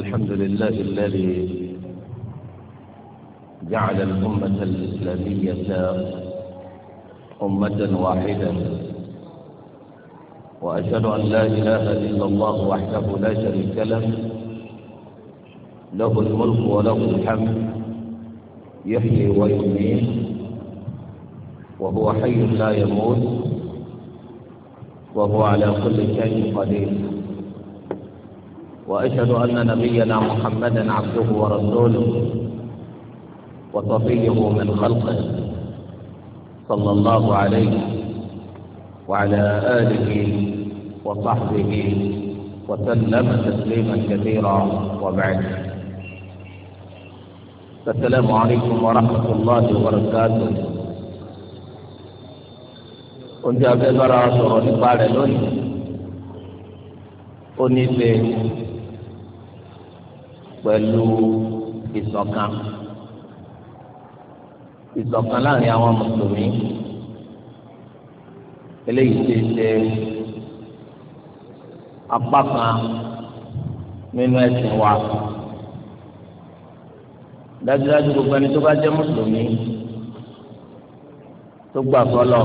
الحمد لله الذي جعل الأمة الإسلامية أمة واحدة وأشهد أن لا إله إلا الله وحده لا شريك له له الملك وله الحمد يحيي ويميت وهو حي لا يموت وهو على كل شيء قدير وأشهد أن نبينا محمدا عبده ورسوله وصفيه من خلقه صلى الله عليه وعلى آله وصحبه وسلم تسليما كثيرا وبعد السلام عليكم ورحمة الله وبركاته oúnjẹ abẹ́bára sọ̀rọ̀ nípa rẹ̀ ó ní ṣe pẹ̀lú ìṣọ̀kan ìṣọ̀kan láàrin àwọn mùsùlùmí eléyìí ṣe ṣe apá kan nínú ẹ̀sìn wa dájúdájú gbogbo ẹni tó bá jẹ́ mùsùlùmí tó gbà fọlọ́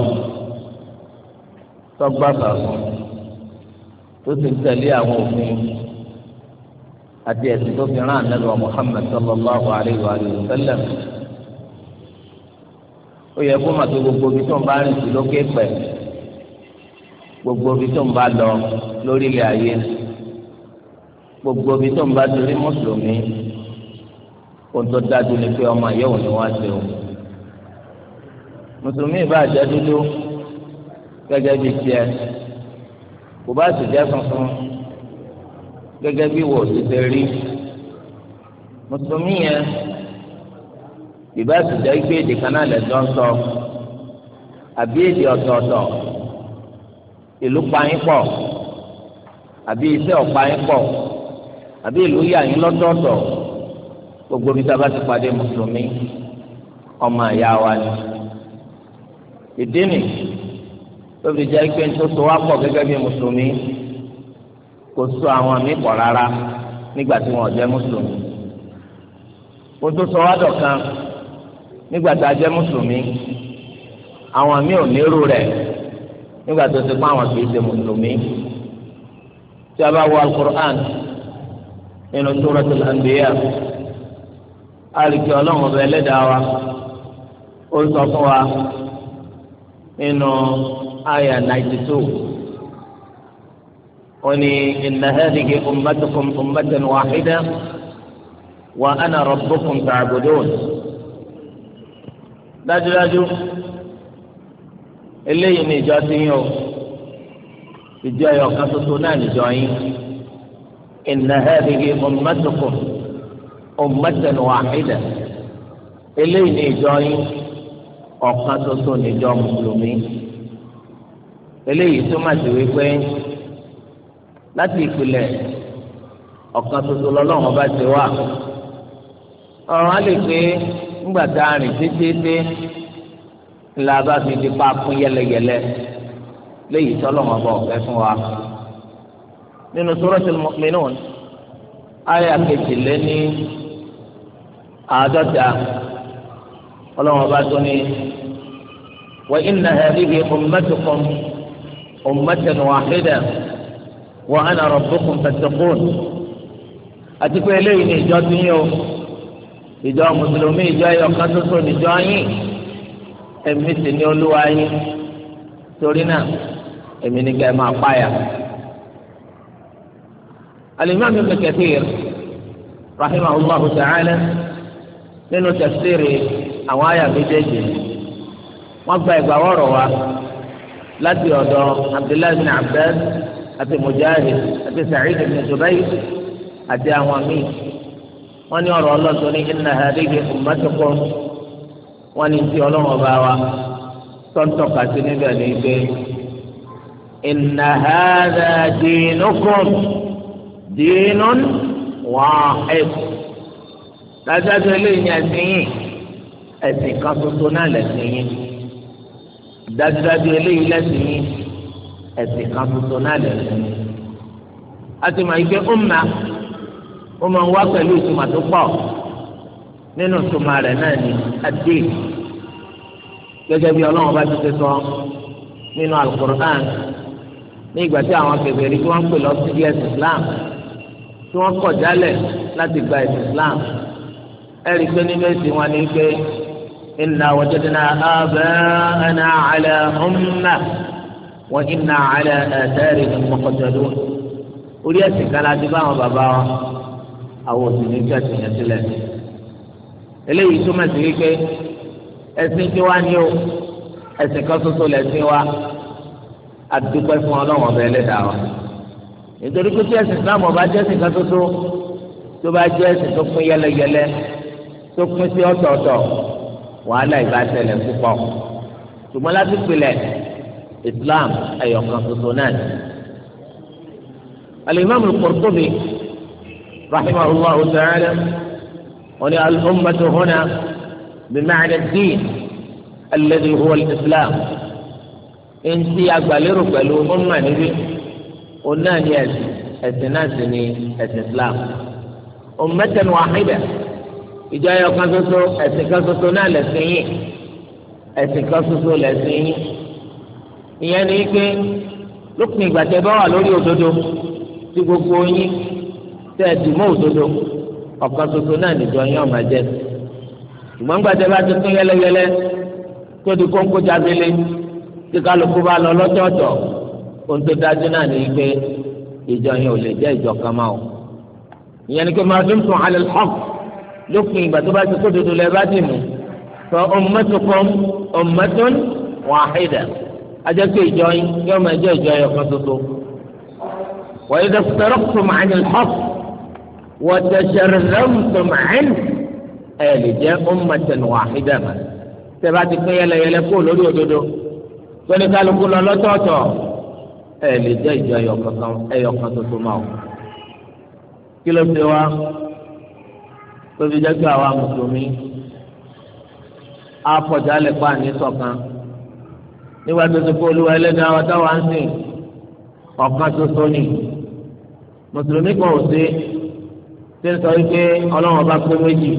tó gbà fàfún tó ti ń tẹ̀lé àwọn òfin àti ẹ̀sìn tó fi rán ànábì Muhammad sallallahu alayhi wa sallam ó yẹ kó màtó gbogbo ibi tó ń bá rìn sí lókè pẹ̀ gbogbo ibi tó ń bá lọ lórílẹ̀ ayé gbogbo ibi tó ń bá torí mùsùlùmí kó tó dájú ni pé ọmọ àyẹ̀wò ni wọ́n á ṣe o mùsùlùmí ìbá àjẹ́ dúdú gẹ́gẹ́ bíi tiẹ̀ kò bá sì jẹ́ tuntun gẹ́gẹ́ bí wò ti ṣe rí mùsùlùmí yẹn ìbá sì jẹ́ pé èdè kan náà lẹ́jọ́ ń sọ àbí èdè ọ̀tọ̀ọ̀tọ̀ ìlú pààyàn pọ̀ àbí iṣẹ́ ọ̀pààyàn pọ̀ àbí ìlú yàyín lọ́tọ̀ọ̀tọ̀ gbogbo bí sábà ti pàdé mùsùlùmí ọmọ àyà wa ni ìdí nìyí tóbi jẹ́ pé tó so wá pọ̀ gẹ́gẹ́ bí mùsùlùmí kò so àwọn àmì pọ̀ rárá nígbà tí wọn ò jẹ́ mùsùlùmí kò tó so wá dọ̀kan nígbà tá a jẹ́ mùsùlùmí àwọn àmì ò nírú rẹ̀ nígbà tó ti pa àwọn kì í ṣe mùsùlùmí tí a bá wọ alukur'an nínú suratul anbiya alìkí ọlọ́run ọba ẹlẹ́dàá wa ó sọ fún wa nínú àyà náìtì tó ó ní inna hadhihi ummatukum ummatan wahida wa ana rabbukum ta'budun dájúdájú eléyìí ni ìjọ ti yín o ìjọ ẹyọ kan ṣoṣo náà níjọ yín inna hadhihi ummatukum ummatan wahida eléyìí ni ìjọ yín ọ̀kan ṣoṣo níjọ mùsùlùmí eléyìí tó má ti wípé láti ìpìlẹ̀ ọ̀kan tuntun lọ́lọ́run bá ti wà ọ̀run á lè pé ńgbà tá a rìn dédédé la bá fi di pa fún yẹlẹyẹlẹ léyìí tọ́lọ́run bá ọ̀fẹ́ fún wa nínú Suratul Mu'minun àyà kejìléní àádọ́ta ọlọ́run bá tó ní wa inna hadhihi ummatukum. أمة واحدة وأنا ربكم فاتقون أتكو إليه نجاة نيو إجاة مسلمي إجاة يقصص نجاة أمس نيولو أي تورينا أمني كما قايا الإمام ابن كثير رحمه الله تعالى لأنه تفسير أوايا ما وقبل بوروا láti ọ̀dọ̀ abdullahi bin abdul àti mujahid àti sa'id bin zubayr àti àwọn míì wọ́n ní ọ̀rọ̀ ọlọ́sọ ní inna hadhihi ummatukum wọ́n ní tí ọlọ́run ọba wa tọ́ntọ́ka sí níbẹ̀ ní pé inna hadha dinukum dinun wahid lájọ́ tó lè yàn sí yìí ẹ̀sìn kan tuntun náà lẹ̀sìn yìí dájúdájú eléyìí lẹ́sìn yín ẹ̀sìn kan tuntun náà lẹ́sìn yín a ti mọ̀ ike umma ó máa ń wá pẹ̀lú ìtumọ̀ tó pọ̀ nínú ìtumọ̀ rẹ̀ náà ni adé gẹ́gẹ́ bí ọlọ́run bá ti ṣe sọ nínú alukur'an ní ìgbà tí àwọn kèfèrí tí wọ́n ń pè lọ sí ilé ẹ̀sìn islam tí wọ́n kọ̀ jálẹ̀ láti gba ẹ̀sìn islam ẹ̀rí pé nínú ẹ̀sìn wọn ni pé. إنا وجدنا آباءنا على أمة وإنا على آثارهم مقتدون orí ẹsìn kan láti bá àwọn bàbá wa àwọn òsì ní kí ẹsìn yẹn sílẹ̀ eléyìí túmọ̀ sí wípé ẹsìn tí wá ní o ẹsìn kan ṣoṣo lẹ́sìn wa àdúpẹ́ fún ọlọ́wọ́n ọbẹ̀ ẹlẹ́dàá wa nítorí pé tí ẹsìn Islam ọba jẹ́ ẹsìn kan ṣoṣo tó bá jẹ́ ẹsìn tó pín yẹlẹyẹlẹ tó pín sí ọ̀tọ̀ọ̀tọ̀ wàhálà ìbáṣẹlẹ̀ púpọ̀ ṣùgbọ́n láti pilẹ̀ islam ẹ̀yọ̀kan tuntun náà ni. alimami Qurtubi rahimahullahu ta'ala wọn ni al-ummatu huna bima'na ad-din alladhi huwa al-islam eŋti agbalero pẹ̀lú ọmọ níbí ọ̀nà ni ẹ̀sìn ẹ̀sìn náà sì ni ẹ̀sìn islam ummatan wàhálà. ìjọ ayọ kan ṣoṣo ẹ̀sìn kan ṣoṣo náà lẹ̀sìn yìí ẹ̀sìn kan ṣoṣo lẹ̀sìn yìí ìyẹn ni pé lópin ìgbà tẹ́ bá wà lórí òdodo tí gbogbo yín tẹ́ ẹ dì mọ́ òdodo ọ̀kan ṣoṣo náà nìjọ yín ọmọ jẹ ṣùgbọ́n gbàtẹ bá ti yẹlẹyẹlẹ tó di kóńkó jábélé tí kálukú bá lọ lọ́tọ̀ọ̀tọ̀ ohun tó dájú náà ni pé ìjọ yín ò lè jẹ́ ìjọ kan máa o ìyẹn ni pé máa dún alẹ́ lọ́kù lópin ìgbà tó bá ti kó dodo lẹ bá dì mú fa ummatukum ummatun wahida ajẹ́pẹ́ ìjọ yín yóò máa jẹ́ ìjọ yẹn kan ṣoṣo. wa idha iftaraqtum 'an al-haqq wa tasharramtum 'anhu ẹ̀ lè jẹ́ ummatan wahida mà. tẹ́lá ti pín yẹlẹyẹlẹ kó lórí òdodo tóní kálukú lọ lọ́tọ̀ọ̀tọ̀ ẹ̀ lè jẹ́ ìjọ ẹ̀yọ̀ kan ṣoṣo máa. kí ló ṣe wá? tóbi jẹ́ pé àwa mùsùlùmí àpọ̀jálẹ̀ pa ní ṣọ̀kan nígbà tó ti kó olúwa ẹlẹ́ni àwọn táwa ń sìn ọ̀kan ṣoṣo ni mùsùlùmí kan ò sí tí ń sọ wípé ọlọ́run ọba pé méjì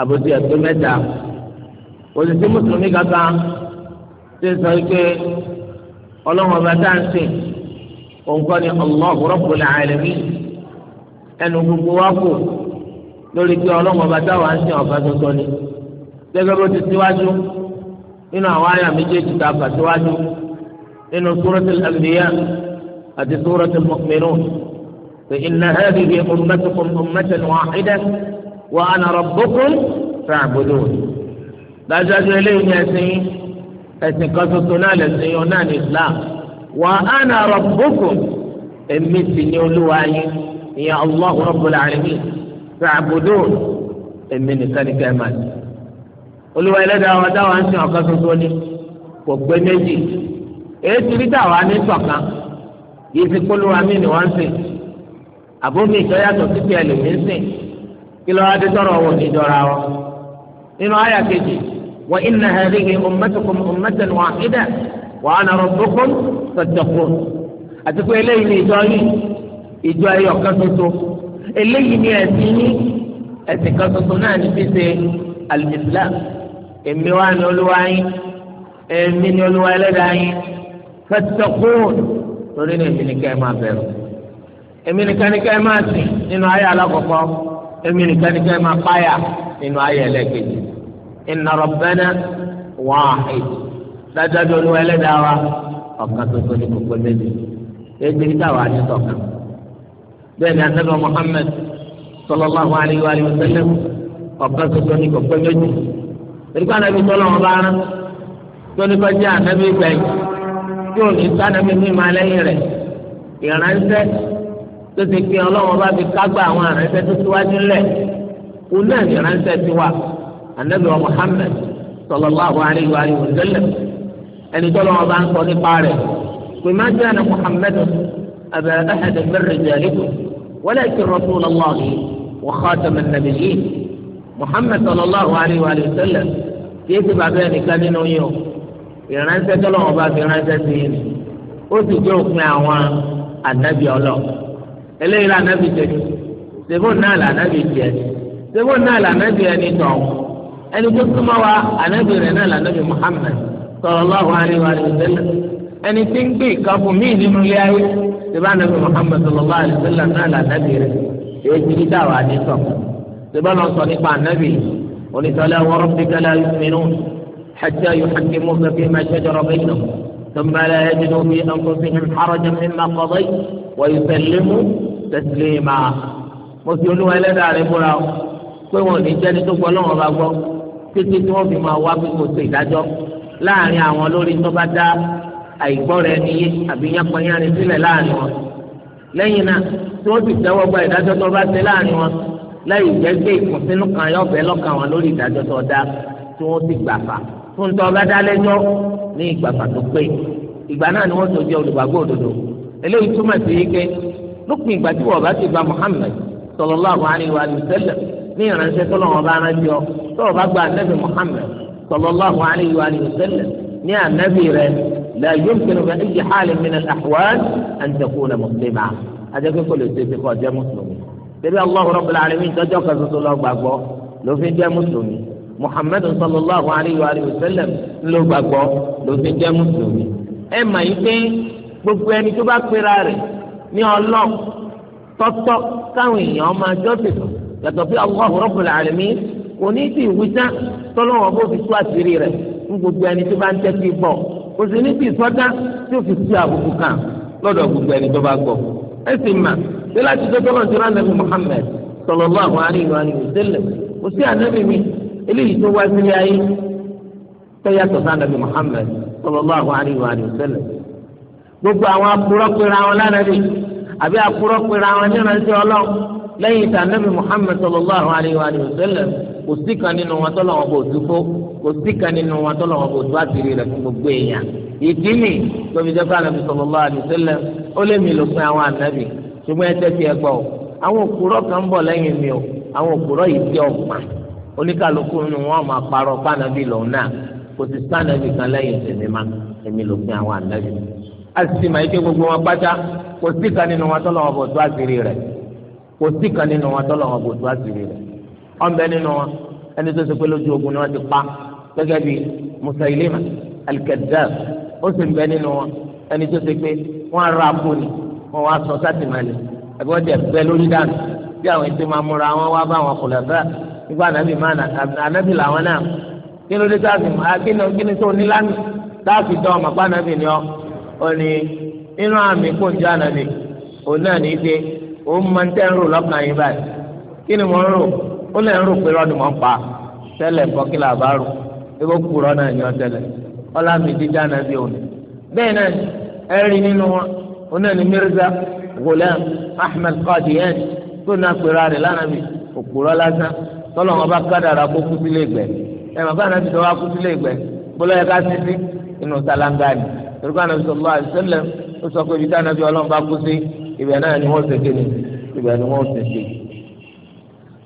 àbòsí ẹ̀pẹ́ mẹ́ta kò mùsùlùmí kankan tí ń sọ wípé ọlọ́run ọba tá à ń sìn òun kọ́ ni Allahu Rabbul Alamin ẹnu gbogbo wa kù lórí pé ọlọ́run ọba táwọn ń sìn ọba tuntun ni gẹ́gẹ́ bó ti síwájú nínú àwọn àyà méjèèjì tá a fà síwájú nínú suratul anbiya àti suratul mu'minun fa inna hadhihi ummatukum ummatan wahidatan wa ana rabbukum fa'budun dájúdájú eléyìí ni ẹ̀sìn ẹ̀sìn kan tuntun náà lẹ́sìn yọ náà ní islam wa ana rabbukum èmi sì ni olúwa yín ìyá allah rabbul alamin sàbòdò èmi nìkan ní kẹ́ẹ̀ máa ní. olúwa ẹlẹ́dàá wọn táwọn ń sìn ọ̀kan tuntun ní kò pé méjì èyí rí táwa ní sọ̀kan yìí ti polówó àmì ni wọ́n ń sìn àbómi ìtọ́yàtọ̀ títí ẹlòmíín sìn kí lọ́wọ́ adé tọrọ wò ní ìjọra wọn. nínú àyà kejì wa inna hadhihi ummatukum ummatan wahida wa ana rabbukum fattaqun àti pé eléyìí ni ìjọ yìí ìjọ ẹyọ kan eléyìí ni ẹ̀sìn yín ẹ̀sìn kan tuntun náà ní fi ṣe al-Islam èmi wá ní olúwa yín èmi ní olúwa ẹlẹ́dàá yín fattaqun torí ní èmi nìkan ẹ máa bẹ̀rù èmi nìkan nìkan ẹ máa sìn nínú ayé alákọ̀ọ́kọ́ èmi nìkan nìkan ẹ máa páyà nínú ayé ẹlẹ́kejì inna rabbana wahid dájọ́ olúwa ẹlẹ́dàá wa ọ̀kan tuntun ní gbogbo méjì èyí tí táwa ní sọ̀kan bẹ́ẹ̀ ni anabi muhammed sallallahu alayhi wa sallam ọ̀pẹ́ tuntun ní kò pẹ́ méjì nígbà anabi tọ́lọ̀ wọn bá rán tó ní kọjá anabi gbẹ̀yìn tí ò ní sànàbí mi máa lẹ́yìn rẹ̀ ìránṣẹ́ tó ti pín ọlọ́wọ́n bá fi kágbá àwọn ìránṣẹ́ tó síwájú lẹ̀ kú náà ní ìránṣẹ́ ti wá anabi muhammed sallallahu alayhi wa sallam ẹni tọ́lọ̀ wọn bá ń sọ nípa rẹ̀ pèmá jẹ́ ẹni muhammed abẹ́rẹ́ ẹ̀hẹ́dẹ̀gbẹ̀rẹ̀ jẹ́ ẹ̀lẹ́kùn. ولكن رسول الله وخاتم النبيين محمد صلى الله عليه وآله وسلم كيف بعدين كان ينويو ìránṣẹ́ tọ́lọ́ wọn bá fi ránṣẹ́ sí i ó sì jẹ́ òpin àwọn ànábì ọlọ́ eléyìí la ànábì tẹ̀lé sèbó náà là ànábì tiẹ̀ sèbó náà là ànábì ẹni tọ̀ ẹni tó súnmọ́ wa ànábì rẹ̀ náà là ànábì Muhammad sallallahu alaihi wa sallam ẹni tí ń gbé ìkàfù míì nínú ilé ayé tìbá nàbí Muhammad sallallahu alaihi wa sallam náà là nàbí rẹ̀ èyí ti dáwà ní sọ tìbá lọ sọ nípa nàbí onísọlẹ wọrọ fìkàlà yìí حتى يحكموك فيما شجر بينهم ثم لا يجدوا في انفسهم حرجا مما قضيت ويسلموا تسليما mo fi olúwa ẹlẹ́dàá rẹ̀ búra o pé wọn ò ní jẹ́ni tó gbọ́ o bá gbọ́ títí tí wọ́n fi máa wá pé kò ṣe ìdájọ́ láàrin àwọn lórí tó bá dá àìgbọ́ra ẹni yé àbí yánpọnyánni sílẹ̀ láàrin wọn lẹ́yìn náà tí wọ́n sì tẹ́wọ́ gba ìdájọ́ tó bá ṣe láàrin wọn láì jẹ́ pé ìkùnsínú kan yọ bẹ́ẹ̀ lọ́kàn wọn lórí ìdájọ́ tó dá tí wọ́n sì gbàfà fún tó bá dá lẹ́jọ́ ní ìgbàfà tó pé ìgbà náà ni wọ́n tó jẹ́ olùgbàgbọ́ òdodo eléyìí túmọ̀ sí ike lópin ìgbà tí wọ́n bá ti gba Muhammad sallallahu alaihi wa sallam ní ìránṣẹ́ tó lọ́wọ́ bá rántí ọ tó o bá gba anabi Muhammad sallallahu alaihi wa sallam ní anabi rẹ لا يمكن بأي حال من الأحوال أن تكون مسلما هذا في كل استثقاء جاء مسلم تبي الله رب العالمين تجاك رسول الله بأبو لو في جاء مسلم محمد صلى الله عليه وآله وسلم لو بأبو لو في جاء مسلم إما يكين gbogbo ẹni tó bá pera ọlọ tọtọ káwọn èèyàn máa jọ́sìn yàtọ̀ bí Allahu Rabbul Alamin kò ní ti ìwúsá tọlọmọ bó fi tú àṣírí rẹ̀ fún gbogbo ẹni tó bá ń tẹ́tí gbọ́ kò sí ní ti ìsọdá tí ó fi sí àbùkù kan lọ́dọ̀ gbogbo ẹni tó bá gbọ́ ẹ sì mà ṣé láti tó tọ́lọ̀ tó rán nàbì Muhammad sallallahu alaihi wa sallam kò sí ànábì mi eléyìí tó wá sílé ayé tó yàtọ̀ sí ànábì Muhammad sallallahu alaihi wa sallam gbogbo àwọn akúrọ́ pera wọn lánàbì àbí akúrọ́ pera wọn níránṣẹ́ ọlọ́ lẹ́yìn ìtàn nàbì Muhammad sallallahu alaihi wa sallam kò sí kan nínú wọn tọ́lọ̀ wọn bò dúfó kò sí kan nínú wọn tọ́lọ̀ wọn àtìrí rẹ̀ fún gbogbo èèyàn ìdí nì tóbi jẹ́ fún ànábì sallallahu alaihi wasallam ó lé mi lópin àwọn ànábì ṣùgbọ́n ẹ tẹ́tí ẹ gbọ́ àwọn òkúrọ̀ kan ń bọ̀ lẹ́yìn mi o àwọn òkúrọ̀ yìí ọ̀pá oníkàlùkù fànàbì náà kò sí sànàbì kan lẹ́yìn a ọ̀nbẹ nínú wọn ẹni tó ṣe pé lójú ogun ni wọ́n ti pa gẹ́gẹ́ bí Musailima al-Kazzab ó sì ń bẹ nínú wọn ẹni tó ṣe pé wọ́n ra kùnì wọ́n wá sọ sátìmọ́lẹ̀ àbí wọ́n jẹ bẹ́ẹ̀ lórí dànù bí àwọn ètò máa múra wọn wá bá àwọn kùlẹ̀ fẹ́ nígbà ànábì máa nà ànábì làwọn náà kí ló dé táàbì kí ni tó ní lánàá táàbì dán ọmọ pa ànábì ni ọ ọ ní inú àmì kóńjọ ànábì òun náà ní í pé òun máa ń tẹ́ ń rò lọ́kàn yín báyìí kí ni mo ń rò ó lè ń rò pé rọ́ọ̀nù mọ́ pa tẹ́lẹ̀ kọ́kílà bá rò ebi kú rọ́ọ̀nù ẹ̀yọ́ tẹ́lẹ̀ ọlámi dídá náà bí òun bẹ́ẹ̀ náà ẹ̀rí nínú wọn òun náà Mirza Ghulam Ahmed Qadiyan tó náà pèrè rẹ̀ lánàá mi òpùrọ̀ lásán tọ́lọ̀ wọn bá kádàrà kó kú sílé ìgbẹ́ ẹ̀ màbá náà ti tọ́ wá kú sílé ìgbẹ́ gbọ́dọ̀ yẹ ká títí inú sálángá ni torípé àná sọ lọ́wọ́ àdìsẹ́lẹ̀ ó sọ pé ibi tí bí ọlọ́run bá kú sí ibẹ̀ náà ni wọ́n ṣe kéde ibẹ̀ ni wọ́n ṣe kéde.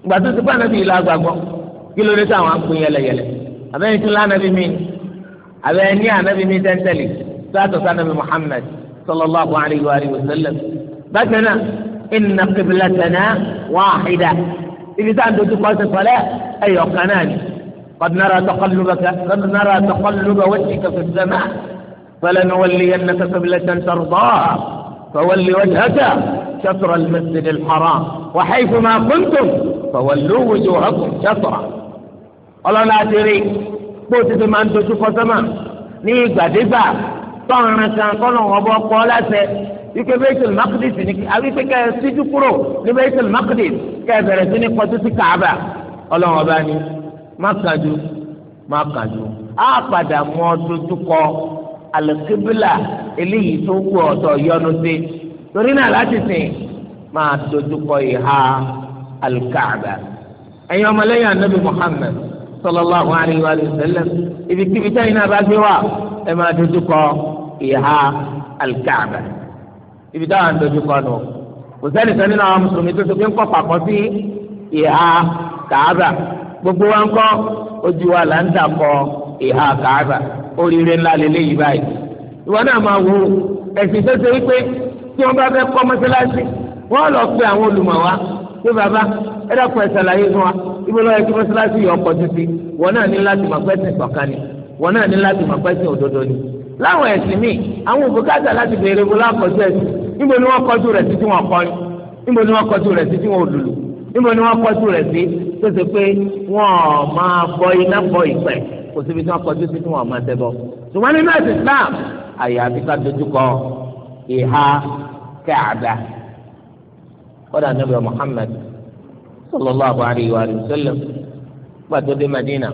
gba tó ti pa anabi yìí lágbàgbọ́ kí ló dé táwọn akpé yẹlẹyẹlẹ abẹ́yẹn tún anabi mi abẹ́yẹn ní anabi mi tẹ́ntẹ́lì sátọ̀ sanabi muhammed sallallahu alayhi wa sallam bákan náà inna qiblatana wahida ibi tá à ń dojú kọ́ sí sọlẹ́ ẹ̀yọ̀ kan náà ni qad nara taqallubaka qad nara taqalluba wajhika fi as-sama' فلنولينك قبلة ترضاها فول وجهك شطر المسجد الحرام وحيث ما كنتم fawallu wujuhakum shatrah ọlọ́lá ti rí kó o ti fi máa ń dojú kọ sọ́mà ní ìgbàdégbà tọ́ọ̀rìn kan kọ́nà ọ̀bọ kọ́ láṣẹ ike bẹ́tẹ̀l makdis ni àbí pé kẹ́ ẹ síjú kúrò ní bẹ́tẹ̀l makdis kẹ́ ẹ bẹ̀rẹ̀ sí ní kọjú sí kaaba ọlọ́run ọba ni má kàdú má kàdú á padà mú dojú kọ alẹ́kíbílà eléyìí tó wù ọ̀tọ̀ yọnu sí torí náà láti sìn máa dojú kọ ìhà alikaaba ẹ̀yin ọmọlẹ́yìn anabi muhammed sallallahu alayhi wa sallam ibikíbi táyìn náà bá gbé wá ẹ máa dojú kọ ìhà alikaaba ibi táwọn ń dojú kọ nù kò sẹ́ni sẹ́ni náà mùsùlùmí tó so pé ń kọ́ pàkọ́ sí ìhà kaaba gbogbo wa ń kọ́ ojú wa là ń dà kọ ìhà kaaba oríire ńlá lélẹ́yìí báyìí ìwọ náà máa wo ẹ̀sìn tó ṣe wípé tí wọ́n bá fẹ́ kọ́ mọ́sálásí wọ́n lọ pe àwọn olùmọ̀ wa pé bàbá ẹ dàpọ̀ ẹ̀ sàlàyé fún wa ibi lọ́yẹ kí mọ́sálásí yọ ọkọ̀ títí wọn náà ní láti mọ̀ pẹ́sìn sọ̀kan ni wọn náà ní láti mọ̀ pẹ́sìn òdodo ni. láwọn ẹ̀sìn míì àwọn òbúkátà láti béèrè bó lákọ̀ọ́jú ẹ̀sìn níbo ni wọ́n kọjú rẹ̀ sí tí wọ́n kọ́ ni níbo ni wọ́n kọjú rẹ̀ sí tí wọ́n lùlù níbo ni wọ́n kọjú rẹ̀ sí tó ṣe pé wọ́n máa bọ iná bọ ìpẹ́ kò síbi tí wọ́n kọjú sí tí wọ́n máa tẹ́bọ̀. ṣùgbọ́n nínú ẹ̀sìn Islam àyàfi ká dojú kọ ìhà kẹ́ àdá kọ́dà nàbẹ̀ Muhammad sallallahu alayhi wa sallam gbàtó dé Madina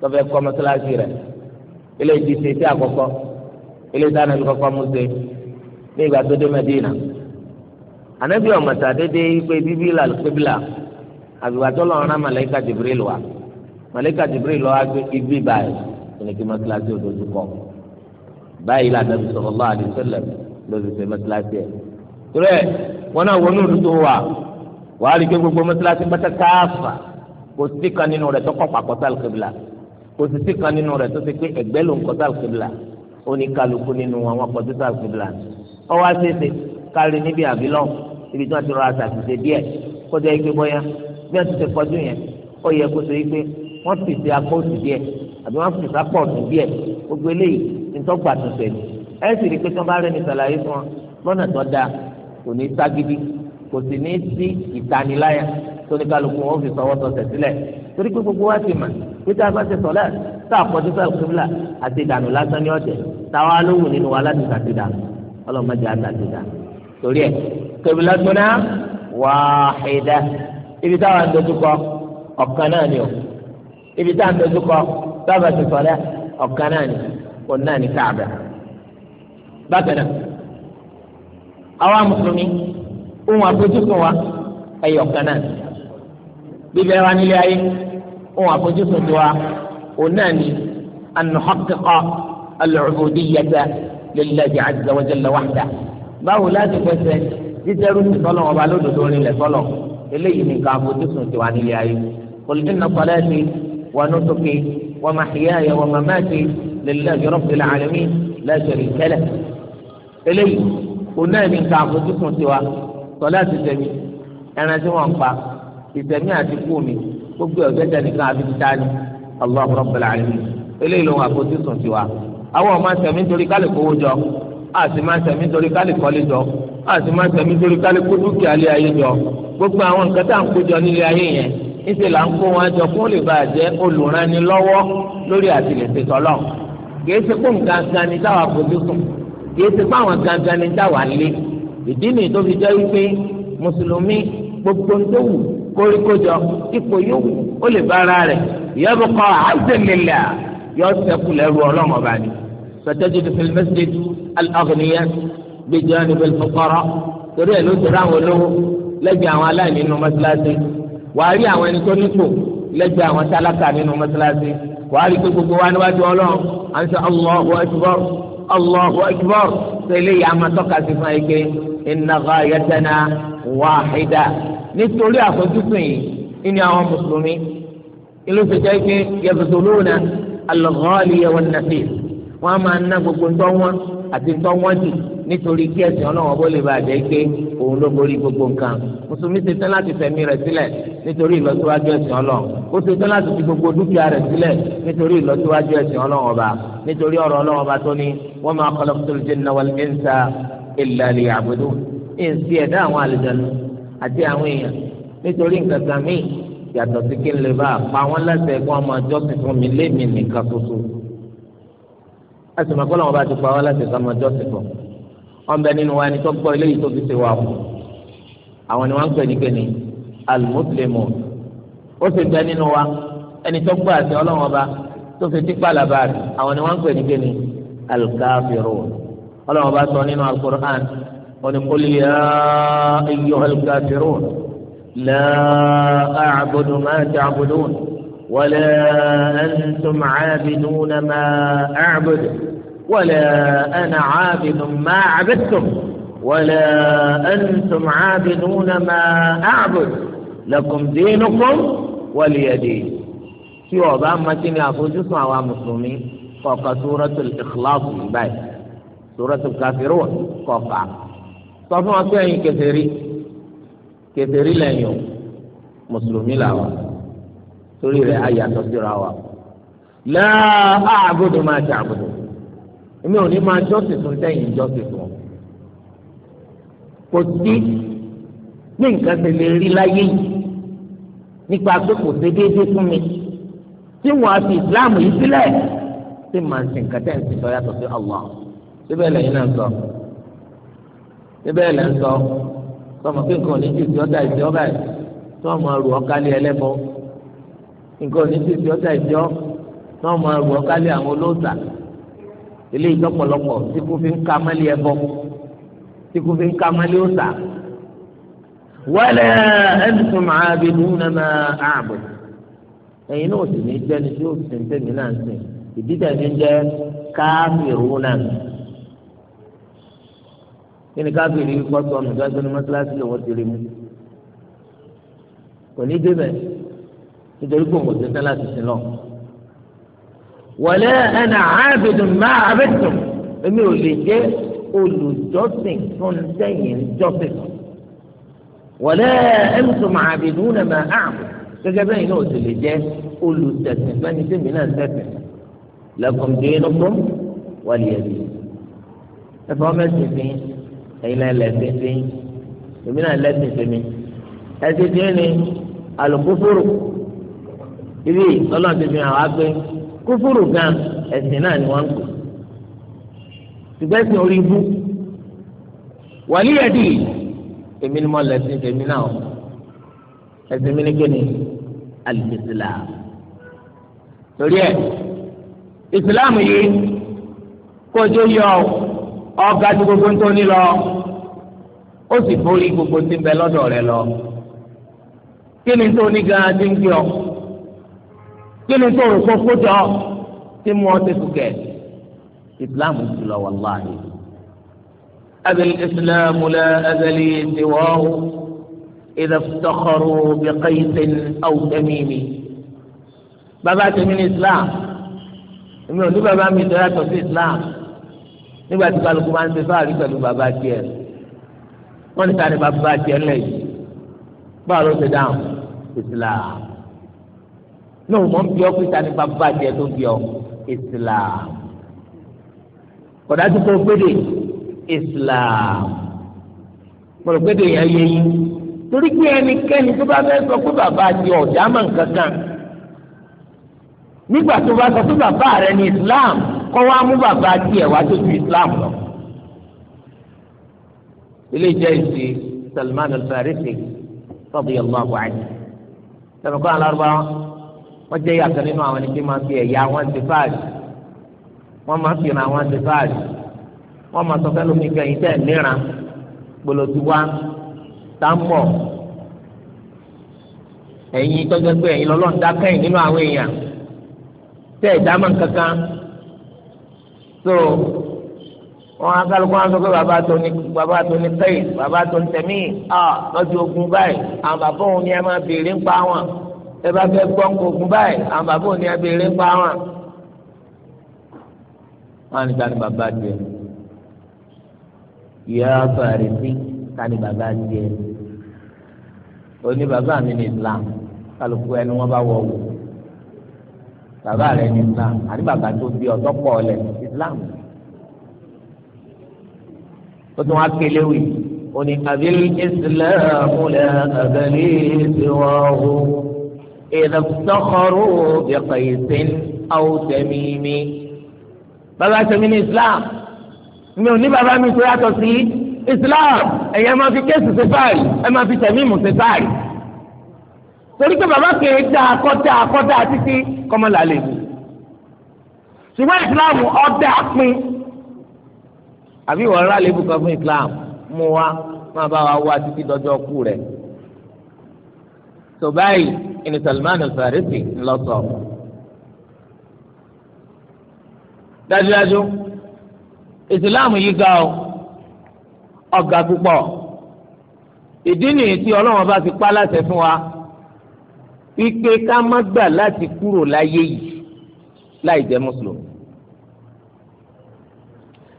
tọ́fẹ́ kọ́ mọ́sálásí rẹ̀ ilé ìdíje tí àkọ́kọ́ ilé ìdáná bí kọ́kọ́ mú ṣe ní ìgbà tó dé Madina anabi ọmọta dédé ikpe bíbí la kébìlà àgbègbàtọ́ lọ́wọ́ rán malayika Jibril wa malayika Jibril wa gbé ibi báyìí oníkì mọ́sálásí òdodo kọ́ báyìí la anabi sallallahu alayhi wa sallam lórí ṣe mọ́sálásí ẹ̀ wọn náà wọnú ìlú tó wà wàá rí i pé gbogbo mọ́sálásí pátá káàfà kò sí kan nínú rẹ̀ tó kọ́pà kọ́tà lùkébìlà kò sì sí kan nínú rẹ̀ tó ṣe pé ẹ̀gbẹ́ ló ń kọ́tà lùkébìlà ó ní kálukú nínú àwọn kọ́tà lùkébìlà ọwọ́ àṣeṣe kárí níbi àbílọ̀ ibi tí wọ́n ti rọ àṣàṣìṣe díẹ̀ kó jẹ́ ike bóyá bí wọ́n ti ṣe kọjú yẹn ó yẹ kó ṣe ike wọ́n ti ṣe apá díẹ̀ àbí wọ́n ti sápọ̀ díẹ̀ gbogbo eléyìí ní tọ́gbà tuntun ẹ̀ ẹ́ sì rí i pé tí wọ́n bá rẹ́ni sàlàyé fún wọn lọ́nà tó dáa kò ní ságídí kò sì ní sí ìtaniláyà tóní kálukú wọn ò fi sọwọ́ sọsẹ̀ sílẹ̀ torí pé gbogbo wa ti mà pé tá a bá ti sọ̀lá tá a kọjú sọ̀rọ̀ kíbla àti ìdànù lásán ní ọ̀jẹ̀ táwa ló nínú wa láti tàti dànù ọlọ́mọdé àtàtì dànù torí ẹ̀ kíbla tóná wàhídà ibi táwa ń dojú kọ ọ̀kan náà ni o ibi táwa ń dojú kọ táwa ti sọ̀lá ọ̀kan náà ni òun náà ni káàbà bákan náà àwa mùsùlùmí ohun àfojúsùn wa ẹyọ kan náà bíbẹ wa nílé ayé ohun àfojúsùn tiwa òun náà ni anuhaqiqa al-ubudiyyata lillahi azza wa jalla wahda báwo láti fẹsẹ̀ jíjẹrú ti sọlọ ọba lódodo nílẹ sọlọ eléyìí ni nǹkan àfojúsùn tiwa nílé ayé qul inna salati wa nusuki wa mahyaya wa mamati lillahi rabbil alamin la sharika lahu eléyìí òun náà ní nǹkan àfojúsùn tiwa sọlá ti tẹ̀mí ẹran tí wọ́n pa ìtẹ̀mí àti kú mi gbogbo ọ̀gbẹ́ tẹnìkan àbí ti dání Allahu Rabbil Alamin eléyìí ló ń àfojúsùn tiwa. àwọn ọmọ sẹ̀mí torí ká lè kówó jọ a sì máa sẹ̀mí torí ká lè kọ́lé jọ a sì máa sẹ̀mí torí ká lè kó dúkìá lé ayé jọ gbogbo àwọn nǹkan tá à ń kó jọ nílé ayé yẹn níṣẹ́ là ń kó wọn jọ fún lè bàa jẹ́ olùrànilọ́wọ́ lórí àtìlẹ́sẹ̀ tọ́lọ́ kì í ṣe kó nǹkan gan ni táwa àfojúsùn kì í ti pa àwọn gangan ní dáwà lé ìdí nìyí tó fi jẹ́ wípé mùsùlùmí gbogbo ń tó wù kórikójọ ipò yóò wù ó lè bá ara rẹ̀ ìyẹ́bù kọ́ àzẹ̀lélà yóò sẹ́kù lẹ́rù ọlọ́mọba ni sọtẹ́jú tó fi mẹ́sẹ̀dẹ́ al-aghniya bijanib al-fuqara torí ẹ̀ ló ti ráwọn olówó lẹ́gbẹ̀ẹ́ àwọn aláìní nínú mọ́sálásí wàá rí àwọn ẹni tó nípò lẹ́gbẹ̀ẹ́ àwọn tálákà nínú mọ́sálásí wàá rí pé gbogbo wa níwájú ọlọ́run à allahu akbar tẹ̀lé yìí àmà tọ́ka sí fún ayé pé inna ghayatana wahida nítorí àfojúsùn yìí ìní àwọn mùsùlùmí ìlú fìjà yìí pé yabduluna al-ghaliya wan-nafis wọn máa ná gbogbo ń wọn àti tọ́wọ́dì nítorí kí ẹ̀sìn ọlọ́wọ́ bó lè bàjẹ́ pé òun ló borí gbogbo nǹkan mùsùlùmí ṣe tán láti fẹ̀mí rẹ̀ sílẹ̀ nítorí ìlọsíwájú ẹ̀sìn ọlọ́wọ́ ó ṣe tán láti fi gbogbo dúkìá rẹ̀ sílẹ̀ nítorí ìlọsíwájú ẹ̀sìn ọlọ́wọ́ bá nítorí ọ̀rọ̀ ọlọ́wọ́ bá tó ní illa liya'budun ìǹsì ẹ̀dá àwọn àlùjànnú àti àwọn èèyàn nítorí nǹkan kan míì yàtọ̀ sí kí n lè wọ́n lẹ́sẹ̀ kí wọ́n máa jọ́sìn fún mi lémi asùnmọ̀ kọ́ làwọn bá ti pa wá láti sọmọ jọ́sìn fún wọn bẹ nínú wa ẹni tó gbọ́ eléyìí tó fi ṣe wà fún àwọn ni wọ́n ń pè ní kéde alimuslimu ó sì bẹ nínú wa ẹni tó gbọ́ àti ọlọ́wọ́n bá tó fi tipa làbá rẹ̀ àwọn ni wọ́n ń pè ní kéde alikafiru ọlọ́wọ́n bá sọ nínú alukur'an wọn ni kúlì yá iyọ̀ alikafiru lẹ́ẹ̀ ti àbùdùmáà. ولا أنتم عابدون ما أعبد ولا أنا عابد ما عبدتم ولا أنتم عابدون ما أعبد لكم دينكم ولي دين في وضع ما تني أفوز مسلمين فوق سورة الإخلاص بعد سورة الكافرون فوق طبعا كثيرين كثيرين لن مسلمين لا torí rẹ̀ ayàtọ̀ síra wa láà àbùdù máa ṣe àbùdù èmi ò ní máa jọ́sìn fún sẹ́yìn jọ́sìn fún kò sí ní nǹkan ti lè rí láyé yìí nípa pé kò ṣe déédéé fún mi tí wọ́n á fi Islam yìí sílẹ̀ tí màá ṣe nǹkan tẹ̀ ń sọ yàtọ̀ sí Allah síbẹ̀ lẹ́yìn náà sọ síbẹ̀ lẹ́yìn sọ sọmọ pé nǹkan ò ní ju ìjọba ìjọba ẹ̀ tí wọ́n máa rù ọ́ kálí ẹlẹ́bọ̀ọ́ nǹkan oníṣèṣì ọjà ìjọ náà máa rù ọ́ kálí àwọn olóòtà ilé ìjọpọ̀lọpọ̀ tí kò fi ń ka mẹ́lì ẹbọ tí kò fi ń ka mẹ́lì òòtà wala antum aabiduna ma a'bud ẹ̀yin náà sì ní jẹ́ni tí ó sì ń tẹ̀mí náà sìn ìdíjà ní jẹ́ káfírúnà kí ni káfíìrì kọ́ sọnù gbàgbé ní mọ́tíláṣí lòun ti rí mu kò ní débẹ̀. nítorí pé òun ò ṣetán láti sin lọ. wọlé ẹnà àbẹ̀dùn máa àbẹ̀dùn èmi ò lè jẹ́ olùjọ́sìn fún sẹ́yìn jọ́sìn. wọlé ẹnìtùmọ àbẹ̀dùn náà máa àbẹ̀ gẹ́gẹ́ bẹ́ẹ̀ náà ò sì lè jẹ́ olùtẹ̀sìn fẹ́ni tí mi náà tẹ̀sìn. lẹ́kùn dé inú fún wàlí ẹ̀sìn. ẹ̀fọ́ mẹ́sìn fi ẹ̀yin náà lẹ́sìn fi èmi náà lẹ́sìn fi mi. ẹ̀sìn fi ni alùpùpù ibi ọlọ́ọ̀dẹ fi hàn wá pé kúfúrú gan ẹ̀sìn náà ni wọ́n ń pè ṣùgbọ́n ẹ̀sìn orí ibú wàlíyàdì èmi ni mo lẹ̀sìn tèmi náà ẹ̀sìn mi ní kíni alìsílám torí ẹ̀ ìsìlám yìí kójú yọ ọ̀gá tí gbogbo ń tó lọ ó sì borí gbogbo tí ń bẹ lọ́dọ̀ rẹ lọ kí ni tó gan-an ti ń gbé ọ kí ni tó rò kó jọ tí mo ti fukẹ islam ti lọ wàláhi abel islam la abeli siwahu idà fitakaru bi qaisin aw tamimi bàbá tèmi ni islam èmi ò ní bàbá mi tó yàtọ̀ sí islam nígbà tí kálukú máa ń ṣe fáàrí pẹ̀lú bàbá tiẹ̀ wọ́n ní sáré bàbá tiẹ̀ lẹ́yìn báwo ló ṣe dáhùn islam náà mọ̀ ń bí ọ pé tani bàbá jẹ tó bí ọ islam kọ̀dájú kó gbédè islam mo rò gbédè yẹn yẹ yín torí pé ẹnikẹ́ni tó bá fẹ́ sọ pé bàbá jẹ ọ̀dà mọ̀ nǹkankan nígbà tó bá sọ pé bàbá rẹ ní islam kọ́ wa mú bàbá tiẹ̀ wá tó ju islam lọ ilé jẹ́ ìsì Salman al-Farisi radiyallahu anhu sọ̀rọ̀ kọ́ àlọ́ àrùbá wọn wọ́n jẹ́ yàtọ̀ nínú àwọn ẹni tí máa fi ẹ̀yà wọn ti fáàlì wọ́n máa fi ìran wọn ti fáàlì wọ́n máa sọ fẹ́ lómi kẹyìn tẹ̀ níran gbòlòtì wa tá a mọ̀ ẹ̀yin tọ́jú pé ẹ̀yin lọ́lọ́run dá kẹ́yìn nínú àwọn èèyàn tẹ́ ẹ̀dá kankan so wọn akálukú wọn sọ pé bàbá tó ní bàbá tó ní kẹ́yìn bàbá tó ní tẹ̀mí à ah, lọ́jọ́ ogun báyìí àwọn bàbá òun ni ẹ máa béèrè ń pa wọn ẹ bá fẹ́ gbọ́ ogun báyìí àwọn bàbá òní abẹ́rẹ́ pa wọn. wọn ní tani bàbá tiẹ̀ ìyá fàárẹ̀ sí tani bàbá tiẹ̀ oní bàbá mi ní Islam kálukú ẹni wọn bá wọ wò bàbá rẹ ní Islam àní bàbá tó bí ọtọ pọ̀ ọlẹ Islam ó tún wá kélé wì ó ní abil Islam la abali siwahu. إذا افتخروا بقيس أو تميم bàbá sẹ́mi ní islam mi ò ní bàbá mi tó yàtọ̀ sí islam ẹ̀yẹ́ máa fi kéésì ṣe fáàrí ẹ̀ máa fi tẹ̀míìmù ṣe fáàrí torí pé bàbá kìí dá akọ́dá akọ́dá títí kọ́mọ́lá lè mú ṣùgbọ́n islam ọ̀dà pin àbí ìwọ̀n rà lébùkọ́ fún islam mú wa máa bá wa wá títí dọjọ́ kú rẹ̀ tó báyìí ẹni Salman al-Farisi ńlọ sọ. dájúdájú ìsìláàmù yìí ga ọ ọ̀gá púpọ̀ ìdí nìyí tí ọlọ́wọ́n bá ti pa láṣẹ fún wa wípé ká má gbà láti kúrò láyé yìí láì jẹ́ mùsùlùmí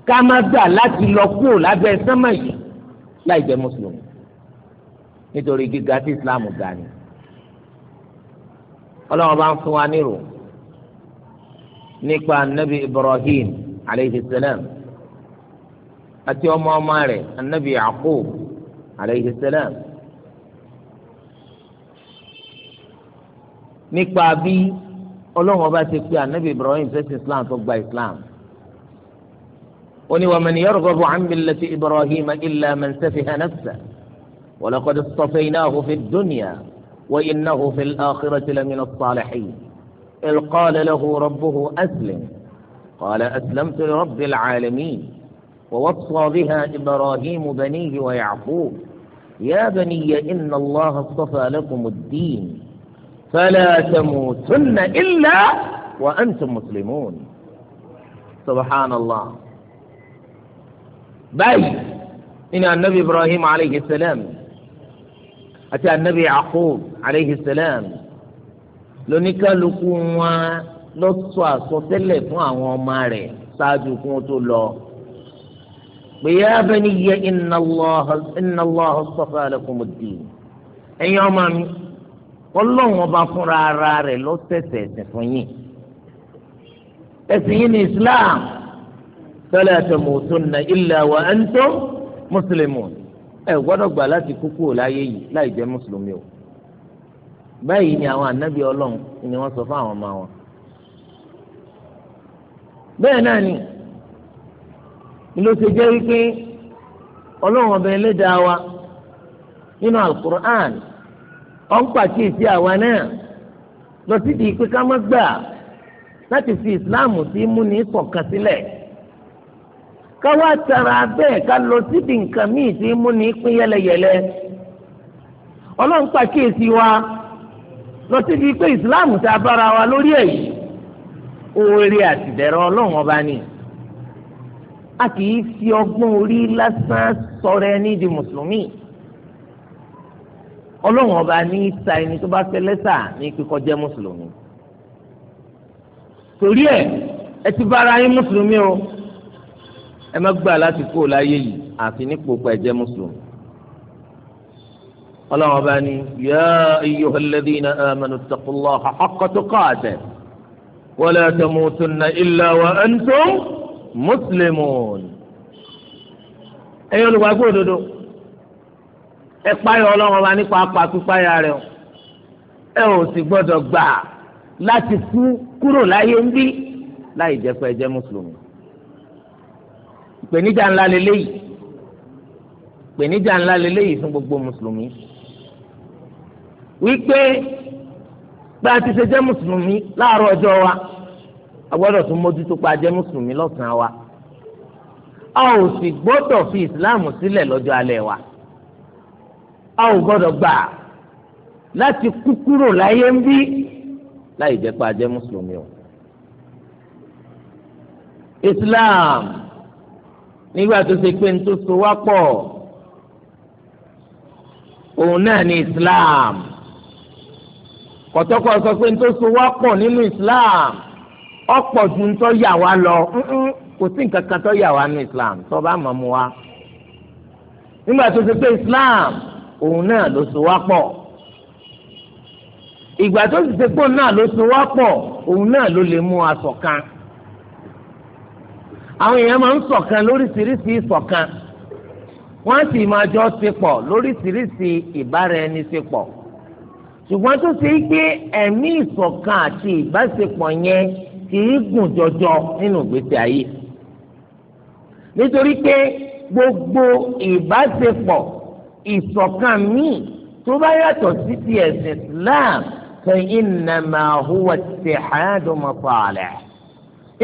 ká má gbà láti lọ kúrò lábẹ́ sánmà yìí láì jẹ́ mùsùlùmí nítorí gíga tí ìsìláàmù ga ni ọlọ́run bá ń fún wa nírò nípa anabi ibrahim aleyhi salam àti ọmọ ọmọ rẹ̀ anabi yaqub aleyhi salam nípa bí ọlọ́run ọba ti pe anabi ibrahim sẹ́sìn islam tó gba islam oni wàmẹ̀ ni yarghabu an millati ibrahim illa man safiha nafsa wa laqad istafaynahu fi dunya. وإنه في الآخرة لمن الصالحين إذ قال له ربه أسلم قال أسلمت لرب العالمين ووصى بها إبراهيم بنيه ويعقوب يا بني إن الله اصطفى لكم الدين فلا تموتن إلا وأنتم مسلمون سبحان الله بل إن النبي إبراهيم عليه السلام àti anabi Yaqub aleyhi salam lóníkàlùkù wọn ló sọ àsọtẹ́lẹ̀ fún àwọn ọmọ rẹ̀ ṣáájú kún tó lọ pé ya baniya inna Allah astafa lakumud din ẹ̀yin ọmọ mi ọlọ́run ọba fúnra ara rẹ̀ ló tẹ̀sẹ̀ ẹ̀sìn fún yín ẹ̀sìn yín ní Islam fala tamutunna illa wa antum muslimun ẹ gbọ́dọ̀ gbà láti kú kúrò láyé yìí láì jẹ́ mùsùlùmí o báyìí ni àwọn ànábì Ọlọ́run ni wọ́n sọ fún àwọn ọmọ wọn bẹ́ẹ̀ náà ni ló ṣe jẹ́ wípé Ọlọ́run ọbẹ Ẹlẹ́dàá wa nínú alukur'an ó ń pàkíyèsí àwa náà lọ sídìí pé ká má láti fi ìsìláàmù sí múni sílẹ̀. ká wá tara bẹ́ẹ̀ ká lọ síbi nǹkan míì tí mú ní pín yẹlẹyẹlẹ ọlọ́run pàkíyèsí wa lọ síbi pé ìsìláàmù tá a bára wa lórí èyí oore àtìdẹ̀rọ̀ ọlọ́run ọba ni a kì í fi ọgbọ́n orí lásán sọ̀rọ̀ ẹni di mùsùlùmí ọlọ́run ọba ní ta ẹni tó bá fẹ́ lẹ́sà ní kíkọ́ jẹ́ mùsùlùmí torí ẹ ẹ ti bára yín mùsùlùmí o ẹ má gbà láti kó láyé yìí àfi nípò pa ẹ̀jẹ̀ mùsùlùmí. ọlọ́run ọba ni yā ayyuhal ladhīna āmanū ittaqullāha haqqa tuqātihi wa lā tamūtunna illā wa antum muslimūn. ẹ̀yin olùgbàgbọ́ òdodo ẹ páyọ ọlọ́run ọba nípa apàtúpáyà rẹ̀ ẹ ò sì gbọ́dọ̀ gbà láti kú kúrò láyé ń bí láì jẹ́ pé ẹ mùsùlùmí ìpèníjà ńlá lélẹ́yìí ìpèníjà ńlá lélẹ́yìí fún gbogbo mùsùlùmí wípé bá a ti ṣe jẹ́ mùsùlùmí láàárọ̀ ọjọ́ wa a gbọ́dọ̀ tún mójútó pa jẹ́ mùsùlùmí lọ́sàn-án wa a ò sì gbọ́dọ̀ fi ìsìláàmù sílẹ̀ lọ́jọ́ alẹ́ wa a ò gbọ́dọ̀ gbà láti kú kúrò láyé ń bí láì jẹ́ pa jẹ́ mùsùlùmí o islam nígbà tó ṣe pé nítorí wá pọ̀ òun náà ní islam kọ̀tọ́kọ̀ sọ pé nítorí so wá pọ̀ nínú islam ọ̀pọ̀ ju ń tọ́ yà wá lọ kò sí nǹkan kan tọ́ yà wá nínú islam tó bá mọ̀ mu wá nígbà tó ṣe pé islam òun náà ló so wá pọ̀ ìgbà tó ṣe pé òun náà ló so wá pọ̀ òun náà ló lè mú aṣọ kan àwọn èèyàn máa ń ṣọ̀kan lóríṣiríṣi ìṣọ̀kan wọ́n á sì máa jọ ṣe pọ̀ lóríṣiríṣi ìbáraẹniṣepọ̀ ṣùgbọ́n tó ṣe pé ẹ̀mí ìṣọ̀kan àti ìbáṣepọ̀ yẹn kì í gùn jọjọ nínú ìgbésí ayé nítorí pé gbogbo ìbáṣepọ̀ ìṣọ̀kan míì tó bá yàtọ̀ sí ti ẹ̀sìn Islam fa innama huwa ittihadu masalih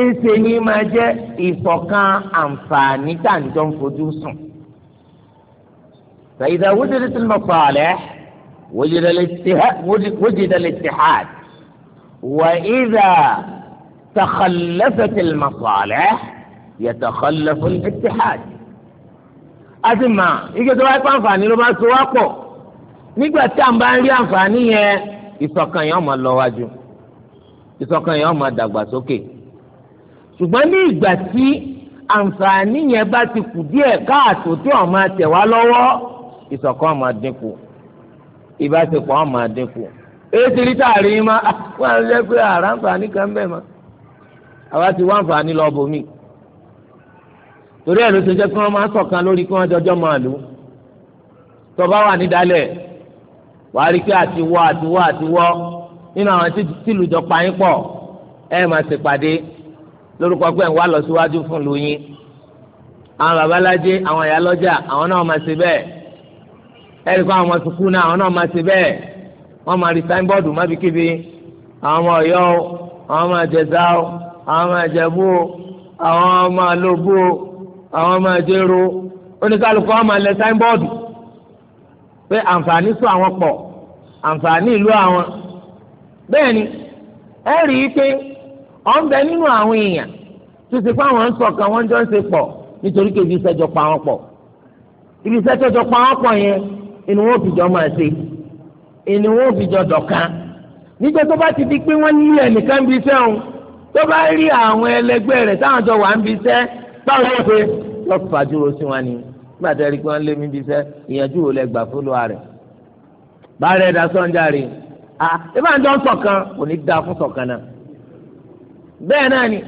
ńṣe ní máa jẹ́ ìfọ̀kan àǹfààní tàǹjọ́ ń fojú sùn. فإذا وجدت المصالح وجد وجد الاتحاد وإذا تخلفت المصالح يتخلف الاتحاد àti mà ike tó bá pa àǹfààní ló bá so wá pọ̀ nígbà tí à ń bá ń rí àǹfààní yẹn ìṣọ̀kan yẹn ó lọ wájú ìṣọ̀kan yẹn ó dàgbàsókè. Okay ṣùgbọ́n ní ìgbà tí àǹfààní yẹn bá ti kù díẹ̀ káàtó tí wọ́n máa tẹ̀ wá lọ́wọ́ ìṣọ̀kan máa dínkù ìbáṣepọ̀ máa dínkù èsì rí tààrí ma wọ́n á lẹ́ pé àrà àǹfààní kan bẹ́ẹ̀ ma àwa ti wá àǹfààní lọ bòmí torí ẹ̀ ló ṣe jẹ́ kí wọ́n máa ṣọ̀kan lórí kí wọ́n jọjọ́ máa lò tó bá wà nídàálẹ̀ wàá rí pé àtiwọ́ àtiwọ́ àtiwọ́ nínú àwọn tìlùjọ pààyàn pọ̀ ẹ̀ máa ṣèpàdé lórúkọ pé ń wá lọ síwájú fún lóyún àwọn babalájé àwọn ìyá lọ́jà àwọn náà máa ṣe bẹ́ẹ̀ ẹ̀rí kó àwọn ọmọ sukùn náà àwọn náà máa ṣe bẹ́ẹ̀ wọ́n máa rí sáínbọ́ọ̀dù mábìkíbi àwọn ọmọ ọ̀yọ́ o àwọn ọmọ ìjẹ̀dá o àwọn ọmọ ìjẹ̀bú o àwọn ọmọ àlòbú o àwọn ọmọ ìjẹ̀rú oníkálukú wọn máa lẹ sáínbọ́ọ̀dù pé àǹfààní sún àwọn pọ̀ àǹfààní ìlú àwọn bẹ́ẹ̀ ni ẹ̀rí pé ọ̀n bẹ nínú àwọn èèyàn tó ṣe pé àwọn ń ṣọ̀kan wọ́n jọ ń ṣe pọ̀ nítorí pé ibi iṣẹ́ jọ pa wọ́n pọ̀ ibi iṣẹ́ tó jọ pa wọ́n pọ̀ yẹn inú wọn fi jọ máa ṣe inú wọn fi jọ dọ̀kan níjọ́ tó bá ti di pé wọ́n nílò ẹnìkan bí iṣẹ́ òun tó bá rí àwọn ẹlẹgbẹ́ rẹ̀ táwọn jọ wà ń bí iṣẹ́ báwo ló ṣe lọ́ọ́ fàdúró sí wọn ni nígbà tí ẹ̀rí pé wọ́n lé mi bí iṣẹ́ ìyànjú wo lẹ gbà fúlùwà rẹ̀ bá rẹ̀ dá sọ́njà rè ah ìbáǹdọ́ sọ̀kan kò ní dáa fún sọ̀kan náà bẹ́ẹ̀ náà ni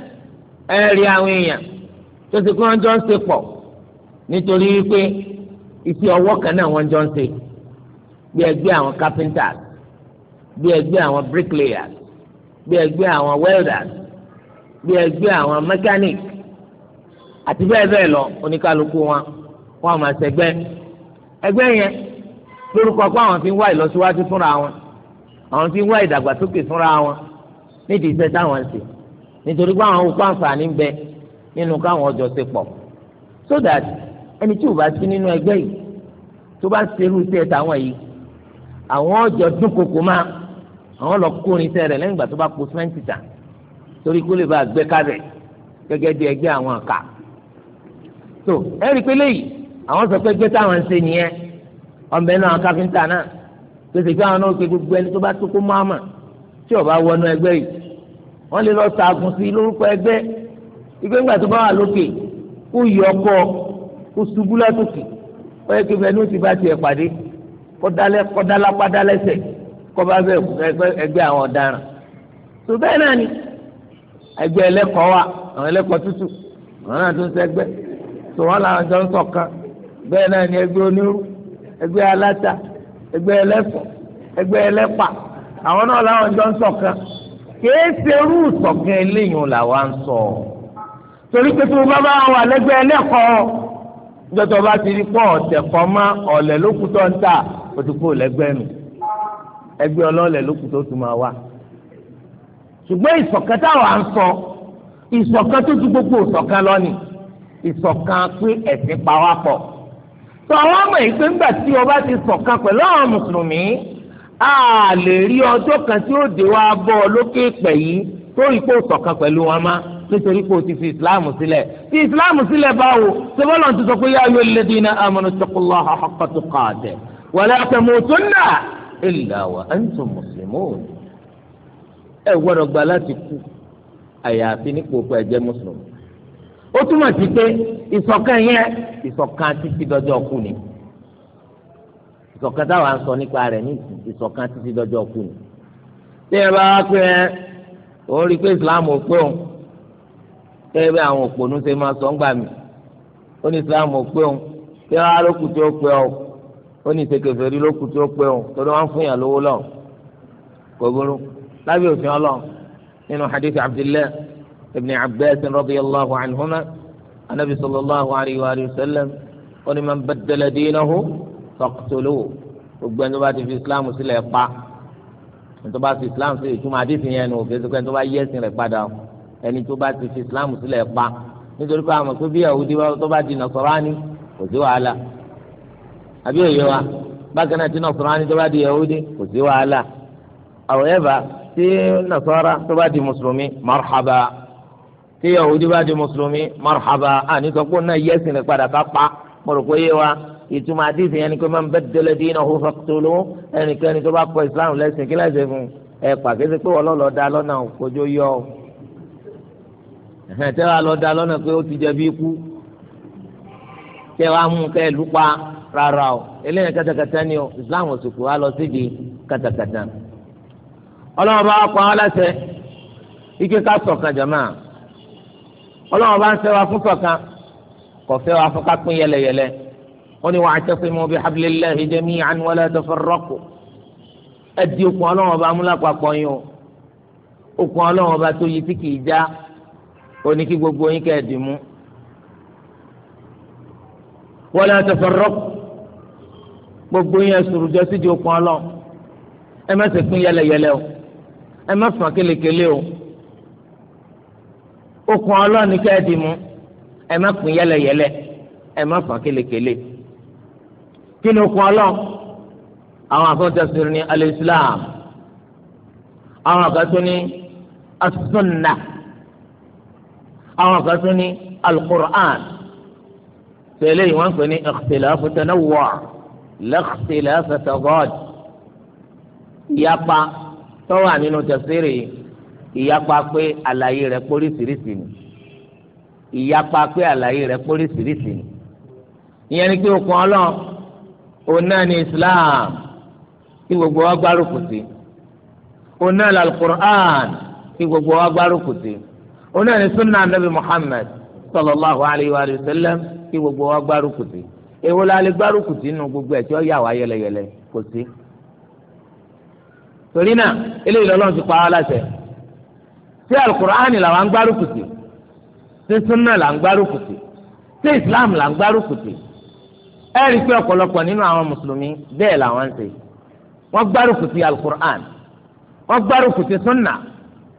ẹ̀rí àwọn èèyàn tó ti kí wọ́n jọ ń ṣe pọ̀ nítorí pé iṣẹ́ ọwọ́ kan náà wọ́n jọ ń ṣe bí ẹgbẹ́ àwọn carpenters bí ẹgbẹ́ àwọn bricklayers bí ẹgbẹ́ àwọn welders bí ẹgbẹ́ àwọn mechanic àti bẹ́ẹ̀ bẹ́ẹ̀ lọ oníkálukú wọn wọn máa ṣẹgbẹ́ ẹgbẹ́ yẹn lórúkọ pé àwọn fi ń wá ìlọsíwájú fúnra wọn àwọn fi ń wá ìdàgbàsókè fúnra wọn nídìí iṣẹ́ táwọn ń ṣe nítorí pé àwọn òkú àǹfààní ń bẹ nínú káwọn ọjọ́ ti pọ̀ so that ẹni tí ò bá sí nínú ẹgbẹ́ yìí tó bá serú iṣẹ́ tàwọn yìí àwọn ọjọ́ dúnkokò máa àwọn lọ kórin iṣẹ́ rẹ̀ lẹ́yìn ìgbà tó bá po sìmẹ́ǹtì tà torí kó lè bá gbẹ́ kárẹ̀ gẹ́gẹ́ bí ẹgbẹ́ àwọn àkà so ẹ̀rí pé léyìí àwọn sọ pé gbé táwọn ń ṣe nìyẹn ọmọbẹ náà káfíńtà náà pèsè pé àwọn náà pé gbogbo ẹni tó bá tó kó mọ́ àmà tí ò bá wọnú ẹgbẹ́ yìí wọ́n lè lọ sàgùn sí lórúkọ ẹgbẹ́ ìgbẹ́ ńgbà tó bá wà lókè kó yọ ọkọ kó ṣubú látòkè ó yẹ kí bẹ́ẹ̀ ní ó ti bá tiẹ̀ pàdé kọ́dálápá dálẹ́sẹ̀ kọ́ba bẹ́ẹ̀ ẹgbẹ́ àwọn ọ̀daràn tó bẹ́ẹ̀ náà ni ẹgbẹ́ ẹlẹ́kọ̀ọ́ wa àwọn ẹlẹ́kọ̀ọ́ tútù àwọn náà tó ń sẹ́gbẹ́ tó wọ́n làwọn jọ ń ṣọ̀kan bẹ́ẹ̀ náà ni ẹgbẹ́ onírú ẹgbẹ́ aláta ẹgbẹ́ ẹlẹ́fọ̀ ẹgbẹ́ ẹlẹ́pà àwọn náà làwọn jọ ń ṣọ̀kan kìí ṣerú ìsọ̀kan eléyìí làwa ń sọ torí pé tí mo bá bá wà lẹ́gbẹ̀ẹ́ ẹlẹ́kọ̀ọ́ jọjọ bá ti rí pọ̀ ọ̀tẹ̀ kan mọ́ ọ̀lẹ̀ lókùtọ̀ ń tà ó ti kó lẹ́gbẹ̀ẹ́ nù ẹgbẹ́ ọlọ́ọ̀lẹ̀ lókùtọ̀ ó ti máa wà ṣùgbọ́n ìsọ̀kan táwa ń sọ ìsọ̀kan tó ju gbogbo ìsọ̀kan lọ ni ìsọ̀kan pé ẹ̀sìn pa wá pọ̀ tọ́ àwọn a lè rí ọjọ́ kan tí ó dé wá bọ́ ọ lókè pẹ̀ yìí tó ipò pẹ̀lú wọn má nítorí pé o ti fi ìsìláàmù sílẹ̀ fi ìsìláàmù sílẹ̀ báwo pé yá amanu taqullaha haqqa tuqatih wa la tamutunna illa wa antum ẹ gbọ́dọ̀ gba láti kú àyàfi ẹ jẹ́ mùsùlùmí. ó túmọ̀ sí pé yẹn kú ni. ìṣọ̀kan táwa ń sọ nípa rẹ̀ ní ìṣọ̀kan títí dọ́jọ́ kù ni. tí ẹ bá wá pé ẹ òun rí i pé islam ò pé òun kẹ́ẹ́ bí àwọn òpònú ṣe máa sọ ń gbà mí ó ní islam ò pé òun kí wọ́n á lókù tó pé ọ ó ní ìṣèkèfèrí lókù tó pé òun torí wọ́n ń fún yàn lówó lọ kò burú lábẹ́ òfin ọlọ́run nínú hadith abdullahi ibn abbas radiyallahu anhuma anabi sallallahu alayhi wa sallam ó ní man baddala dinahu tọkítọ́lò gbogbo ẹni tó bá ti fi islam sílẹ̀ pa ẹni tó bá fi islam sílẹ̀ ìtumọ̀ àdéhùn yẹn nù òkèèsì pé ẹni tó bá yẹ ẹ̀sìn rẹ̀ padà ẹni tó bá ti fi islam sílẹ̀ pa nítorí pé àmọ̀ pé bí Yahudi tó bá di Nasrani kò sí wàhálà àbí òye wa bákan náà tí Nasrani tó bá di Yahudi kò sí wàhálà however tí Nasara tó bá di mùsùlùmí marhaba tí Yahudi bá di mùsùlùmí marhaba àní sọ pé náà yẹ ẹ̀sìn rẹ̀ padà ká pa mo ìtumọ̀ àdìsí yẹn ni pé máa ń bẹ́ délé dín náà hófà tó ló ẹnikẹ́ni tó bá kọ islam lẹ́sìn kí láì ṣe fún ẹ pàkí sí pé ọlọ́lọ́ da lọ́nà kojú yọ ọ tẹ́ wàá lọ da lọ́nà pé ó ti jẹ bí ikú tẹ́ wàá mú kẹ́ ẹ̀ lùpa rárá o eléyìí kàtàkàtà ni o islam òsùkú wa lọ síbi kàtàkàtà ọlọ́wọ́ bá kọ́ ọ lẹ́sẹ̀ ike ká ṣọ̀kan jàmá ọlọ́wọ́ bá ń ṣe fún ṣọ̀kan kò fẹ́ wa fún ká pín yẹlẹyẹlẹ wọ́n ní wa'tasimu bihablillahi jami'an wa la tafarraqu ẹ di okùn ọlọ́run ọba amúlápapọ̀ yín o okùn ọlọ́run ọba tó yí tí kìí já òní kí gbogbo yín kẹ́ ẹ̀ dì mú wa la tafarraqu gbogbo yín ẹ sùrùjọ sí di okùn ọlọ́run ẹ má ṣe yẹlẹyẹlẹ o ẹ má fà kélekèlé o okùn ọlọ́run kẹ́ ẹ̀ dì mú ẹ má pín yẹlẹyẹlẹ ẹ má fà kélekèlé kí ni okun ọlọ́run àwọn àfọ̀tẹ́sìrì ní al-Islam àwọn àkàtún ní as-Sunnah àwọn àkàtún ní al-Qur'an tẹ̀lé yìí wọ́n ń pè ní ikhtilafu tanawwu' la ikhtilafa tadad ìyapa tó wà nínú tẹ̀sírì ìyapa pé àlàyé rẹ̀ póríṣiríṣi ni ìyapa pé àlàyé rẹ̀ póríṣiríṣi ni ìyẹn ni pé okun ọlọ́run òun náà ni islam kí gbogbo wa gbárùkù sí òun náà ni alukur'an kí gbogbo wa gbárùkù sí òun náà ni sunnah nabi muhammad sallallahu alayhi wa sallam kí gbogbo wa gbárùkù sí èwo la lè gbárùkù sí nínú gbogbo ẹ̀ tí ó yà wá yẹlẹyẹlẹ kò sí. torí náà eléyìí lọ́lọ́run ti pa á láṣẹ sí alukur'an làwọn gbárùkù sí sí sunnah là ń gbárùkù sí islam là ń gbárùkù ẹ rí i pé ọ̀pọ̀lọpọ̀ nínú àwọn mùsùlùmí bẹ́ẹ̀ làwọn ń ṣe wọ́n gbárùkù ti alukur'an wọ́n gbárùkù ti sunna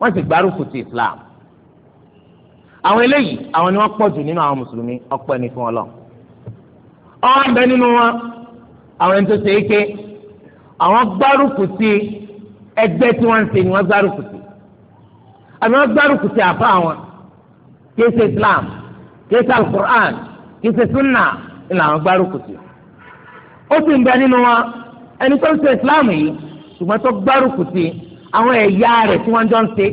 wọ́n sì gbárùkù ti islam àwọn eléyìí àwọn ni wọ́n pọ̀ jù nínú àwọn mùsùlùmí ọ̀pọ̀ ẹni fún ọlọ́ ọ̀hún ń bẹ nínú wọn àwọn ẹni tó ṣe é ké àwọn gbárùkù ti ẹgbẹ́ tí wọ́n ń ṣe ni wọ́n gbárùkù ti àmì wọ́n gbárùkù ti àbá wọn kí ẹ ṣe islam kí ẹ ṣe alukur'an kí ẹ ṣe sunna ni làwọn gbárùkù tì ó sì ń bẹ nínú wa ẹni tó ń ṣe islam yìí ṣùgbọ́n tó gbárùkù tì àwọn ẹ̀yà rẹ̀ tí wọ́n jọ ń ṣe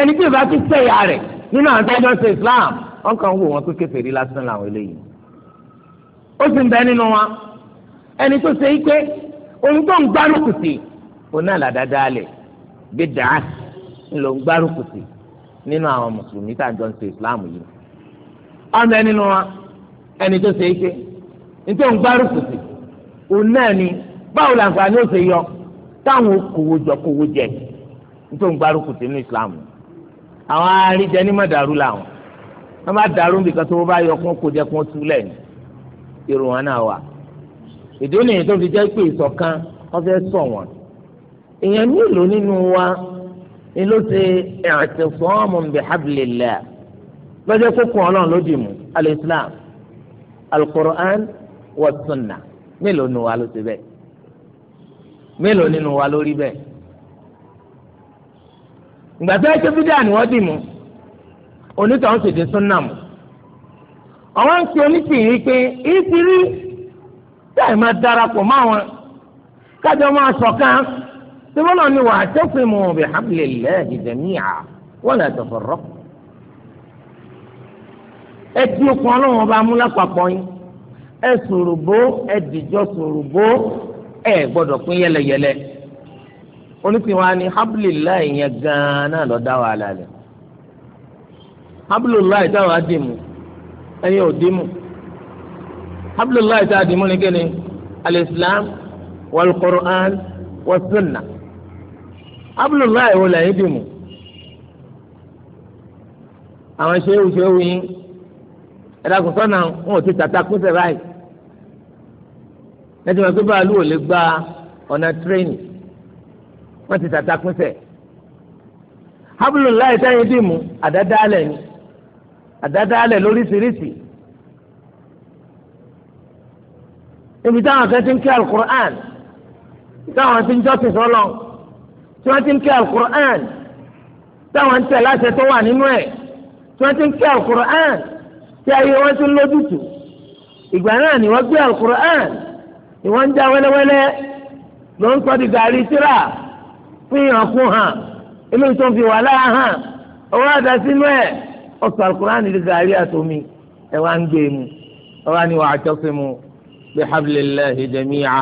ẹni tí ìbá ti ṣe ẹ̀yà rẹ̀ nínú àwọn tó jọ ń ṣe islam wọ́n kàn ń wò wọn pé kèfèrí lásán làwọn eléyìí ó sì ń bẹ nínú wa ẹni tó ṣe ike òun tó ń gbárùkù tì òun náà làdáadáa lẹ̀ bí dàá ńlò ń gbárùkù tì nínú àwọn mùsùlùmí tá à ń jọ ń ṣe islam yìí ọmọ ẹni tó ṣe é ṣe nítorí òun gbárùkù sí òun náà ni báwo làǹfààní ó ṣe yọ táwọn kòwò jọ kòwò jẹ nítorí òun gbárùkù sí ní Islam àwọn arìjẹ ní mọ̀dàrú làwọn wọ́n bá dàrú nbìkan tó bá yọ kún kò jẹ kún túlẹ̀ ní irun wọn náà wà ìdí nìyí tó fi jẹ́ pé ìṣọ̀kan wọ́n fẹ́ sọ wọn èèyàn mélòó nínú wa ni ló ṣe ẹ̀ẹ́dẹ̀sọ́ọ̀mù bi hablillah lọ́jọ́ kókó ọlọ́run ló dì mú alẹ́ Islam alukur'an wa sunna mélòó nu wa ló ti bẹ́ẹ̀ mélòó nínú wa ló rí bẹ́ẹ̀ ìgbà tó yẹ kí fídíà ni wọ́n dì mú onítọ̀hún sì di súnà mú àwọn ń pe oníṣìírí pé ìṣìírí táì máa darapọ̀ mọ́ àwọn kájọ máa ṣọ̀kan tí wọ́n lọ ní wàá tẹ́sí mu bi hablillahi jami'a wala tafarraqu ẹ tí okùn ọlọ́run ọba mú lápapọ̀ yín ẹ sòròbó ẹ dìjọ sòròbó ẹ gbọ́dọ̀ pín yẹlẹyẹlẹ onífìwá ni hablillah yẹn gan-an náà lọ́ọ́ dá wàhálà rẹ̀ hablillah táwọn á dì mú ẹ̀yin ò dì mú táwọn á dì mú ni kéde al-islam wal-Qur'an wọlé ẹ̀yin dì àwọn ṣéwù ṣéwù yín ẹ̀dá kò sọ́nà wọn ò ti tàtà kúnṣẹ́ báyìí lẹ́tí wọn pé báàlú ò lè gba ọ̀nà tírénì wọ́n ti tàtà kúnṣẹ́ habulullahi táyé dìmú àdádálẹ̀ ni àdádálẹ̀ lóríṣiríṣi ibi táwọn kan ti ń kí alukur'an táwọn ti ń jọ́sìn sọ́lọ́ tí wọ́n ti ń kí alukur'an táwọn ń tẹ̀ láṣẹ tó wà nínú ẹ̀ tí wọ́n ti ń kí alukur'an. tí ayé wọn ti lójútù ìgbà náà ni wọ́n gbé alukur'an ni wọ́n ń já wẹ́lẹ́wẹ́lẹ́ ló ń sọ di gàrí síra fún fi wàhálà hàn owó àdá sínú ẹ̀ ọ̀sọ̀ alukur'an di gàrí àtomi wá ń gbé e mu ni wàá tọ́sí mu bí hablillahi jami'a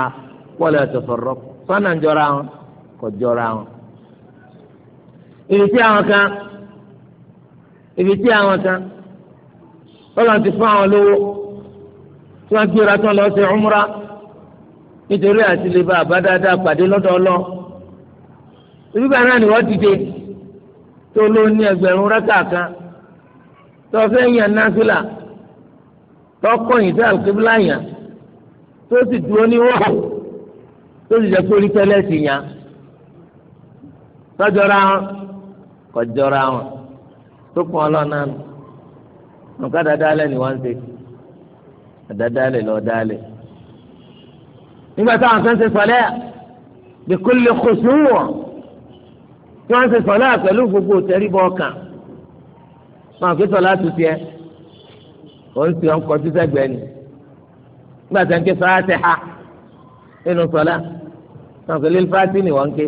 wala ń jọra wọn kò ibi tí àwọn ibi tí àwọn lọ́lọ́n ti fún àwọn lówó tí wọ́n gbéra tán lọ sí umra nítorí àti lè bá àbádáadáa pàdé lọ́dọ̀ ọlọ́ ibi bá náà ni wọ́n dìde tó ló ní ẹgbẹ̀rún rákà kan tó fẹ́ yàn náfìlà tó kọ̀yìn sí àlùkébílà yàn tó sì dúró ní wọ́ọ̀ tó sì jẹ́ pé tẹ́lẹ̀ sì yàn tọ́jọ́ra wọn kọjọ́ra wọn tó kàn ọ́ nù nǹkan dáadáalẹ̀ ni wọ́n ń ṣe àdáadáalẹ̀ lọ dáalẹ̀ nígbà táwọn kan ṣe sọlẹ́ bí kò lè kó sunwọ̀n tí wọ́n ṣe sọlẹ́ pẹ̀lú gbogbo tẹríbọ̀ ọkàn máa fi sọlá tu tiẹ̀ ó ń ṣe ọkọ̀ sísẹ́gbẹ̀ẹ́ ni nígbà tí wọ́n ké sọlá ti ha nínú sọlá náà pé lílfàtì ni wọ́n ń ké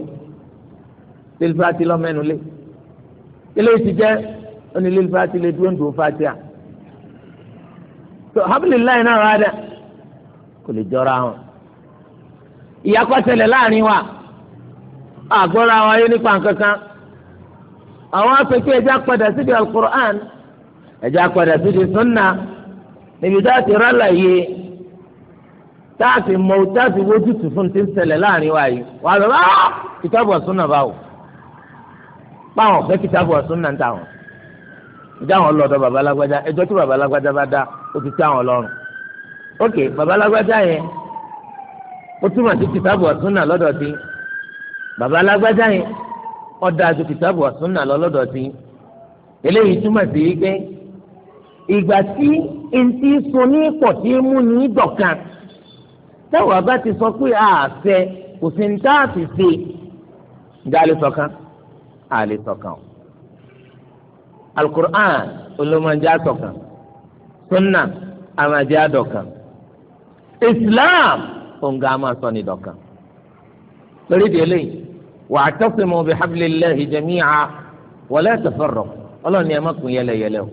lílfàtì lọ́mẹ́nu lé ilé ìtìjẹ́ ó ní lílfàtì lè dúró ń dùn fàtì à tó habilillahi náà rà dà kò lè jọra wọn. ìyàkọ́ ṣẹlẹ̀ láàrin wa àgbọ́ra wa yé nípa nǹkankan àwọn afẹ́kẹ́ ẹja padà síbi alukur'an ẹja padà síbi sunna níbi tá a ti rálá yé tá a ti mọ tá a ti wójú tù fún ti ń ṣẹlẹ̀ láàrin wa yìí wà á bá ah! kìtàbù wa sunna báwò báwọn fẹ́ kìtàbù wa sunna ń ìjà àwọn lọ́dọ̀ bàbá alágbájá ẹjọ́ tí bàbá alágbájá bá dá ó ti tẹ́ àwọn lọ́rùn ok bàbá alágbájá yẹn ó túmọ̀ sí kìtàbù ọ̀túnà lọ́dọ̀ sí bàbá alágbájá yẹn ó dáa ju kìtàbù ọ̀túnà lọ́dọ̀ sí eléyìí túmọ̀ sí pé ìgbà tí ntí sun ní pọ̀ tí mú ní dọ̀kan táwọn bá ti sọ pé àfẹ kò sí ní tá a ti sọ̀kan àlè sọ̀kan o alukur'an olómọdé àtọkàn sunna amadé àdọkàn islam ònga ama sọni dọkàn lórí délé wa'tasimu bihablillahi jami'a wa la tafarraqu ọlọ́ni ẹ̀ má kún yẹlẹyẹlẹ o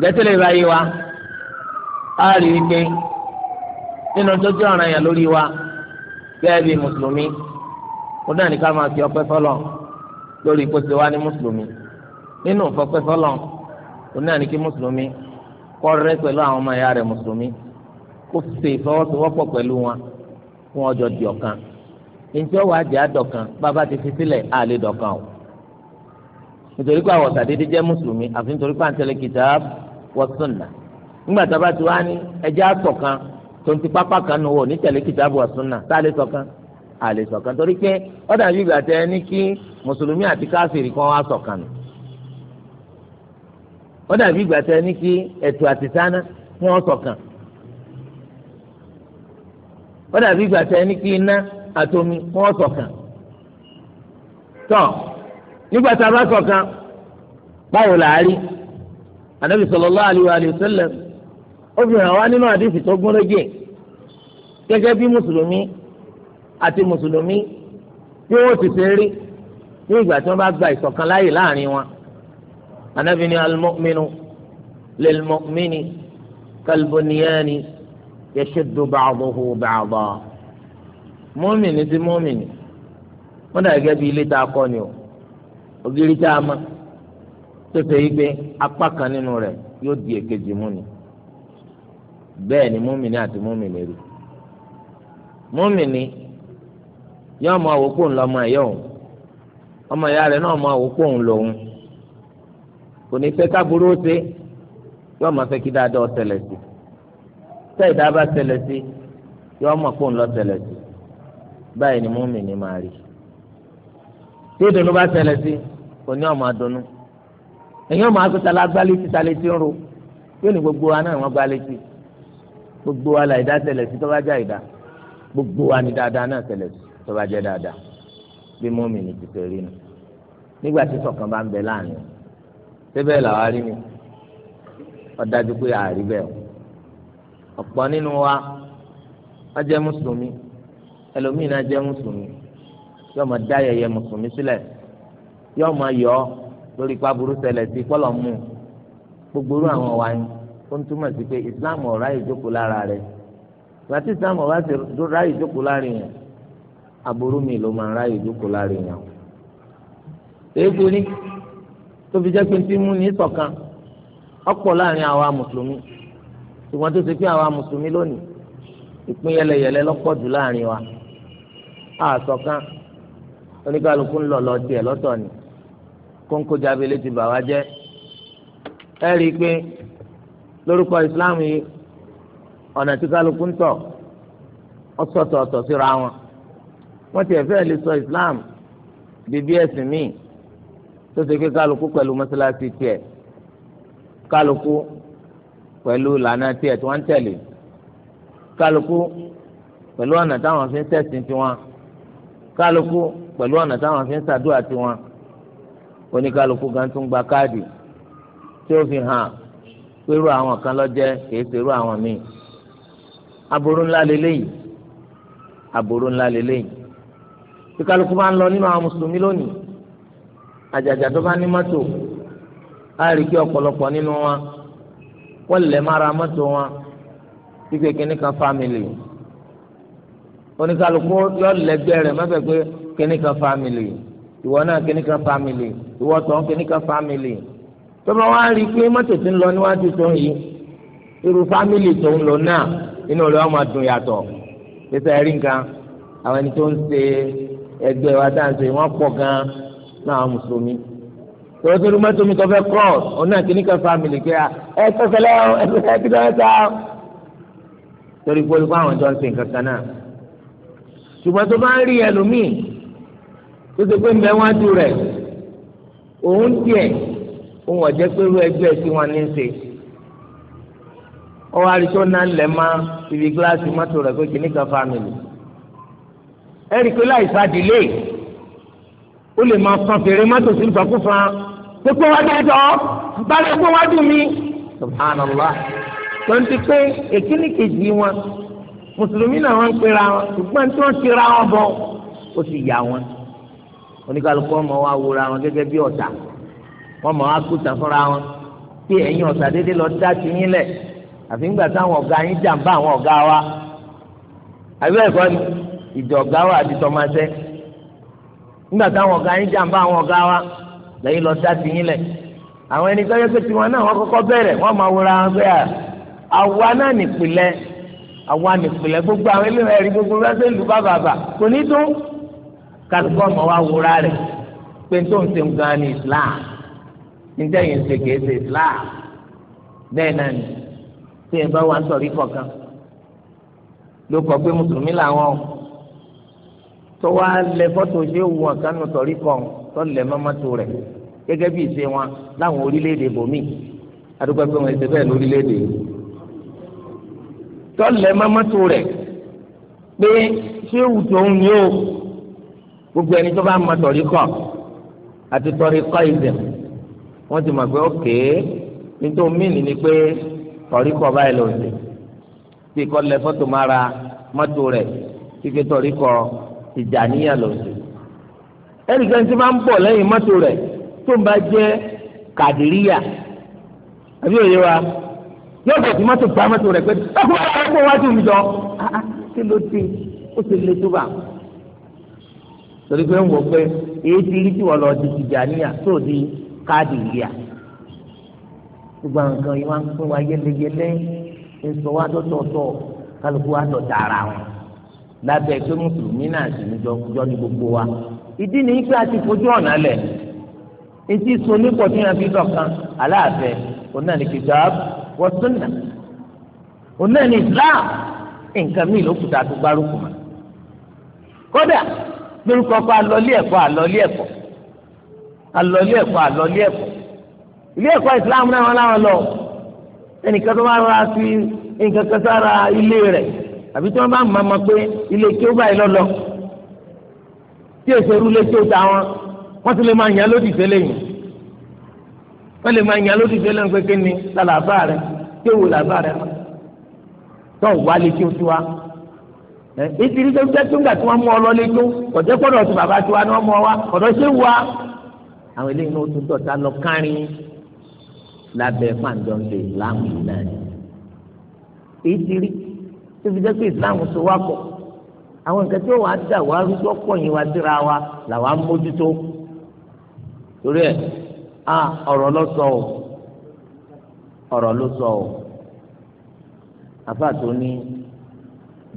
gẹ́tẹ́lẹ̀ báyìí wa a rí i pé nínú tó jẹ́ ọ̀ràn yẹn lórí wa gẹ́gẹ́ bí mùsùlùmí ó náà ká máa fi ọpẹ́ fọlọ́ lórí kó ti wá mùsùlùmí nínú ìfọpẹ́ sọ́lọ̀ oní àní kí mùsùlùmí kọ́rẹ́ pẹ̀lú àwọn ọmọ ẹ̀yà rẹ̀ mùsùlùmí kó ṣe ìfọwọ́sowọ́pọ̀ pẹ̀lú wọn fún ọjọ́ di ọ̀kan ntí ọwọ́ àjẹ́ àdọ̀kan bàbá ti fi sílẹ̀ àlè dọ̀kan o nítorí pé àwọn sàdédé jẹ́ mùsùlùmí àfi nítorí pé àǹtẹ̀lẹ̀ kitab wa sunnah nígbà tá a bá ti wá ní ẹjẹ́ àtọ̀kan tó ń ti pápá kan nù wò ní tẹ̀lé kitab wa sunnah tá a lè sọ̀kan a lè sọ̀kan torí pé ọ̀dà bíbí àtẹ ní kí mùsùlùmí àti káfíìrì kan wá sọ̀kan nù wọ́n dàbí ìgbà tẹ ní kí ẹ̀tù àti sáná kí wọ́n ṣọ̀kan wọ́n dàbí ìgbà tẹ ní kí iná àtomi kí wọ́n ṣọ̀kan tọ́ nígbà tá a bá ṣọ̀kan báwo là á rí anabi sallallahu alaihi wa sallam ó fi hàn wá nínú àdìsí tó gún régé gẹ́gẹ́ bí mùsùlùmí àti mùsùlùmí bí wọ́n ti ṣe rí ní ìgbà tí wọ́n bá gba ìṣọ̀kan láàyè láàrin wọn anabi ni alimọ́minu lẹ́lmọ́mini kalboniyani yasudu baaduhu baada mọ́mìnì sí mọ́mìnì wọ́n dà gẹ́gẹ́ bí ilé tá a kọ́ ni o ògiri tá a ma tó ṣe yí pé apá kan nínú rẹ̀ yóò di èkejì mú ni bẹ́ẹ̀ ni mọ́mìnì àti mọ́mìnì rí mọ́mìnì yóò mọ àwòkù ńlọmọ ẹ̀yọ́ òun ọmọ ìyá rẹ̀ náà mọ àwòkù òun kò ní fẹ́ káburú ṣe yóò máa fẹ́ kí dáadáa ọ ṣẹlẹ̀ sí tẹ́ ìdá bá ṣẹlẹ̀ sí yóò mọ̀ pé òun lọ ṣẹlẹ̀ sí báyìí ni múmi ni máa rí tí ìdùnnú bá ṣẹlẹ̀ sí kò ní ọmọ àdùnnú èyàn máa tó tala gbá létí ta létí ń ro yóò ní gbogbo wa náà wọ́n gbá létí gbogbo wa là ìdá ṣẹlẹ̀ sí tó bá já ìdá gbogbo wa ni dáadáa náà ṣẹlẹ̀ sí tó bá jẹ́ dáadáa bí múmi ni ti nu nígbà tí ṣọ̀kan bá ń bẹ láàrin síbẹ̀ làwa rí ni ọ̀dájú pé àárí bẹ́ẹ̀ o ọ̀pọ̀ nínú wa wọ́n jẹ́ mùsùlùmí ẹlòmíín náà jẹ́ mùsùlùmí yóò máa dá yẹ̀yẹ́ mùsùlùmí sílẹ̀ yóò máa yọ ọ́ lórí ipa burú ṣẹlẹ̀ sí kọ́lọ̀ mú gbogbo irú àwọn wa ni ó ń túmọ̀ sí pé islam ọ̀rá ìjókòó lára rẹ̀ gbàtí islam ọ̀rá ìjókòó lára yẹn aburú mi ló máa ń ráyè ìjókòó lára yẹn o. ni tó fi jẹ́ pé tí mú ní ṣọ̀kan ọ̀pọ̀ láàrin àwa mùsùlùmí ṣùgbọ́n tó ti pín àwa mùsùlùmí lónìí ìpín yẹlẹyẹlẹ lọ́pọ̀ jù láàrin wa a ṣọ̀kan oníkàlùkù ń lọ lọ tiẹ̀ lọ́tọ̀ ni kóńkó jábẹ́lẹ́ ti bà wá jẹ́ ẹ rí i pé lórúkọ ìsìláàmù yìí ọ̀nà tí kálukú ń tọ̀ ọ̀sọ̀tọ̀ọ̀tọ̀ síra wọn wọ́n ti ẹ̀fẹ́ lè sọ ìsìláàmù bíbí ẹ̀sìn míì tó ṣe pé kálukú pẹ̀lú mọ́sálásí tiẹ̀ kálukú pẹ̀lú lànà tiẹ̀ tí wọ́n ń tẹ̀lé kálukú pẹ̀lú ọ̀nà táwọn fi ń tẹ̀sìn tiwọn kálukú pẹ̀lú ọ̀nà táwọn fi ń ṣàdúrà tiwọn oníkálukú gan tún gba káàdì tí ó fi hàn pẹ̀lú àwọn kan lọ́jẹ́ kìí ṣerú àwọn míì aburú ńlá lélẹ́yìí aburú ńlá lélẹ́yìí tí kálukú bá ń lọ nínú àwọn mùsùlùmí lónìí àjàjà tó bá ní mọ́tò á rí kí ọ̀pọ̀lọpọ̀ nínú wa wọ́n lè mára mọ́tò wa kíkẹ́ kínní kan fámìlì oníkàlùkù yọ lẹ́gbẹ́ rẹ̀ mẹ́fẹ̀ẹ́ pé kínní kan fámìlì ìwọ náà kínní kan fámìlì ìwọ tó ń kínní kan fámìlì tó bá wá rí i pé mọ́tò ti ń lọ níwájú tó ń yí irú fámìlì tó ń lò náà inú rẹ̀ wọ́n máa dùn yàtọ̀ pẹ̀sẹ̀ rí nǹkan àwọn ẹni tó ń ṣe ẹgbẹ́ wa dáhùn ṣe wọ́n pọ̀ gan-an náà àwọn mùsùlùmí tòwó tó dúmọ́tò mi tó fẹ́ cross òun náà kìíní kan family kí ẹ kẹsẹ̀ lẹ́wọ̀n ẹ kẹsẹ̀ kí lọ́wọ́ ta ọ́ torí pé olùkọ́ àwọn jọ ń sìn kankan náà ṣùgbọ́n tó bá ń rí ẹlòmíì tó ti pé mbẹ́ wájú rẹ̀ òun tiẹ̀ òun ọ̀jẹ́ pé irú ẹgbẹ́ tí wọ́n ní ṣe ọwọ́ àríṣọ́ náà lẹ̀ máa ibi gíláàsì mọ́tò rẹ̀ pé kìíní kan family ẹ̀rí pé láì sá dìlé ó lè máa san fèrè mọ́tò sí ìfàkúfà gbogbo wa dájọ́ balẹ̀ gbogbo wa dùn mí. subhanallah tonti pé èkíní kejì wọn mùsùlùmí náà wọn ń pera wọn ṣùgbọ́n tí wọ́n ti ra wọn bọ̀ ó sì yà wọn oníkàlùkù ọmọ wa wúra wọn gẹ́gẹ́ bí ọ̀tá wọn mọ̀ wá kúta fúnra wọn pé ẹ̀yin ọ̀tá dédé lọ dá ti yín lẹ̀ àfi ńgbà táwọn ọ̀gá yín jàǹbá àwọn ọ̀gá wa àbí ẹ̀kọ́ ni ìjọ̀gá wa àti tọmọṣẹ́ nígbà táwọn ọ̀gá yín jàǹbá àwọn ọ̀gá wa lẹ́yìn lọ dá sí yín lẹ̀ àwọn ẹni tó yẹ pé tiwọn náà wọ́n kọ́kọ́ bẹ̀rẹ̀ wọ́n máa wọra wọn pé àwa náà nìpìlẹ̀ àwa nìpìlẹ̀ gbogbo àwọn ilé ẹ̀rí gbogbo rẹ́sẹ̀ lù bá bàbà kò ní tó kálukọ́ ọmọ wa wọra rẹ̀ pé tó ń sèǹ gan ni Islam níta yẹn ń ṣe kìí ṣe Islam bẹ́ẹ̀ náà ni tí ẹ bá wà ń sọ̀rí kọ̀ọ̀kan ló kọ pé mùsùlùmí làwọn o tó wá lẹ fọ́tò ṣé wù ọ̀kánú tọ̀rí kan tó lẹ mọ́mọ́tò rẹ̀ gẹ́gẹ́ bí ìṣe wọn láwọn orílẹ̀-èdè bòmí adúgbò pé wọn ṣe bẹ́ẹ̀ lórílẹ̀-èdè tó lẹ mọ́mọ́tò rẹ̀ pé ṣé wù tòun ni ó gbogbo ẹni tó bá mọ tọ̀rí kan àti tọ̀rí kọ́ ìdẹ̀ wọ́n ti mọ̀ pé ókè nítorí míìnì ni pé tọ̀rí kọ́ báyìí lòdì bí kò lẹ Mara mára mọ́tò rẹ̀ kíkẹ́ tọ̀rí kọ́ Tìjàníyà lọ sí ẹnìkan tí máa ń bọ̀ lẹ́yìn mọ́tò rẹ̀ tó ń bá jẹ́ Kàdíríyà àbí òye wa yóò bọ̀ sí mọ́tò gba mọ́tò rẹ̀ pé ọkùnrin àwọn ọkọ̀ wájú mi jọ ah, ah, kí ló dé ó ti le tó bá torí pé ń wọ pé èyí ti rí tí wọ́n lọ di Tìjàníyà tó di Kàdíríyà gbogbo àwọn nǹkan yìí wọ́n ń pín wa yẹlẹyẹlẹ ń sọ wá dọ́tọ̀ọ̀tọ̀ kálukú wa dọ̀ dára wọn. lábẹ́ pé mùsùlùmí náà sì ní jọ ní gbogbo wa ìdí ni pé a ti fojú ọ̀nà lẹ̀ etí so nípò tí wọn fi dọ̀kan aláàfẹ onáni islam nǹkan míì ló tó gbárùkù mọ́ kódà lórúkọ pa àlọ́lé ẹkọ àlọ́lé ẹkọ. àlọ́lé ẹ̀kọ́ islam náà wọn lọ ẹnìkan tó máa ń sí nǹkan kan àbí tí wọ́n bá mọ ọmọ pé ilé kí ó báyìí lọ́lọ́ tí èso rú lé tó ta wọn wọ́n ti lè máa yàn lódì fẹ́lẹ́ yìí wọ́n lè máa yàn lódì fẹ́lẹ́ yìí pé kí ni làlàbà rẹ tí èwo làbà rẹ tó wà lè kí o tó wa ìtìrí tó jẹ́ tó ń gbà tí wọ́n mú ọ lọ lé tó kọ̀jẹ́ kọ́dọ̀ tó bàbá tó wa ni wọ́n mú ọ wa kọ̀dọ̀ ṣé wa àwọn eléyìí náà tún dọ̀tá lọ kárin lábẹ́ fàǹdọ̀ǹdè láàmú náà ìtìrí tó fi jẹ́ pé ìsìláàmù so wá pọ̀ àwọn nǹkan tí ó wàá dà wá rúdú ọ̀pọ̀ yìí wá síra wa làwa mójútó torí ẹ̀ a ọ̀rọ̀ ló sọ o ọ̀rọ̀ ló sọ o àfàtò ní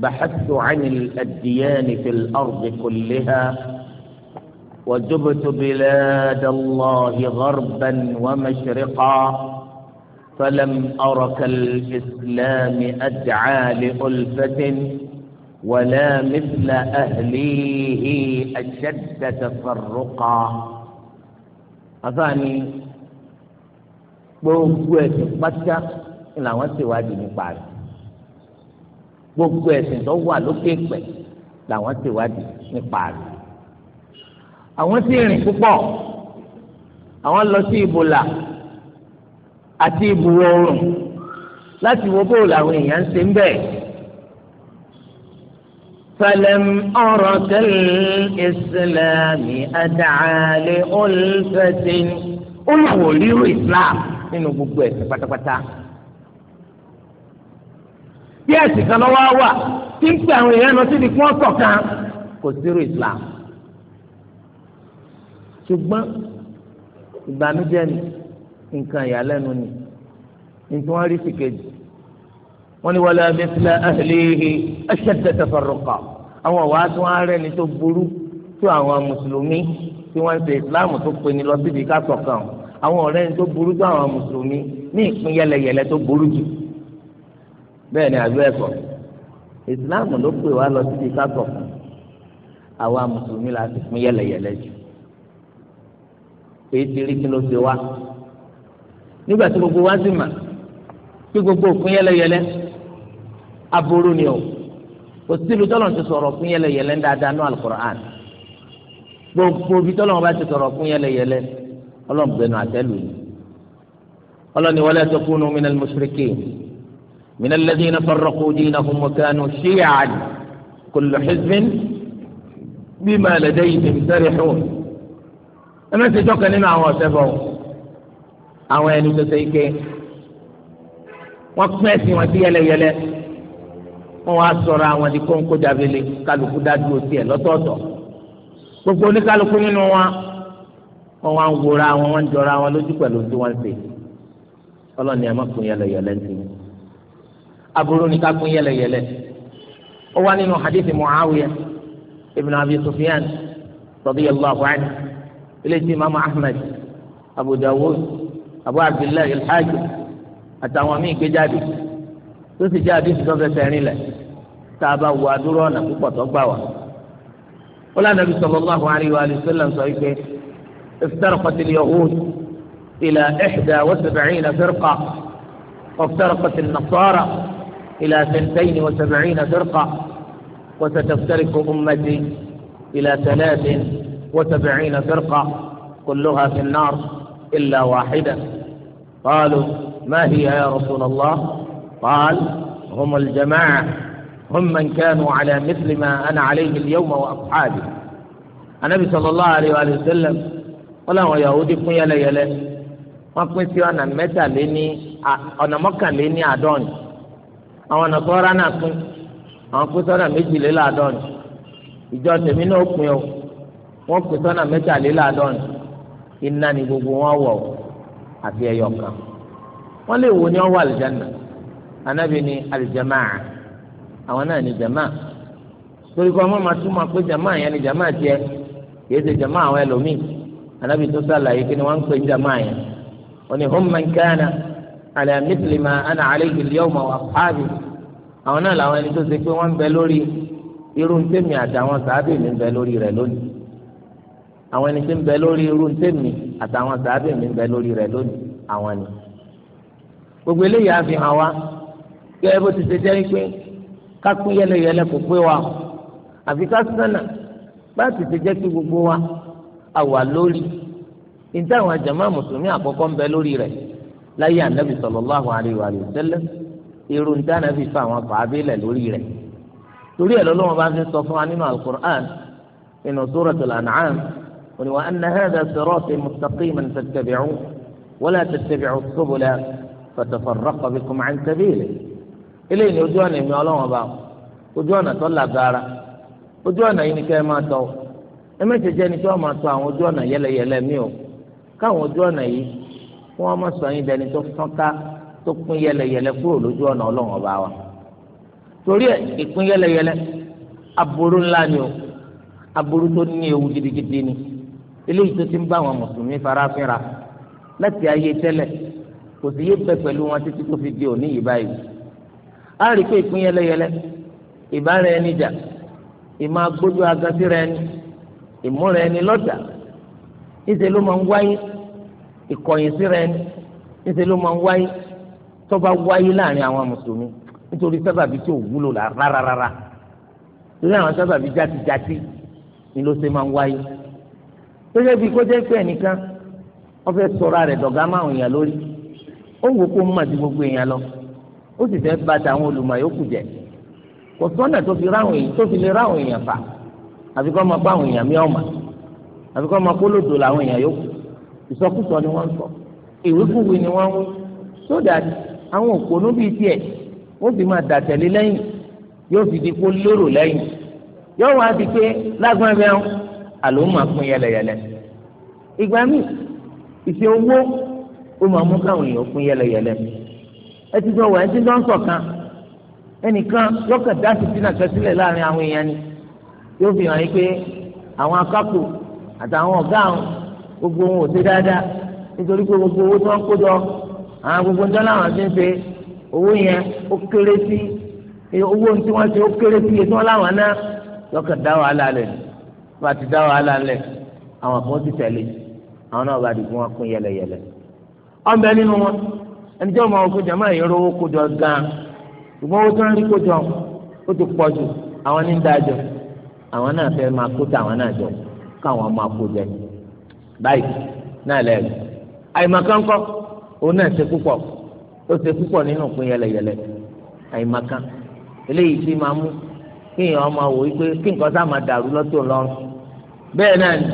bàḥàtò ànil adìyẹ́ni fìl ọ̀rùdì kùlìhà. وجبت بلاد الله غربا ومشرقا فلم أرك الإسلام أدعى لألفة ولا مثل أهليه أشد تفرقا أفاني gbogbo ẹ̀sìn pátá làwọn ṣèwádìí nípa rẹ̀ gbogbo ẹ̀sìn tó wà lókè pẹ̀ làwọn ṣèwádìí nípa rẹ̀ àwọn sì rìn púpọ̀ àwọn lọ sí ibùlà àti ìbùwọ̀ oòrùn láti wo bóòlù àwọn èèyàn ń ṣe ń bẹ̀. فلم أرك الإسلام أدعى لألفة olùwòlíwò islam nínú gbogbo ẹ̀sìn pátápátá. bí ẹ̀sìn kan lọ́wọ́ wà tí ń pè àwọn èèyàn lọ síbi kí wọ́n ṣọ̀kan kò sírò islam. ṣùgbọ́n ìbànújẹ́ ni nǹkan ìyàlẹ́nu ni nítorí wọ́n rí sí kejì wọ́n ní wala mithla ahlihi ashadda tafarruqa àwọn ọ̀wá tí wọ́n á rẹ́ni tó burú tó àwọn mùsùlùmí tí wọ́n ń ṣe islam tó pe ni lọ síbi ká ṣọ̀kan àwọn ọ̀rẹ́ ni tó burú tó àwọn mùsùlùmí ní ìpín yẹlẹyẹlẹ tó burú jù bẹ́ẹ̀ ni àbí ẹ̀kọ́ islam ló pè wá lọ síbi ká ṣọ̀kan àwa mùsùlùmí la ti pín yẹlẹyẹlẹ jù èyí ti rí kí ló ṣe wá nígbà tí gbogbo wa sì mà kí gbogbo òkun yẹlẹyẹlẹ aburú ni o kò sílu tọ́lọ̀ ti sọ̀rọ̀ fún yẹlẹyẹlẹ dáadáa ní alukur'an gbogbo bí tọ́lọ̀ bá ti sọ̀rọ̀ fún yẹlẹyẹlẹ ọlọ́run gbẹnu àtẹ́lù ni ọlọ́run ni wala takunu minal mushrikin minal ladhina farraqu dinahum wa kanu shi'an kullu hizbin bima ladayhim farihun ẹ mẹ́sẹ̀ jọ́kẹ́ nínú àwọn ọ̀sẹ̀ bọ̀ àwọn ẹni tó ṣe ike wọ́n pín ẹ̀sìn wọn sí yẹlẹyẹlẹ wọ́n wá sọ̀rọ̀ àwọn di kóńkó jábẹ́lẹ́ kálukú dájú òsì ẹ̀ lọ́tọ̀ọ̀tọ̀ gbogbo oníkálukú nínú wa wọ́n wá ń wòra wọn wọ́n ń jọra wọn lójú pẹ̀lú tí wọ́n ṣe ọlọ́ni ẹ̀ má pín yẹlẹyẹlẹ ń sìn aburú ni ká pín yẹlẹyẹlẹ ó wá nínú hadithi muawiya ibn abi sufyan radiyallahu anhu ilé tí imaamu ahmed abu dawud abu abdullahi alhaji àtàwọn míì ké jáde tó sì jẹ́ àdìsí tó fẹsẹ̀ rìn lẹ̀ tá a bá wo àdúrà ọ̀nà púpọ̀ tó gbà wá. ó lànà bí sallallahu alaihi wa sallam sọ pé iftaraqat al-yahud ila ihda wa sab'ina firqa waftaraqat an-nasara ila thantayn wa sab'ina firqa wa satafariqu ummati ila thalathin wa sab'ina firqa kulluha fi an-nar illa wahida. قالوا ما هي يا رسول الله قال هم الجماعة هم من كانوا على مثل ما أنا عليه اليوم وأصحابي النبي صلى الله عليه وآله وسلم قال هو يهودي قم يلا يلا ما قمت أنا متى لني أنا ما كان لني أدوني أو أنا صار أنا أكون أنا قمت أنا متى للا أدون إجازة منه قم يوم وقمت أنا متى للا أدون إنني بقوا واو àti ẹyọ kan wọ́n lè wo ni wọ́n wà àlìjáná anábì ní àlìjámáà àwọn náà ní jamáà torí kọ́ ọmọ máa túmọ̀ pé jamáà yẹn ni jamáà tiẹ̀ kìí ṣe jamáà àwọn ẹlòmíì anábì tó sàlàyé kí ni wọ́n ń pè ní jamáà yẹn wọ́n ní hum man kana ala mithli ma ana alayhi al wa ashabi àwọn náà làwọn ẹni tó ṣe pé wọ́n ń bẹ lórí irú tèmi àtàwọn sàábì mi ń bẹ lórí rẹ̀ lónìí àwọn ẹni tí ń bẹ lórí irú tèmi àtàwọn sàábì mi ń bẹ lórí rẹ lónìí àwọn ni. gbogbo eléyìí àfihàn wa gẹ́gẹ́ bó ti ṣe jẹ́ pé ká pín yẹlẹyẹlẹ kò pé wa àfi ká sànà bá ti ṣe jẹ́ kí gbogbo wa àwà lórí níta àwọn jàmáà mùsùlùmí àkọ́kọ́ ń bẹ lórí rẹ̀ láyé ànábì sallallahu alaihi wa sallam irú níta ànábì fún àwọn fàábílẹ̀ lórí rẹ̀ torí ẹ̀ lọ́lọ́wọ́n bá fi sọ fún wa nínú al وأن هذا صراطي مستقيما فاتبعوه ولا تتبعوا السبل فتفرق بكم عن سبيله إليه أجوانا من الله أبا أجوانا طلع بارا أجوانا إن كما تو إما تجاني تو ما تو أجوانا يلا يلا ميو كان أجوانا يي wọ́n mọ̀ sọ yín dẹni tó fọ́nká tó pín yẹlẹyẹlẹ kúrò lójú ọ̀nà ọlọ́run ọba wa torí ẹ̀ ìpín yẹlẹyẹlẹ aburú ńlá ni eléyìí tó ti ń bá àwọn mùsùlùmí farafinra láti ayé tẹ́lẹ̀ kò sì yé pẹ́ pẹ̀lú wọn títí tó fi di òní yìí báyìí a rí pé ìpín yẹlẹyẹlẹ ìbára ẹni jà ìmọ̀ agbójú agasíra ẹni ìmúra ẹni lọ́jà níṣẹ́ ló máa ń wáyé ìkọ̀yìn síra ẹni níṣẹ́ ló máa ń wáyé tó wáyé láàrin àwọn mùsùlùmí nítorí sábàbí tí ò wúlò rárá rárá lórí àwọn sábàbí játijáti ni ló ṣe máa ń wáyé gẹ́gẹ́ bíi kó jẹ́ pé ẹnìkan wọ́n fẹ́ sọ̀rọ̀ rẹ̀ dọ̀gá máwùn èèyàn lórí ó wò kó má ju gbogbo èèyàn lọ ó sì fẹ́ bá tàwọn olùmọ̀ yòókù jẹ kò sọ́nà tó fi ráwọn èèyàn tó fi lè ráwọn èèyàn fà àfi kọ́ máa bá àwọn èèyàn mìíràn mà àfi kọ́ máa kólódò làwọn èèyàn yòókù ìsọkúsọ ni wọ́n ń sọ ìwékúwe ni wọ́n ń wí so that àwọn òpònú bíi tiẹ̀ ó sì máa dàtẹ̀lé lẹ́yìn yóò fi di kó lérò lẹ́yìn yóò wá di pé lágbọ́n àlòmà pín yẹlẹyẹlẹ ìgbà míì ìfẹ́ owó ó máa mú káwọn èèyàn pín yẹlẹyẹlẹ ẹ ti sọ wọ ẹ ti dán ẹnìkan yọkàn dá fìtínà kẹsílẹ̀ láàrin àwọn èèyàn ni yóò fi hàn yín pé àwọn akápò àtàwọn ọ̀gá àwọn gbogbo wọn ò ṣe dáadáa nítorí pé gbogbo owó tí wọ́n kó jọ àwọn gbogbo ń dáná àwọn ti ń ṣe owó yẹn ó kéré sí owó tí wọ́n ṣe ó kéré sí iye tí wọ́n láwọn náà yọkàn dá wàhálà rẹ̀ ni bá ti dá wàhálà ńlẹ̀ àwọn kan ti tẹ̀lé àwọn náà bá di fún wọn pín yẹlẹyẹlẹ. ọ̀nbẹ nínú wọn ẹni tí wọ́n máa kó jàmáà yìí rówó kójọ gan-an ṣùgbọ́n owó tí wọ́n rí kójọ ó ti pọ̀ jù àwọn ní dájọ́ àwọn náà fẹ́ máa kó tàwọn náà jọ káwọn máa kó jẹ báyìí náà lẹ́yìn. àyèmàkánkọ́ òun náà ṣe púpọ̀ ó ṣe púpọ̀ nínú pín yẹlẹyẹlẹ àyèmàkán eléyìí ti máa mú kéèyàn máa wò wípé kí nǹkan sá máa dàrú lọ́tò lọ́rùn bẹ́ẹ̀ náà ni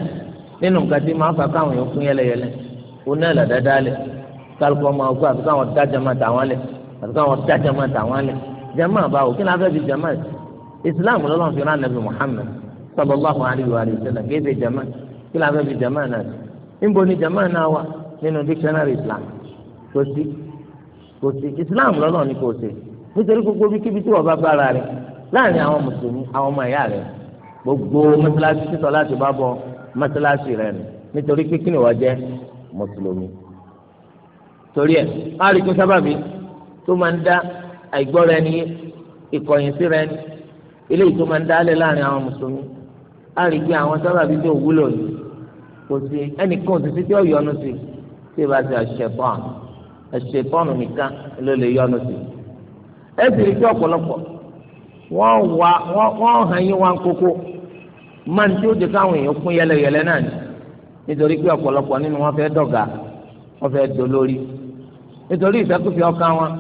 nínú nǹkan tí máa ń fa káwọn èèyàn kún yẹlẹyẹlẹ òun náà làdáda lẹ kálukọ máa gbọ́ àti káwọn dá jama tàwọn lẹ àti káwọn dá jama tàwọn lẹ jama báwo kí ni a fẹ́ fi jama yìí islam lọ́lọ́run fi rán nàbì muhammed sallallahu alayhi wa sallam kí ni jama kí ni a fẹ́ fi jama náà sí níbo ni jama náà wà nínú dictionary islam kò sí kò sí islam lọ́lọ́run ni kò sí nítorí gbogbo bí kíbi tí wọ́n bá bára rẹ láàrin àwọn mùsùlùmí àwọn ọmọ ẹ̀yà rẹ gbogbo mọ́sálásí títọ́ láti bá bọ mọ́sálásí rẹ nù nítorí pé kí ni wọ́n jẹ́ mùsùlùmí. torí ẹ̀ má rí i pé sábàbí tó máa ń dá àìgbọ́ra ẹni ìkọ̀yìn síra ẹni eléyìí tó máa ń dá lẹ̀ láàrin àwọn mùsùlùmí á rí i pé àwọn sábàbí tó wúlò yìí kò sí ẹnìkan títí tí ó sí tí ì bá ti àṣepọ́n àṣepọ́n nìkan ló lè yọnu sí. ẹ sì rí i ọ̀pọ̀lọpọ̀ wọ́n hàn yín wá kókó máa ń tí ó di káwọn èèyàn kún yẹlẹyẹlẹ náà ni nítorí pé ọ̀pọ̀lọpọ̀ nínú wọn fẹ́ dọ̀gá wọn fẹ́ dolórí nítorí ìfẹ́kùfẹ́ ọkàn wọn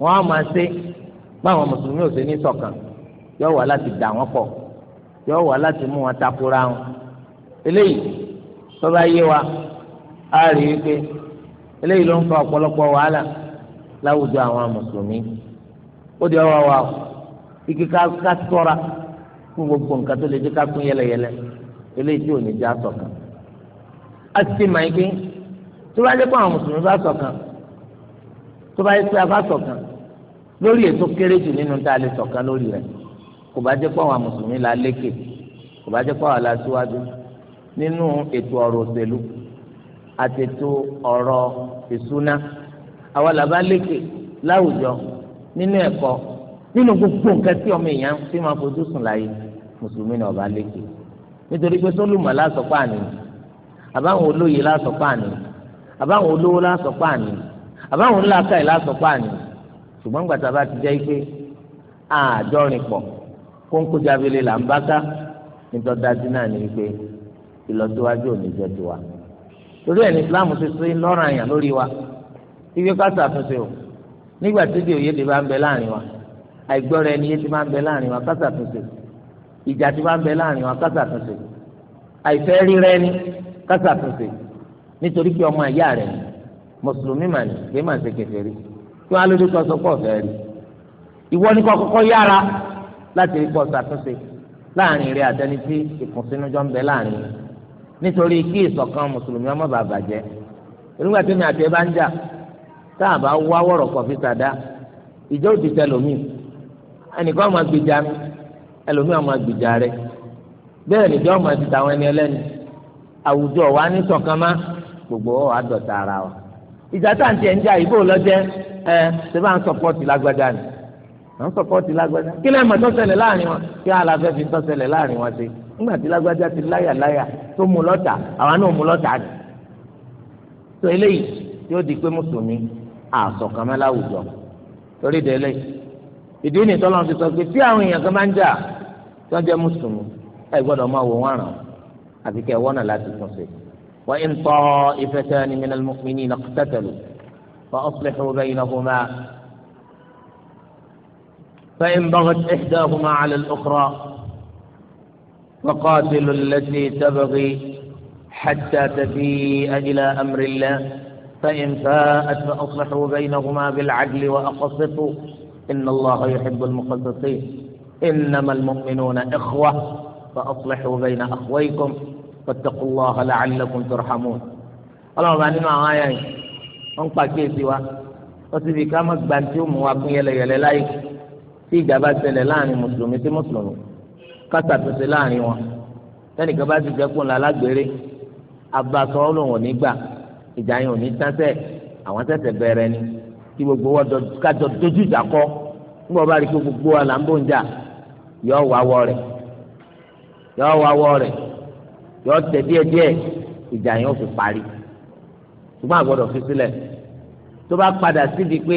wọn á máa ṣe báwọn mùsùlùmí ò ṣe ní yóò wọn takora wọn eléyìí tó bá yé wa á rí i pé eléyìí ló ń fa ọ̀pọ̀lọpọ̀ wàhálà láwùjọ àwọn mùsùlùmí di ọwọ́ wa fún gbogbo nǹkan tó lè dé ká pín yẹlẹyẹlẹ eléyìí tí ò ní já ṣọ̀kan a ti ṣe màá gbé tó bá dé kó àwọn mùsùlùmí bá ṣọ̀kan tó bá yẹ pé a bá ṣọ̀kan lórí ètò kéré jù nínú tá a lè ṣọ̀kan lórí rẹ̀ kò bá jẹ́ pé àwọn mùsùlùmí la lékè kò bá jẹ́ pé àwọn la síwájú nínú ètò ọ̀rọ̀ òṣèlú àti ètò ọ̀rọ̀ ìṣúná àwọn làbá lékè láwùjọ nínú ẹ̀kọ́ nínú gbogbo nǹkan tí ọmọ èèyàn fi máa fojú sùn láyé mùsùlùmí náà bá lékè nítorí pé sólùmọ̀ lásọ páàní àbáwọn olóye lásọ páàní àbáwọn olówó lásọ páàní àbáwọn ńlákàì lásọ páàní ṣùgbọ́n gbàtà bá ti jẹ́ pé àádọ́rin pọ̀ kónkó jábélé là ń bá ká nítorí dájú náà ni pé ìlọsíwájú ò ní jẹ́ tiwa torí ẹni islam ti sin lọ́rùn àyàn lórí wa ibi ká ṣàtúnṣe o nígbà tí di òye ti bá ń bẹ láàrin wa àìgbọ́ra ẹni yé ti máa ń bẹ láàrin wa ká ṣàtúnṣe o ìjà tí wọn bẹ láàrin wọn kásàtúnṣe àìfẹ́ rírẹ́ ni kásàtúnṣe nítorí pé ọmọ ìyá rẹ̀ ni mùsùlùmí mà ní pé màá ṣe kèfèrí kí wọn alóde kọ sọpọ ọfẹ rí ìwọ ní kó kọ́kọ́ yára láti rí kọ ṣàtúnṣe láàrin rẹ̀ àtẹni tí ìkùnsínújọ ń bẹ láàrin nítorí kí ìṣọ̀kan mùsùlùmí ọmọ bàbà jẹ́ nígbà tí mi àti ẹ bá ń jà tá a bá wá wọ̀rọ̀ kọfí sàdá ìjọ òdìtẹ lómi ẹnìkan máa gbèjà mi ẹlòmíràn máa gbèjà rẹ bẹ́ẹ̀ nìjọ máa ti tàwọn ẹni ẹlẹ́ni àwùjọ wa ní ṣọ̀kan má gbogbo ọ àdọ̀tà ara wa ìjà tá à ń tiẹ̀ ń jà ìbò lọ́jẹ́ ẹ ṣe bá ń sọpọ́ọ̀tì lágbájá ni à ń sọpọ́ọ̀tì lágbájá kí lẹ́ẹ̀ mọ̀ tọ́sẹ̀lẹ̀ láàrin wọn kí aláfẹ́ fi tọ́sẹ̀lẹ̀ láàrin wọn ṣe nígbà tí lágbájá ti láyà láyà tó mú lọ́tà àwa náà mú lọ́tà ni tó eléyìí yóò di pé mùsùlùmí àṣọ̀kan mẹ́láwùjọ torí de eléyìí ìdí ni tọ́lọ́n ti sọ pé tí àwọn èèyàn kan máa ń jà tí wọ́n jẹ́ mùsùlùmí ẹ gbọ́dọ̀ máa wò wọ́n ràn àti kẹ́ wọ́n náà láti tún ṣe. wa in ta'ifatani minal wọ́n iqtatalu fa aslihu baynahuma fa in baghat ihdahuma 'ala al-ukhra فقاتلوا التي تبغي حتى تفيء إلى أمر الله فإن فاءت فأصلحوا بينهما بالعدل وأقسطوا إن الله يحب المقسطين إنما المؤمنون إخوة فأصلحوا بين أخويكم فاتقوا الله لعلكم ترحمون ọlọ́run bá nínú àwọn àyà yìí wọ́n ń pàkíyèsí wa ó ti fi ká má gba tí ó mú wa pín yẹlẹyẹlẹ láyé tí ìjà bá ṣẹlẹ̀ láàrin mùsùlùmí sí mùsùlùmí ká ṣàtúnṣe láàrin wọn tẹ́nìkan bá ti jẹ́kùn ńlá lágbèrè abasọ́ ọlọ́run ò ní gbà ìjà yẹn ò ní tán sẹ́ẹ̀ àwọn tẹ̀sẹ̀ bẹ̀rẹ̀ ni kí gbogbo wọn kájọ dojú ìjà kọ nígbà wọn bá rí i pé gbogbo wa là ń bò ń jà yọ wá wọ rẹ yọ wá wọ rẹ yọ tẹ díẹ̀ díẹ̀ ìjà yẹn ó fi parí ṣùgbọ́n àgbọ́dọ̀ fi sílẹ̀ tó bá padà síbi pé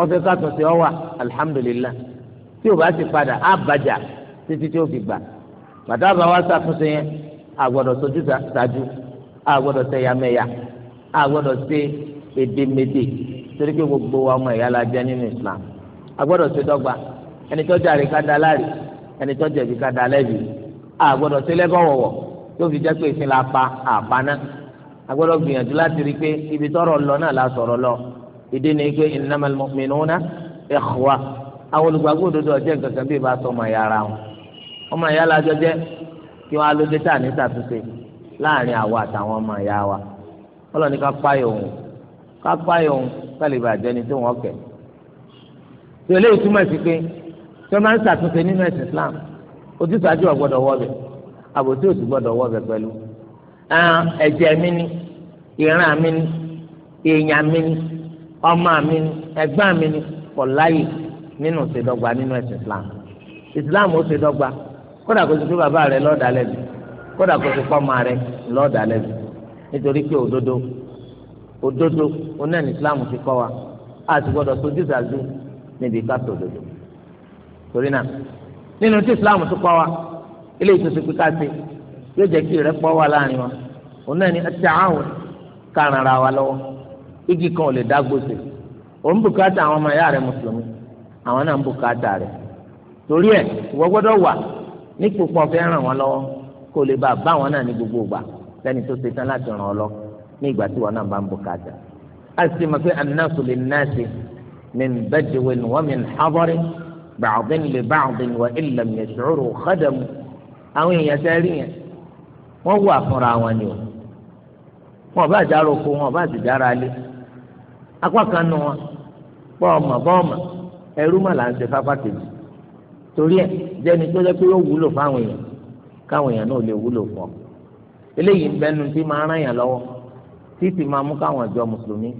ọfẹ kàtúnṣe ọwà alihamudulilayi tí o bá ti padà á bàjá títí tí o fi gbà bàtà bá wa ṣàtúnṣe yẹn àgbọ́dọ̀ sojú ṣáájú àgbọ́dọ̀ ṣẹ̀yàmẹ̀yà àgbọ́dọ̀ ṣe èdèmèdè torí pé gbogbo wa ọmọ ìyá la jẹ́ nínú islam a gbọ́dọ̀ ṣe dọ́gba ẹni tó jàre ká da láre ẹni tó jẹ̀bi ká da lẹ́bi a gbọ́dọ̀ ṣe lẹ́bọ̀wọ̀wọ̀ tó fi jẹ́ pé ìsìn la pa àpaná a gbọ́dọ̀ gbìyànjú láti rí i pé ibi tọ́rọ̀ lọ náà la sọ̀rọ̀ lọ ìdí ni pé innamal mu'minuna ikhwa àwọn olùgbàgbọ́ òdodo ọ̀jẹ̀ nǹkan bí ìbá sọ ọmọ ìyá ara wọn ọmọ ìyá la jọ jẹ́ kí wọn alóde tá à ní láàrin àwa àtàwọn ọmọ ìyá wa ọlọ́ni ká páyọ̀ òun ká páyọ̀ òun kálíbà àjẹni tó wọn kẹ tí eléyìí túmọ̀ sí pé tí wọ́n máa ń ṣàtúnṣe nínú ẹ̀sìn Islam ojúṣàájú ọ̀gbọ́dọ̀ wọ́ọ̀bẹ̀ àbòtí òsì gbọ́dọ̀ wọ́ọ̀bẹ̀ pẹ̀lú ẹ̀jẹ̀ mi ni ìran mi ni èèyàn mi ni ọmọ mi ni ẹ̀gbọ́n mi ni kọ̀ láyè nínú ìṣèdọ́gba nínú ẹ̀sìn Islam Islam ó ṣèdọ́gba kódà kó ti pé bàbá rẹ lọ́ọ̀dà lẹ́bi kódà kó ti pọ́ ọmọ rẹ lọ́ọ̀dà lẹ́bi nítorí pé òdodo òdodo oná ní islam ti kọ́ wa a ti gbọ́dọ̀ sojú ìsàzú níbi ká tó ododo. torí náà nínú tí islam ti kọ́ wa ilé ìtòsí pípa ṣe yóò jẹ́ kí ìrẹ́pọ̀ wà láàrin wa oná ní àwọn wa igi kan ò lè dá gbòsè òun bùkátà àwọn ọmọ ẹ̀yà rẹ̀ mùsùlùmí àwọn náà ń bùkátà torí ìwọ wà ní pípọ̀ fẹ́ ràn wọ́n lọwọ kó lè bá bá wọn gbogbo ní ìgbà tí wọn náà bá ń bùkátà àti màfi annasu linnaasi min badwin wa min hadarin ba'din li ba'din wa illam yash'uru khadamu àwọn èèyàn tẹ́ rí yẹn wọ́n wà fúnra wọn ni o wọn bá dára oko wọn bá sì dára lé apá kan nu wọn bọ́ọ̀mọ̀ bọ́ọ̀mọ̀ ẹrú mà là ń ṣe fáfá kejì torí ẹ jẹni tó jẹ yóò wúlò fáwọn èèyàn káwọn èèyàn náà lè títí máa mú káwọn ìjọ mùsùlùmí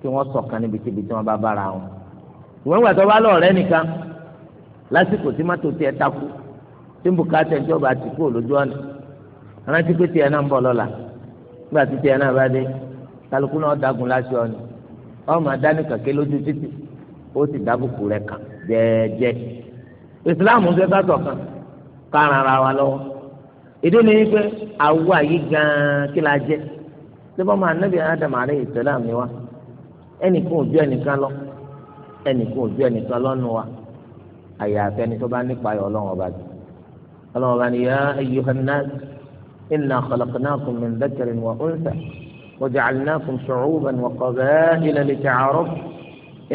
kí wọ́n ṣọ̀kan níbikíbi tí wọ́n bá bára wọn. ìwọ̀n ìgbà tó bá lọ ọ̀rẹ́ nìkan lásìkò tí mọ́tò tiẹ̀ takú tí ń bùkátà ìjọba àti kó lójú ọ̀nà rántí pé tiẹ̀ náà ń bọ̀ lọ́la nígbà tí tiẹ̀ náà bá dé kálukú náà dagun láṣọ ọ̀nà ọmọ adání kàkẹ́ lójú títì ó sì dábùkù rẹ̀ kàn jẹ́ẹ́jẹ́ ìsìláàmù fẹ́ ká ṣọ̀kan ká ara wa lọ́wọ́ ìdí sẹ́bọ́n máa nábì ádámù alayhi salam ni wa ẹnìkan ò ju ẹnìkan lọ ẹnìkan ò ju ẹnìkan nu wa àyàfi ni tó bá nípa ayọ̀ ọlọ́run ọba jù ọlọ́run ọba ni ya ayyuhan nas inna khalaqnakum min dhakarin wa untha wa ja'alnakum shu'uban wa qaba'ila lita'arafu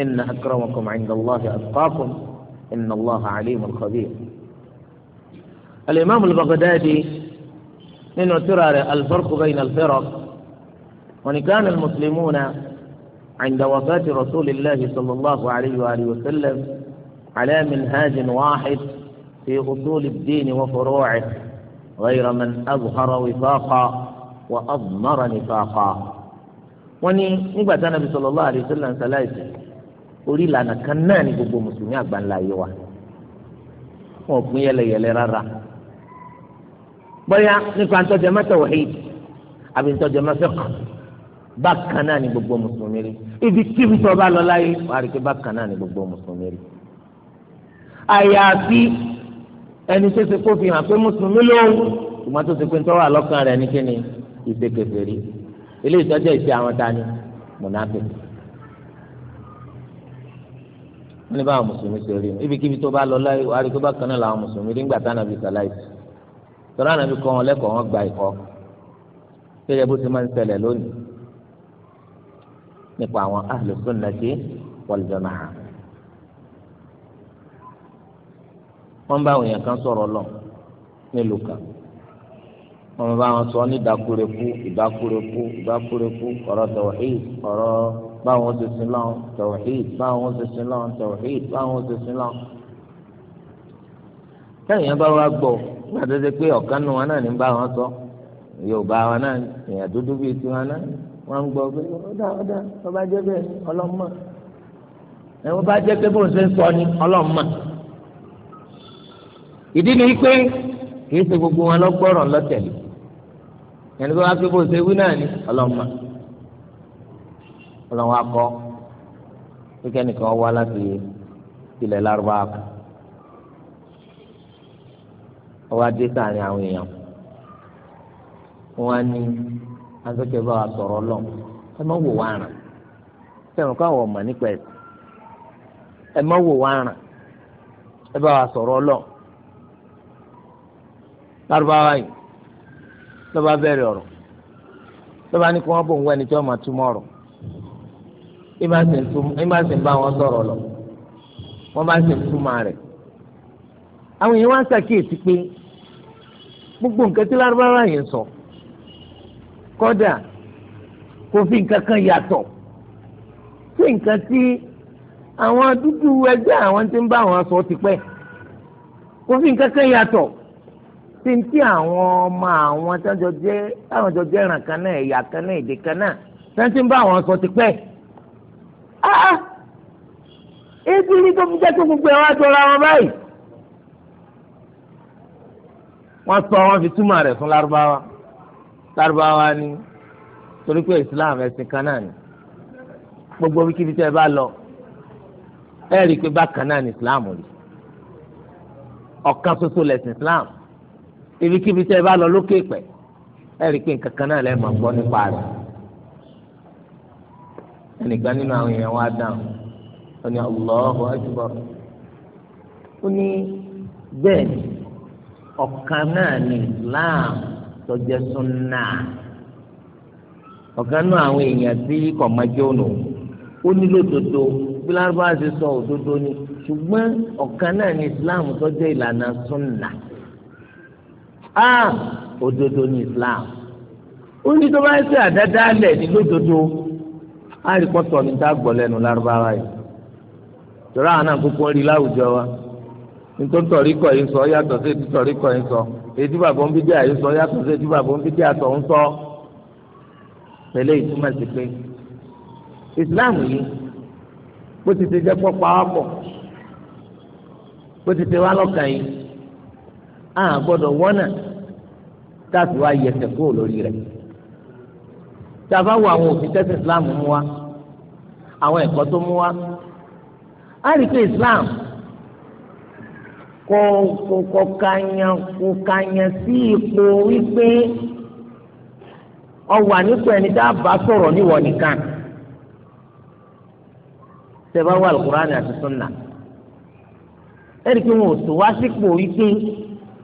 inna akramakum 'inda Allahi atqakum inna Allaha 'alimun khabir. al-imam al-Baghdadi nínú tírà rẹ̀ al-farq bayna al وإن كان المسلمون عند وفاة رسول الله صلى الله عليه وآله وسلم على منهاج واحد في أصول الدين وفروعه غير من أظهر وفاقا وأضمر نفاقا وني نبات النبي صلى الله عليه وسلم ثلاثة orí ìlànà kan náà ni gbogbo mùsùlùmí àgbáńlá yìí wà wọn ò pín yẹlẹyẹlẹ rárá bóyá nípa ntọ́jọ́mọ́tò wọ̀híì àbí ntọ́jọ́mọ́fẹ́kọ̀ọ́ bákan náà ni gbogbo mùsùlùmí rí ibi tí ibi tó bá lọ láyé wàá rí i pé bákan náà ni gbogbo mùsùlùmí rí àyàfi ẹni tó ṣe kó fi hàn pé mùsùlùmí lòun ìgbà tó ṣe pé tó wà lọ́kàn rẹ̀ ní kíni ìṣe kèfèrí eléyìí tó jẹ́ ìṣe àwọn tani mùnáfíkí wọ́n ní báwọn mùsùlùmí ṣe rí ibikíbi tó bá lọ láyé wàá rí pé bákan náà làwọn mùsùlùmí rí ń ṣẹlẹ̀ lónìí nípa àwọn ahlu sunnati wal jamaa'ah. wọ́n bá àwọn èèyàn kan sọ̀rọ̀ lọ nílùú kan wọ́n bá wọn sọ ní ìdákúrekú ìdákúrekú ìdákúrekú ọ̀rọ̀ tawhid ọ̀rọ̀ báwọn ṣe sin lọ́n tawhid báwọn ṣe sin lọ́n tawhid báwọn ṣe sin lọ́n. kẹ́yìn bá wá gbọ́ gbàdédé pé ọ̀kan wọn náà ní bá wọn sọ yorùbá wọn náà èèyàn bíi tiwọn náà wọ́n ń gbọ́ pé ọ̀dà ọ̀dà ọba jẹ́ bẹ́ẹ̀ ọlọ́mọ ẹ̀ wọ́n bá jẹ́ pé bóun ṣe ń sọ ni ọlọ́mọ. ìdí ni pé kìí ṣe gbogbo wọn lọ́gbọ́rọ̀ lọ́tẹ̀lẹ̀ ẹni tó wá pé bóun ṣe wí náà ni ọlọ́mọ ọlọ́wọ́ akọ kíkẹ́ nìkan wá láti ilẹ̀ lárúbáwá kan ọwọ́ adé sáàrin àwọn èèyàn wọn á azọkẹ bá wa sọ̀rọ̀ lọ ẹ má wò wá ràn sẹwọn káwọn ọmọ nípa ẹ ẹ wò wá ràn wa sọ̀rọ̀ lọ lárúbáwá yìí lọba bẹ̀rẹ̀ ọ̀rọ̀ lọba ní kí wọn bò ń wẹ ẹni tí wọn máa túmọ̀ ọ̀rọ̀ ìmá sì ń bá wọn sọ̀rọ̀ lọ wọn bá sì ń túmọ̀ rẹ̀ àwọn èèyàn wá ń pé gbogbo nǹkan tí lárúbáwá yìí sọ. So kọ́dà kò fi nǹkan kan yàtọ̀ sí nǹkan tí àwọn dúdú ẹgbẹ́ àwọn tí ń bá àwọn sọ tipẹ́ kò fi nǹkan kan yàtọ̀ sí ti àwọn ọmọ àwọn táwọn jẹ́ táwọn jọ jẹ́ ìran kan náà ẹ̀yà kan náà èdè kan náà táwọn tí ń bá àwọn sọ tipẹ́ ah, ah! ebi ní tó fi jẹ́ tó gbogbo ẹ̀ wá jọra wọn báyìí wọ́n sọ wọn fi túmọ̀ rẹ̀ fún lárúbáwá lárúbáwá ni torí pé islam ẹ̀sìn kan náà ni gbogbo wíkíbi tẹ́ ẹ bá lọ ẹ rí i pé bákan náà ni islam rí ọ̀kan ṣoṣo lẹ̀sìn islam ibikíbi tẹ́ ẹ bá lọ lókè pẹ̀ ẹ rí i pé nǹkan kan náà lẹ́ẹ̀ máa gbọ́ nípa rẹ̀ ẹnìkan nínú àwọn èèyàn wa dáhùn ó ní Allahu akbar ó ní bẹ́ẹ̀ ọ̀kan náà ni islam tọ́jẹ́ súnà ọ̀kan náà àwọn èèyàn tí kọ̀mọ́jọ́ nù ó ní lódodo bí lárúbáwá sọ òdodo ni ṣùgbọ́n ọ̀kan náà ní islam tọ́jẹ́ ìlànà súnà á òdodo ní islam ó ní tó bá ṣe àdádálẹ̀ ní lódodo á rí pọ́tọ̀ ní dágbọ́ lẹ́nu lárúbáwá yìí tọ́ra àwọn àkókò ń rí láwùjọ wa nítorí tọ̀ríkọ̀ yìí sọ yàtọ̀ sí tọ̀ríkọ̀ yìí sọ ètí bàbá ń bí díà yìí sọ yàtọ̀ sí ètí bàbá ń bí díà tọ̀ ń sọ pẹ̀lẹ́ ìtumọ̀ sí pé Islam yìí bó ti ti jẹ́ pọ́ pàápọ̀ bó ti ti wá lọ́kàn yìí a gbọ́dọ̀ wọ́nà káàtì wá yẹsẹ̀ kúrò lórí rẹ̀ tá wo àwọn òfin tẹ́sí Islam mú wa àwọn ẹ̀kọ́ tó mú wa a rí i pé Islam. Islam kó kó kanya kó kanya sí ipò wípé ọwà nípò ẹni tá a bá sọ̀rọ̀ níwọ nìkan tẹ̀bá wà lùkùránì àti sunna ẹ̀rí pé wọn ò tó wá sípò wípé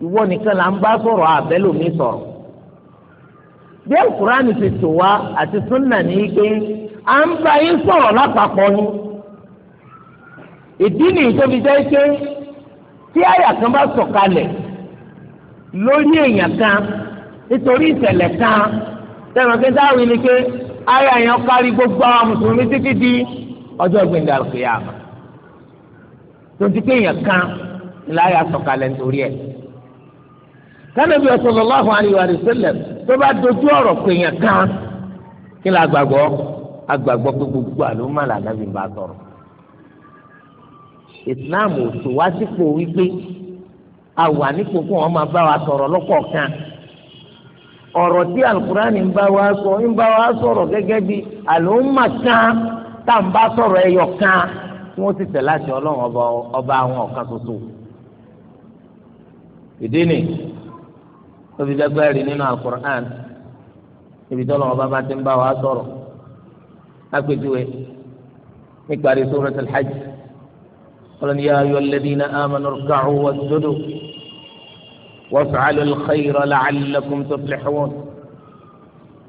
ìwọ nìkan là ń bá sọ̀rọ̀ àbẹ́lòmí sọ̀rọ̀ bí lùkùránì ti tò wá àti sunna ní ike à ń bá yín sọ̀rọ̀ lápapọ̀ ni ìdí nìyí tó fi jẹ́ ike. tí àyà kan bá sọ̀kalẹ̀ lórí èèyàn kan nítorí ìṣẹ̀lẹ̀ kan tẹ̀wọ̀n kí n dáhùn ni pé àyà yẹn kárí gbogbo àwọn mùsùlùmí títí di ọjọ́ gbẹ̀ndà kìyàmù tó ti pé èèyàn kan láyà sọ̀kalẹ̀ nítorí ẹ̀. kánàbí tó bá dojú ọ̀rọ̀ pé èèyàn gbogbo àlùmọ́ islam ò tó wá sípò wípé a wà nípò kó wọn máa bá wa sọ̀rọ̀ lọ́kọ̀ọ̀kan ọ̀rọ̀ tí alukurani ń bá wa sọ ń bá wa sọ̀rọ̀ gẹ́gẹ́ bí àlùmọ̀ kan tá à ń bá sọ̀rọ̀ ẹyọ kan tí wọ́n sì tẹ̀lé ọlọ́run ọba àwọn ọ̀kan tuntun. ìdí ni tóbi dẹ́gbẹ́rì nínú alukurani ibi tọ́lọ́ ọba bá ti ń bá wa sọ̀rọ̀ lápẹ̀júwe níparí suratul hajj. قال يا أيها الذين آمنوا اركعوا واسجدوا وافعلوا الخير لعلكم تفلحون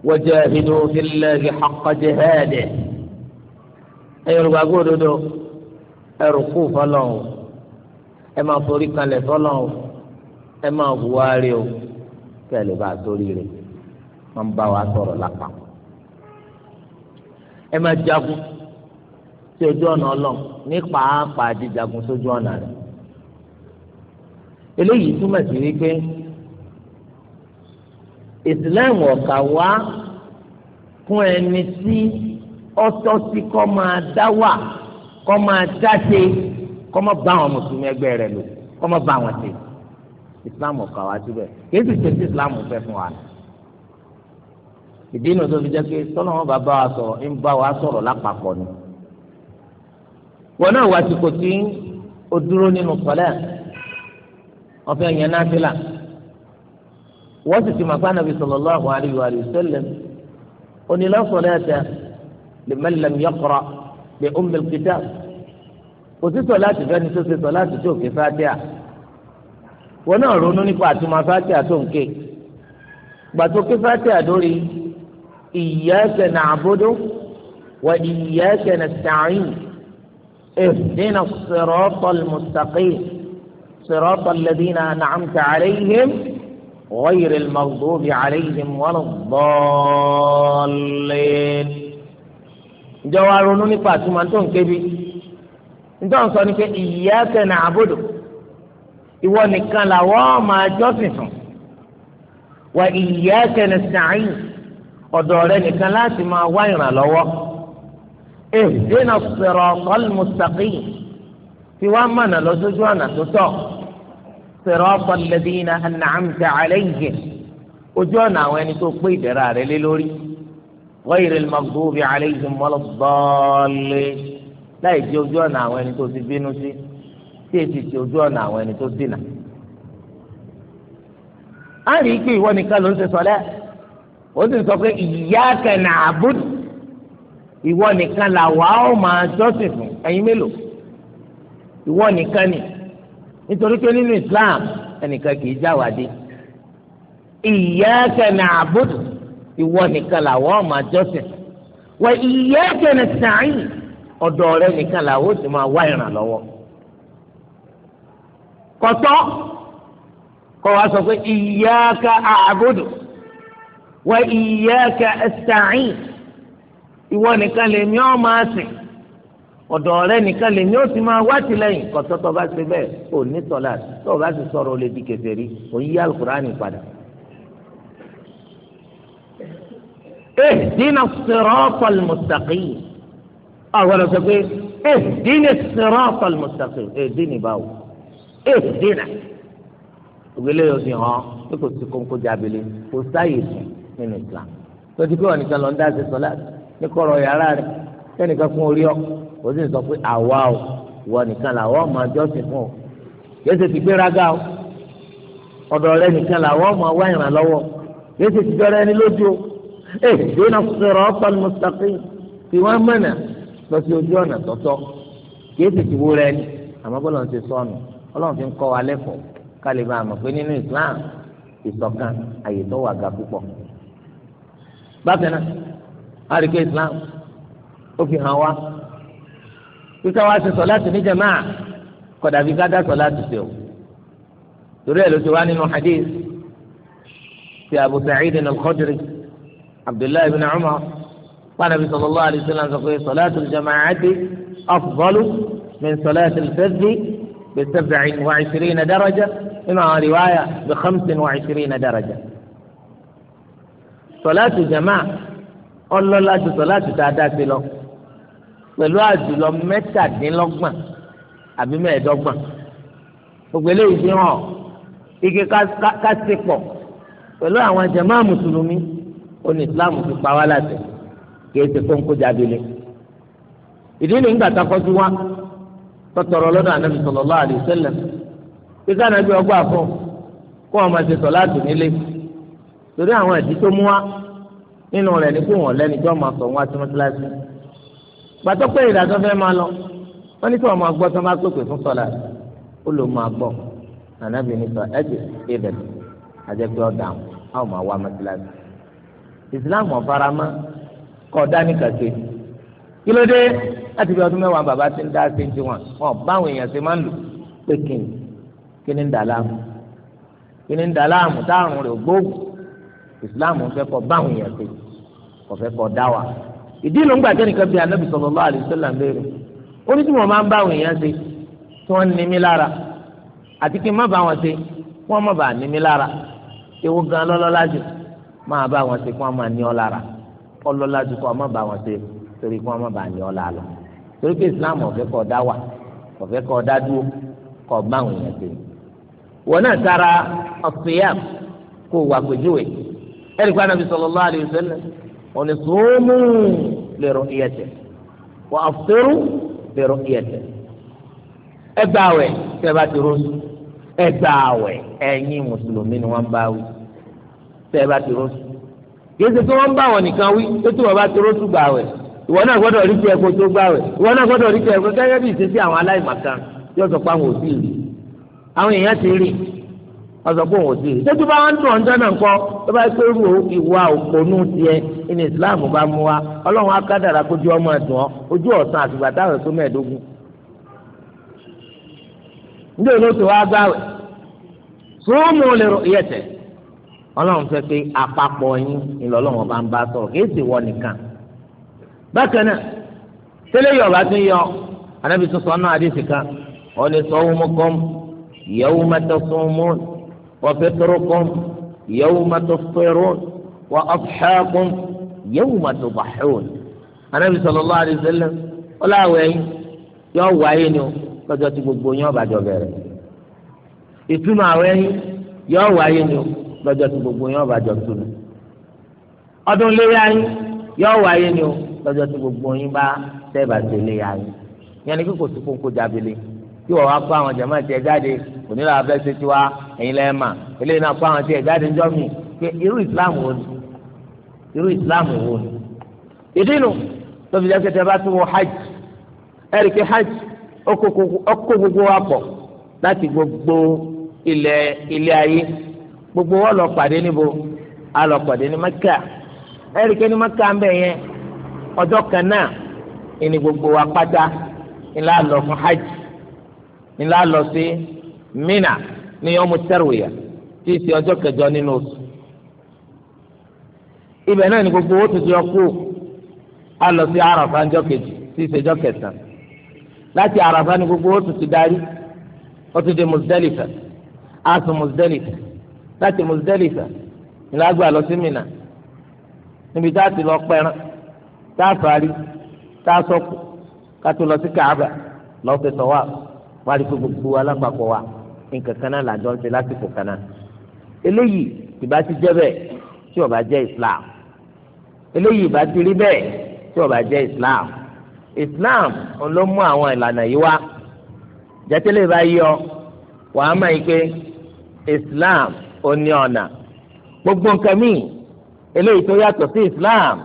وجاهدوا في الله حق جهاده ẹ̀yin olùgbàgbọ́ òdodo ẹ rúkú fọ́lọ́run o ẹ máa forí kanlẹ̀ fọ́lọ́run o ẹ máa hùwà rẹ o kẹ́ ẹ lè bá a sórí rẹ wọ́n ń bá wa sọ̀rọ̀ lápá ẹ máa jagun sí ojú ọ̀nà ọlọ́run ní pàápàá jíjagun sójú ọ̀nà rẹ̀. eléyìí túmọ̀ sí wípé ìsìlẹ́ẹ̀mù ọ̀kà wá fún ẹni tí ọtọ́ sí kọ́ máa dá wà kọ́ máa dáṣe kọ́ máa bá àwọn mùsùlùmí ẹgbẹ́ rẹ̀ lò kọ́ máa bá àwọn ṣe ìsìláàmù ọ̀kà wá síbẹ̀ kì í sì ṣe sí ìsìláàmù fẹ́ fún wa. ìdí inú tó fi jẹ́ pé sọ́nà wọn bá bá wa sọ̀rọ̀ ń bá wa sọ̀rọ̀ lápapọ̀ ni wọn náà wá àsìkò tí o dúró nínú sọlẹ ọfẹ yẹn náà ti là wọ́n sì ti mọ̀ pé anabi sallallahu alayhi wa sallam onílà salata liman lam yaqra bi ummil kitab kò sí sọláàtì fẹ́ni tó ṣe tó ké fàtíà wọn náà ronú nípa àtúmọ̀ fàtíà tó ń ké gbàtó fàtíà lórí iyyaka na'budu wa iyyaka nasta'in. اهدنا الصراط المستقيم صراط الذين أنعمت عليهم غير المغضوب عليهم ولا الضالين جوا رونو نيبا تما تون كبي ntọ́n sọ ni pé iyyaka na'budu ìwọ nìkan làwọ́ máa jọ́sìn fún wa iyyaka nasta'in ọ̀dọ̀ rẹ nìkan láti máa wá ìrànlọ́wọ́. اهدنا الصراط المستقيم في وامنا لوجوانا تطوع صراط الذين أنعمت عليهم وجونا وين تقوي درار للوري غير المغضوب عليهم ولا الضالين لا يجي وجونا وين تسبينو سي تيجي وجونا وين تسبينا أنا يكي وني كالون سي وزن سوكي إياك نعبد ìwọ nìkan là wà ó máa jọ́sìn fún ẹ̀yin mélòó ìwọ nìkan ni nítorí pé nínú Islam ẹnìkan kì í jáwádé iyyaka na'budu ìwọ nìkan là wà ó máa jọ́sìn wa iyyaka nasta'in ọ̀dọ̀ rẹ nìkan là ó sì máa wá ìrànlọ́wọ́ kọ́tọ́ kọ́ wa sọ pé iyyaka a'budu wa iyyaka nasta'in ìwọ nìkan lè mí ọ́ máa sìn ọ̀dọ̀ ọ̀rẹ́ nìkan lè mí ó sì máa wá tìlẹ́yìn kọ́tọ́ tó bá ṣe bẹ́ẹ̀ ò ní sọ̀lá tó sì sọ̀rọ̀ o di kèfèrí ò ń yí alukurani padà. اهدنا الصراط المستقيم àwọn ọ̀sẹ̀ pé اهدنا الصراط المستقيم اهدني báwo اهدنا ògbélé yóò fi hàn pé kò sí kónkó jábìlì kò sáyè sùn nínú Islam tó ti pé wọn nìkan lọ ń dá ṣe sọ̀lá ní kọ̀rọ̀ yàrá rẹ̀ kẹ́nìkan fún orí ọ kò sì sọ pé àwa o wọ nìkan làwọn ọmọ àjọsìn fún ọ yéésì ti gbéraga o ọ̀dọ̀ rẹ nìkan làwọn ọmọ wá ìrànlọ́wọ́ yéésì ti jọra ẹni lójú o ẹ dènà sọ̀rọ̀ ọ̀pọ̀ mustaqim tí wọ́n mọ̀nà lọ sí ojú ọ̀nà tọ̀tọ̀ yéésì ti wó rẹ ni àmọ́ bọ́lá ń ṣe sọnù ọlọ́run fi ń kọ́ wa lẹ́kọ̀ọ́ ká bá a mọ̀ pé nínú Islam ìṣọ̀kan àyè tó púpọ̀ bákan náà àríkè islam ó fi hàn wá kíkà wá sí sọláàtì ní jamaa kódà bí ká dá sọláàtì sí o torí ẹ̀ ló ti wá nínú hadith ti abu sa'id al-khudri abdullahi bin umar pàdánù sallallahu alayhi wa sallam sọ pé sọláàtì jamaati afdalu min sọláàtì fẹ́ẹ́dì bí sẹ́fẹ̀ẹ́ wà ìṣirí na daraja nínú àwọn riwaayà bí khamsin wà ìṣirí na daraja sọláàtì jamaa ọlọ́lá ju sọ̀láàtì dáadáa sí lọ pẹ̀lú àjùlọ mẹ́tàdínlọ́gbọ̀n àbí mẹ́ẹ̀ẹ́dọ́gbọ̀n gbogbo eléyìí fi hàn ike kásìpọ̀ pẹ̀lú àwọn jàmáà mùsùlùmí oní ìsìláàmù ti pa wá láti kìí ṣe kóńkó jábìlì ìdí ni ńgbà takọ́sí wa tọ́tọ̀rọ̀ lọ́dọ̀ ànábì sallallahu alaihi wasallam kíkà ànábì ọgbà fún kó wọn máa ṣe sọ̀láàtì nílé torí àwọn àdí tó mú wa nínú rẹ̀ ní kó wọn lẹ́ni tí wọ́n máa sọ wọn àti mọ́tíláṣí gbàtọ́ pé ìdájọ́ fẹ́ máa lọ wọ́n ní kí wọ́n máa gbọ́ tí wọ́n bá pèpè fún sọ́lá ó ló máa gbọ́ ànábì ní sọ ẹ̀jẹ̀ ìbẹ̀rẹ̀ àjẹpẹ́ ọ̀dà àwọn máa wá mọ́tíláṣí ìsìláàmù ọ̀farama kọ́ dání kàṣe kí ló dé láti fi ọdún mẹ́wàá bàbá ti ń dá sí ti wọn ọ̀ báwọn èèyàn ṣe máa ń lù pé kí ni kí ni ń dà láàmú kí ni ń dà láàmú táàrùn rẹ̀ gbóògùn ìsìláàmù fẹ́ kọ́ báwọn èèyàn ṣe ọ̀fẹ́ kọ dá wa ìdí ló ń gbà tẹnìkan bí anabi sallallahu alaihi wasallam léèrè ó ní tí mo máa ń bá àwọn èèyàn ṣe tí wọ́n ní mi lára àti kí n má bá wọn ṣe kí wọ́n má bàa ní mi lára ewu gan lọ́lọ́lá jù máa bá wọn ṣe kí wọ́n máa ní ọ lára ọlọ́lá jù kí wọ́n má bàa wọn ṣe torí kí wọ́n má bàa ní ọ lára torí pé Islam ọ̀fẹ́ kọ dá wa ọ̀fẹ́ kọ dá dúró kọ bá àwọn èèyàn ṣe wọn náà tara òní sùúmù li ru'yatihi wa aftiru li ru'yatihi ẹ gbà àwẹ̀ tẹ́ bá ti rọ́ọ̀sù ẹ gbà àwẹ̀ ẹ̀yin mùsùlùmí ni wọ́n bá wí tẹ́ bá ti rọ́ọ̀sù kìí ṣe pé wọ́n bá wọn nìkan wí tó tí bá ti rọ́ọ̀sù gbà àwẹ̀ ìwọ náà gbọ́dọ̀ rí tiẹ̀ kó tó gbà àwẹ̀ ìwọ náà gbọ́dọ̀ rí tiẹ̀ kó gẹ́gẹ́ bí ìṣesí àwọn aláìmọ̀kan yóò sọ pé àwọn òbí rí àwọn èèyàn ti rí wọ́n sọ pé òun ò sí i tètè bá wọn dùn ọjọ́ náà kọ́ tó bá pé irú ìwà òpònú tiẹ̀ ní islam bá mú wa ọlọ́run akádàrà kójú ọmọ ẹ̀dùn ọ ojú ọ̀sán àtìgbà táwọn ẹ̀kọ́ mẹ́ẹ̀ẹ́dógún. ndé olóòtú wa gbáwẹ̀ sóòmù lè rọ iyẹ̀tẹ̀ ọlọ́run fẹ́ pé àpapọ̀ yín ìlọ́lọ́run bá ń bá sọ̀rọ̀ kì í sì wọ nìkan. bákan náà tẹ́lẹ̀ yọ̀ọ̀bá tún yọ anábìsọ̀sọ̀ náà وفطركم يوم تفطرون وأضحاكم يوم تضحون النبي صلى الله عليه وسلم ولا وين yọ wá yín ni gbogbo yín ọba jọ bẹ̀rẹ̀ ìtumọ̀ àwẹ̀ yín yọ wá ni o lọ́jọ́ tí gbogbo yín ọba jọ túnu ọdún léyà yín yọ wá ni o lọ́jọ́ tí gbogbo yín bá tẹ́ bàtẹ́ léyà yín yẹn ni kí sí kókó jábìlì tí wọ́n wá kó àwọn jàmáà tiẹ̀ jáde onílà abẹ́ ṣe tiwa ẹ̀yin lẹ́ẹ̀ mà eléyìí náà kó àwọn tiẹ̀ jáde ńjọ́ mi pé irú ìsìláàmù wo ni irú wo ni. ìdínú jẹ́ wọ hajj hajj gbogbo wa pọ̀ láti gbogbo ilẹ̀ ilé ayé gbogbo wọn lọ pàdé níbo pàdé ní gbogbo wa pátá hajj. ńlá lọ sí mina ní ọmọ tẹrùyà tí ì sí ọjọ́ kẹjọ nínú oṣù ibẹ̀ náà ni gbogbo owó tuntun ọkọ a lọ sí arafa ńjọ́ kejì tí ì sí ọjọ́ kẹsàn láti arafa ni gbogbo owó tuntun darí ó ti di Muzdalifa a sùn láti Muzdalifa ńlá gbà lọ sí mina níbi tá a ti lọ pẹran tá a fari tá a sọkù ká tó lọ sí Kaaba lọ sí tọwáàbù wọ́n á rí pé gbogbo alápapọ̀ wa nǹkan kan náà làjọ ń ṣe lásìkò kan náà eléyìí ìbá ti jẹ́ bẹ́ẹ̀ tí ó jẹ́ Islam eléyìí ìbá ti rí bẹ́ẹ̀ tí ó jẹ́ Islam Islam ló mú àwọn ìlànà yìí wá jẹ́tẹ́lẹ̀ bá yí ọ wàá mọ̀ yìí pé Islam ò ní ọ̀nà gbogbo nǹkan míì eléyìí tó yàtọ̀ sí Islam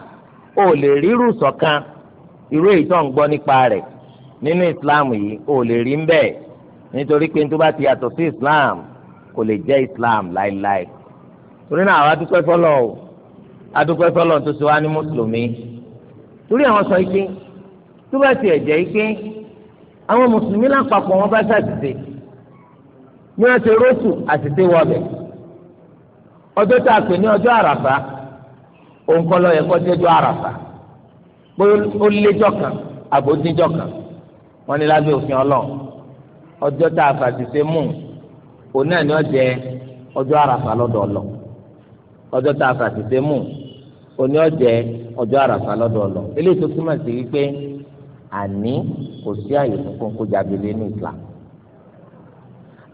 ò lè rírù sọ̀kan irú èyí tó ń gbọ́ nípa rẹ̀ nínú islam yìí o lè rí ń bẹ́ẹ̀ nítorí pé tó bá ti yàtọ̀ sí islam kò lè jẹ́ islam láéláé torí náà àwọn adúpẹ́ fọlọ́ o adúpẹ́ fọlọ́ tó ṣe wá ní mùsùlùmí torí àwọn sọ ike tó bá tiẹ̀ jẹ́ ike àwọn mùsùlùmí lápapọ̀ wọn bá ṣàtìsẹ́ ní wọn ṣe rótù àtìsẹ́ wọlé ọjọ́ tá a pè ní ọjọ́ àràfà òǹkọ́ lọ yẹ jẹ́jọ́ àràfà pé ó léjọ́ kan àbójújọ́ kan wọ́n ní lábẹ́ òfin ọlọ́run ọjọ́ tá a fàṣìṣe mú òun náà ni ó jẹ ọjọ́ àràfà lọ́dọ̀ ọlọ́ ọjọ́ tá a fàṣìṣe mú òun ni ó jẹ ọjọ́ àràfà lọ́dọ̀ ọlọ́ eléyìí tó túmọ̀ sí wípé àní kò sí àyè fúnfún kó jábìlì ní ìlà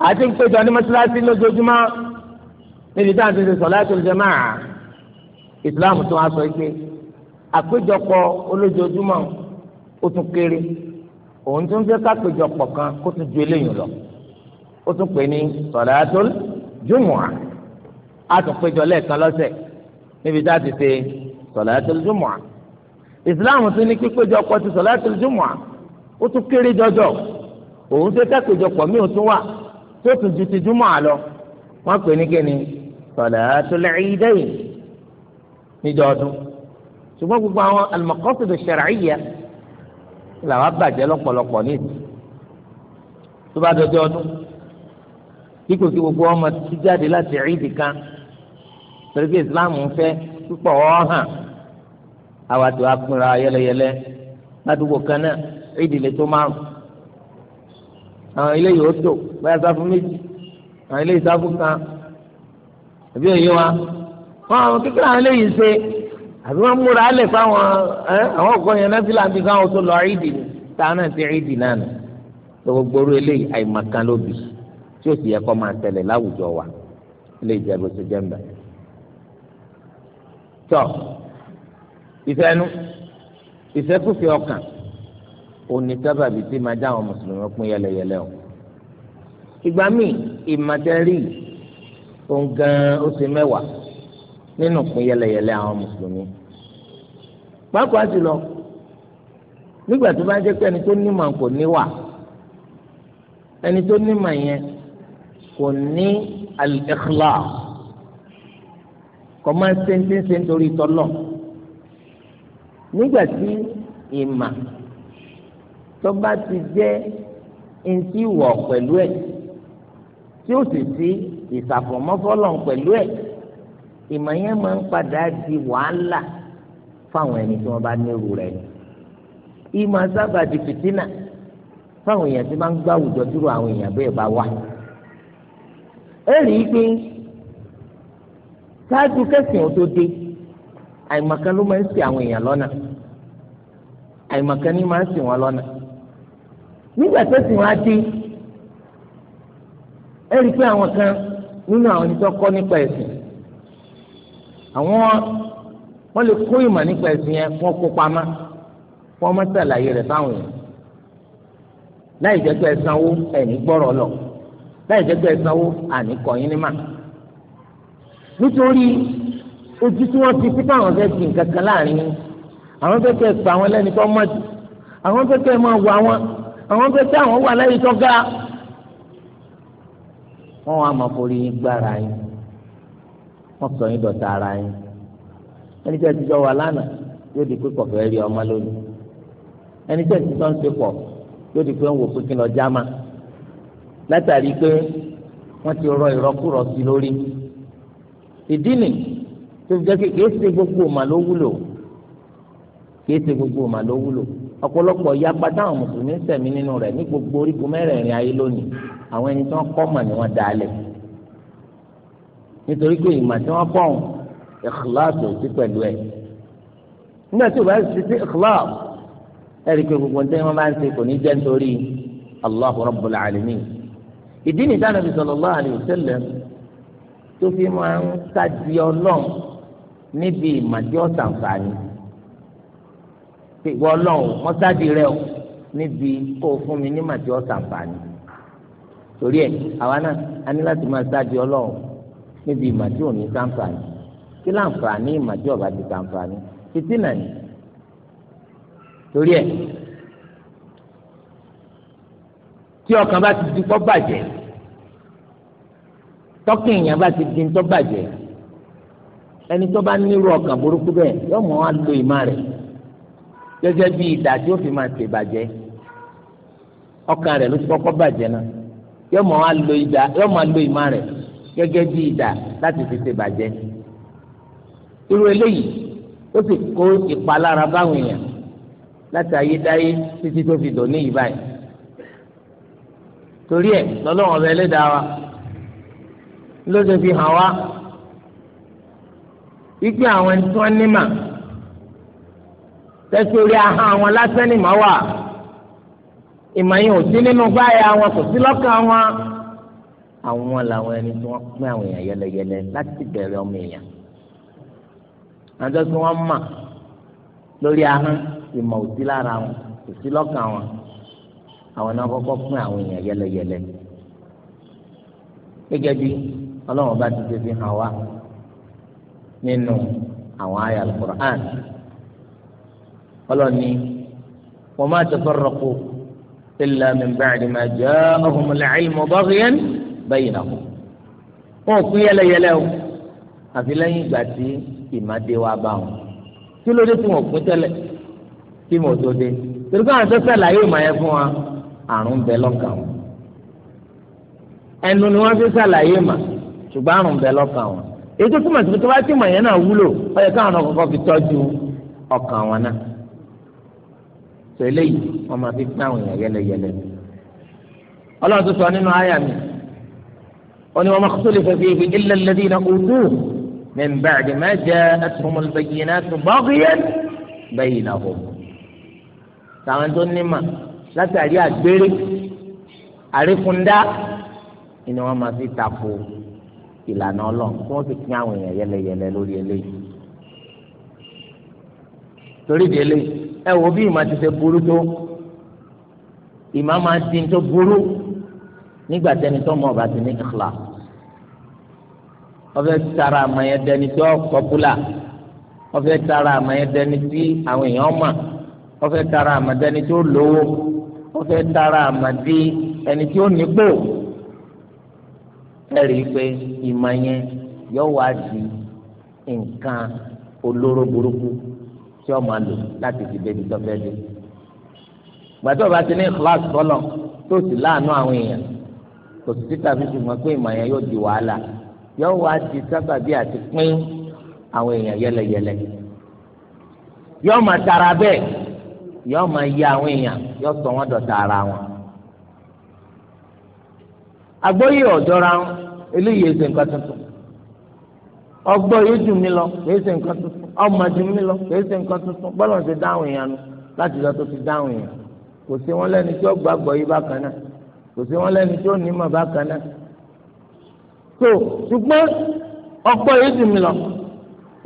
àti ìpéjọ ní mọ́ṣáláṣí lójoojúmọ́ níbi tí a ti ṣe sọ̀látul jamaa ìsìláàmù tó wá sọ pé àpéjọpọ̀ olójoojúmọ́ ó tún kéré òun tún fẹ́ kápẹ́jọpọ̀ kan kó tún ju eléyìí lọ ó tún pè ní sọ̀dáàtún jùmùà á tún péjọ lẹ́ẹ̀kan lọ́sẹ̀ níbi tá a ti ṣe sọ̀dáàtún jùmùà ìsìláàmù tún ní pípéjọpọ̀ ti sọ̀dáàtún jùmùà ó tún kéré jọjọ òun fẹ́ kápẹ́jọpọ̀ mi ò tún wà tó tún ju ti jùmùà lọ wọ́n pè ní kíni sọ̀dáàtún lẹ́yìn níjọ ọdún ṣùgbọ́n gbogbo àwọn al-maqasid ash làwọn abàjẹ́ lọ́pọ̀lọpọ̀ ní ìtì tó bá dọjọ́ ọdún kíkò kí gbogbo ọmọ ti jáde láti ìdì kan torí pé islam ń fẹ́ púpọ̀ ọ̀hàn àwọn àti apínra yẹlẹyẹlẹ ládùúgbò kan náà ìdì lè tó márùn àwọn ilé yìí ó tò báyà sáfù méjì àwọn ilé yìí sáfù kan àbí òye wa wọn àwọn kékeré àwọn ilé yìí ṣe àbí wọ́n múra alẹ̀ fáwọn àwọn ọ̀gbọ́n yẹn náà fìlà bí káwọn tó lọ àìdì táwọn náà ti àìdì náà nù tó gbogbo orí eléyìí àìmọ̀kan ló bì tí ó sì yẹ kó máa tẹ̀lẹ̀ láwùjọ wa ilé ìjẹ́bù ti jẹ́ mbẹ́. tọ́ ìfẹ́nu ìfẹ́kùfẹ́ ọkàn òní tí máa dá àwọn mùsùlùmí pín yẹlẹyẹlẹ o. ìgbà míì ìmọ̀tẹ́rì òun ó ṣe mẹ́wàá nínú kún yẹlẹyẹlẹ àwọn mùsùlùmí pàápàá jùlọ nígbà tó bá ń jẹ́ pé ẹni tó nímọ̀ kò níwà ẹni tó nímọ̀ yẹn kò ní al-ikhlas kò máa ń ṣe ń ṣe ń ṣe nítorí tọ́lọ̀ nígbà tí ìmà tó bá ti jẹ́ ntí wọ̀ pẹ̀lú ẹ̀ tí ó sì sí ìsàfọ̀mọ́fọ́lọ̀ pẹ̀lú ẹ̀ ìmọ̀ yẹn máa ń padà di wàhálà fáwọn ẹni tí wọ́n bá nírú rẹ̀ ni ìmọ̀ sábà di fìtínà fáwọn èèyàn tí máa ń gbá àwùjọ dúró àwọn èèyàn bẹ́ẹ̀ bá wà ẹ rí i pé ṣáájú kẹsìn ò tó dé àìmọ̀kan ló máa ń ṣì àwọn èèyàn lọ́nà àìmọ̀kan ni máa ń ṣì wọ́n lọ́nà nígbà tẹ̀sìn wọn á dé ẹ pé àwọn kan nínú àwọn ẹni nípa ẹ̀sìn àwọn wọn lè kó ìmọ̀ nípa ẹ̀sìn yẹn fún ọkọ̀ pamọ́ fún ọmọ sàlàyé rẹ̀ fáwọn yẹn láì jẹ́ pé ẹ̀sánwó ẹ̀ní gbọ́rọ̀ lọ láì jẹ́ pé ẹ̀sánwó àní kọ̀yìn ní mà nítorí ojú tí wọ́n ti pípa àwọn fẹ́ẹ́ fi nǹkan kan láàrin yín àwọn fẹ́ẹ́ kẹ́ ẹ̀ pa àwọn lẹ́ni tó mọ̀ jù àwọn fẹ́ẹ́ kẹ́ ẹ̀ máa wọ àwọn àwọn fẹ́ẹ́ kẹ́ àwọn wà lẹ́yìn tó ga wọ́n wá máa forí gbára yín wọ́n sọ yín dọ̀tá ara yín ẹni tí a ti jọ wà lánàá yóò di pé kọ̀fẹ́ rí ọmọ lónìí ẹni tí a ti jọ ń ṣe pọ̀ yóò di pé ń wò pé kí lọ jáma látàrí pé wọ́n ti rọ ìrọ́kúrọ̀ sí lórí ìdí nì tó fi jẹ́ pé kìí ṣe gbogbo ọ̀mà ló wúlò kìí ṣe gbogbo ọ̀mà ló wúlò ọ̀pọ̀lọpọ̀ yapa táwọn mùsùlùmí ń nínú rẹ̀ ní gbogbo orígun mẹ́rẹ̀ẹ̀rin ayé lónìí àwọn ẹni tí wọ́n kọ́ mọ̀ ni wọ́n dalẹ̀ nítorí pé ìmọ̀ tí wọ́n pọ̀ ń ìkìláàsì sí pẹ̀lú ẹ̀ nígbà tí o bá ti sí ìkìláàsì ẹ̀rí pé gbogbo ní wọ́n bá ń ṣe kò ní jẹ́ nítorí Allahu Rabbul Alamin ìdí nìta nàbì sallallahu alaihi wasallam tó fi máa ń sáàdì ọlọ́run níbi ìmọ̀jọ́ sàǹfààní ìwọ ọlọ́run wọ́n sáàdì rẹ o níbi kó o fún mi ní ìmọ̀jọ́ sàǹfààní torí ẹ̀ àwa náà a ní láti máa sáàdì ọlọ́run níbi ìmọ̀ tí ò ní sáǹfààní kí láǹfààní ìmọ̀ tí ti sáǹfààní fìtínà ni torí ẹ̀ tí ọkàn bá ti di kọ́ bàjẹ́ tọ́kì èèyàn bá ti di tọ́ bàjẹ́ ẹni tó bá nírú ọkàn burúkú bẹ́ẹ̀ yóò mọ̀ á lo ìmọ̀ rẹ̀ gẹ́gẹ́ bí ìdá tí ó fi máa tè bàjẹ́ ọkàn rẹ̀ ló ti kọ́kọ́ bàjẹ́ náà yóò mọ̀ á lo ìdá yóò mọ̀ lo ìmọ̀ rẹ̀ gẹ́gẹ́ bí ìdá láti fi ṣe bàjẹ́ irú eléyìí ó sì kó ìpalára báwọn èèyàn láti ayédáyé títí tó fi dòní yìí báyìí torí ẹ̀ lọ́lọ́wọ́n ọbẹ̀ ẹlẹ́dàá wa ló ṣe fi hàn wá wípé àwọn ẹni tí wọ́n ní mà tẹ́sí orí àwọn lásán ni mà wà ìmọ̀ yẹn ò sí nínú gbáyà wọn kò sí lọ́kàn wọn àwọn làwọn ẹni tí wọ́n pín àwọn èèyàn yẹlẹyẹlẹ láti bẹ̀rẹ̀ ọmọ èèyàn àjọ tí wọ́n mà lórí ahọ́n ìmọ̀ òsí lára wọn òsí lọ́kàn wọn àwọn náà kọ́kọ́ pín àwọn èèyàn yẹlẹyẹlẹ gẹ́gẹ́ bí ọlọ́run bá ti ṣe fi hàn wá nínú àwọn àyà alukur'an ọlọ́ni wọ́n máa tẹ̀sọ́rọ̀ kó illa min ba'di ma ja'ahumul ilmu baghyan bainahum wọn ò pín yẹlẹyẹlẹ o àfi lẹ́yìn ìgbà tí ìmàdé wa bá wọn kí ló dé tí wọn ò pín tẹ́lẹ̀ kí mo tó dé torí pé àwọn sẹ́sẹ́ là yóò máa yẹ fún wa àrùn bẹ lọ́kàn wọn ẹnu ni wọ́n fi sàlàyé mà ṣùgbọ́n àrùn bẹ lọ́kàn wọn èyí tó túmọ̀ sí pé tó bá tí yẹn náà wúlò ó yẹ káwọn ọkọ̀ fi tọ́jú ọkàn wọn náà tó eléyìí wọ́n máa fi pín àwọn èèyàn yẹlẹyẹlẹ ọlọ́run tó sọ nínú àyà mi wọn wọn mọ̀kúsọ́lẹ̀ fẹ́fẹ́ ibi ilẹ̀ lẹ́dí iná ojú min ba'di ma ja'atuhumul bayyinatu baghyan baynahum. táwọn tó ní mà látàrí àgbèrè àrífúndá ni wọn máa fi tako ìlànà Ọlọ́run tí wọn sì pín àwọn èèyàn yẹlẹyẹlẹ lórí eléyìí torí di ẹ wo bí ìmọ̀ ti ṣe burú tó ìmọ̀ máa ti tó burú nígbà tẹni mọ̀ ọba ti ní ikhlas ọfẹ tara àmọyẹ dẹni tí ọkọ búlà ọfẹ tara àmọyẹ dẹni tí àwọn èèyàn mọ̀ ọfẹ tara àmọdẹni tí ó lówó ọfẹ tara àmọdé ẹni tí ó nípò ẹ rí i pé ìmọ̀ yẹn yóò wá di nǹkan olóró burúkú tí ọ máa lò láti fi débi tọ́fẹ́ dé gbàtọ́ bá ti ní kíláàsì tọ́lọ̀ tó sì láàánú àwọn èèyàn kò sì títà fi ṣùgbọ́n pé ìmọ̀ yóò di wàhálà yọ wá di sábàbí àti pín àwọn èèyàn yẹlẹyẹlẹ yọ máa tara bẹ́ẹ̀ yọ máa ya àwọn èèyàn yọ sọ wọn dọ̀tá ara wọn. àgbọ́yé ọ̀jọ́ra eléyìí ẹsẹ̀ nǹkan tuntun ọgbọ́ yóò jù mí lọ kìí ṣe nǹkan tuntun ọmọ jù mí lọ kìí nǹkan tuntun bọ́lọ̀ ti dáhùn èèyàn nu láti lọ tó fi dáhùn èèyàn kò sí wọn lẹ́ni tí ó gbàgbọ́ yìí bákan náà kò sí wọn lẹ́ni tí ó nímọ̀ bákan náà so ṣùgbọ́n ọ̀pọ̀ yìí o mí lọ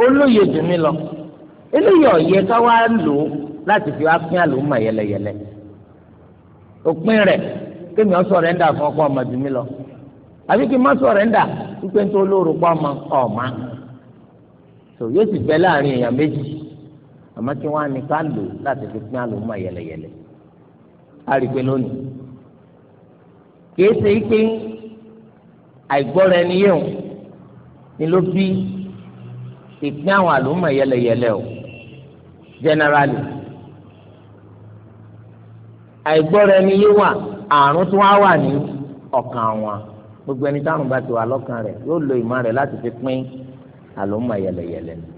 olóye dùn mí lọ eléyìí ọ̀yẹ́ ká wá lò ó láti fi wá pín àlòmọ̀ yẹlẹyẹlẹ òpin rẹ̀ kémi ọ sọ̀rẹ́ńdà fún ọkọ ọmọ dùn mí lọ àbí kí n má sọ̀rẹ́ńdà wípé nítorí olóòrò so yóò sì bẹ́ láàrin èèyàn méjì àmọ́ kí wọ́n á ní ká lò láti fi pín àlòmọ̀ yẹlẹyẹlẹ á rí i pé lónìí kì àìgbọ́ra ẹni yé o ni ló bí ìpín àwọn àlùmọ̀ yẹlẹyẹlẹ o generally àìgbọ́ra ẹni yé wà àrùn tó wá wà ní ọkàn wọn gbogbo ẹni táwọn bá ti wà lọ́kàn rẹ̀ yóò lo ìmọ̀ rẹ̀ láti fi pín àlùmọ̀ yẹlẹyẹlẹ ni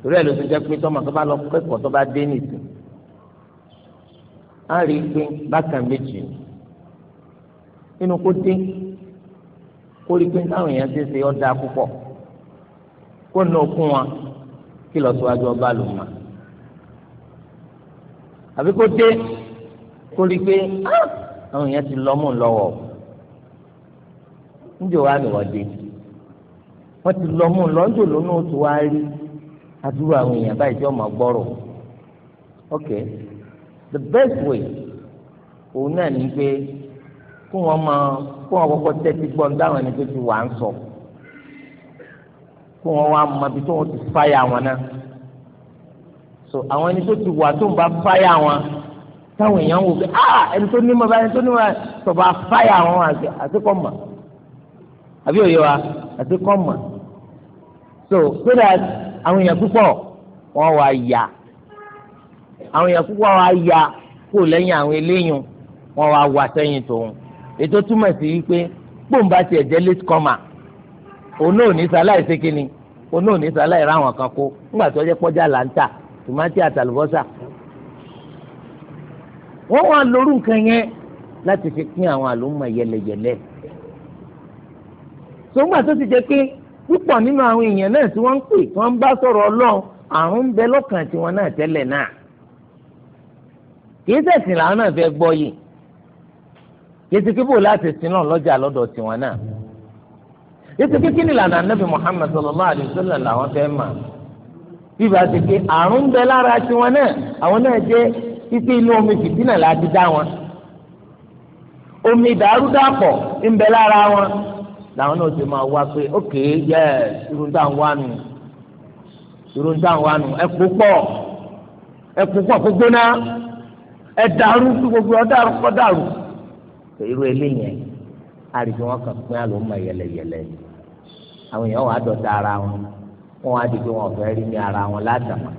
torí ẹ̀ ló ti jẹ́ pé tọ́mọ tó bá lọ kẹ́kọ̀ọ́ tó bá dé nìsín á rí i pé bákan méjì nínú kó dé kórìí pé táwọn èèyàn ti ṣe ọ̀dà púpọ̀ kó nà okun wa kí lọ síwájú ọba ló ma àbí kó dé kórìí pé ah! àwọn èèyàn ti lọ́mù lọ́wọ́ níjọ wa ni wọ́n dé wọ́n ti lọ́mù lọ́jọ́ lónà tó wá rí adúrú àwọn èèyàn báyìí tí wọ́n máa gbọ́rọ̀ ok the best way òun náà ní pé kó wọn máa kó wọn kọ́kọ́ tẹ́tí gbọ́n dáhùn ẹni tó ti wà ń sọ kó wọn wá mọ ibi tó wọn ti fáyà wọn náà so àwọn ẹni tó ti wà tó ń bá fáyà wọn táwọn èèyàn wò pé ah ẹni tó nímọ̀ báyìí ẹni tó nímọ̀ tó bá fáyà wọn àtikọ́ mọ̀ àbí òye wa àtikọ́ mọ̀ so so that àwọn èèyàn púpọ̀ wọn wà yà àwọn èèyàn púpọ̀ wà yà kó lẹ́yìn àwọn eléyìn wọn wà wà sẹ́yìn tòun ètò túmọ̀ sí wípé gbòǹba tiẹ̀ jẹ́ late comer òun náà ní sáláì ṣe kínni òun náà ní sáláì ráwọn kan kó nígbà tó jẹ́ pọ́jà là ń tà tòmátì àtàlùbọ́sà wọ́n wá lórí nǹkan yẹn láti fi pín àwọn àlòmọ̀ yẹlẹyẹlẹ sọgbà tó ti jẹ́ pé púpọ̀ nínú àwọn èèyàn náà tí wọ́n ń pè tí wọ́n ń bá sọ̀rọ̀ ọlọ́run àrùn ń bẹ lọ́kàn tiwọn náà tẹ́lẹ̀ náà kì í ṣẹ̀sìn làwọn náà fẹ́ gbọ́ yìí yẹtùkí bò láti sin náà lọ́jà lọ́dọ̀ tiwọn náà yẹtùkí kí ni lànà nabi muhammad sallallahu alayhi làwọn fẹ́ mà bíbá ti ké àrùn bẹ lára tiwọn náà àwọn náà inú omi fìdínà láti dá wọn omi ìdàrúdàpọ̀ ń bẹ lára wọn làwọn náà ti máa wá pé ok yes irú táwọn ẹkú pọ̀ ẹkú pọ̀ ẹ̀dàrú gbogbo ọ̀dàrú irú eléyẹn àrífi wọn kàn pín àlòmọ yẹlẹyẹlẹ àwọn èèyàn wàá dọ̀tá ara wọn wọn wàá di pé wọn fẹ́ẹ́ rí ní ara wọn ládàmà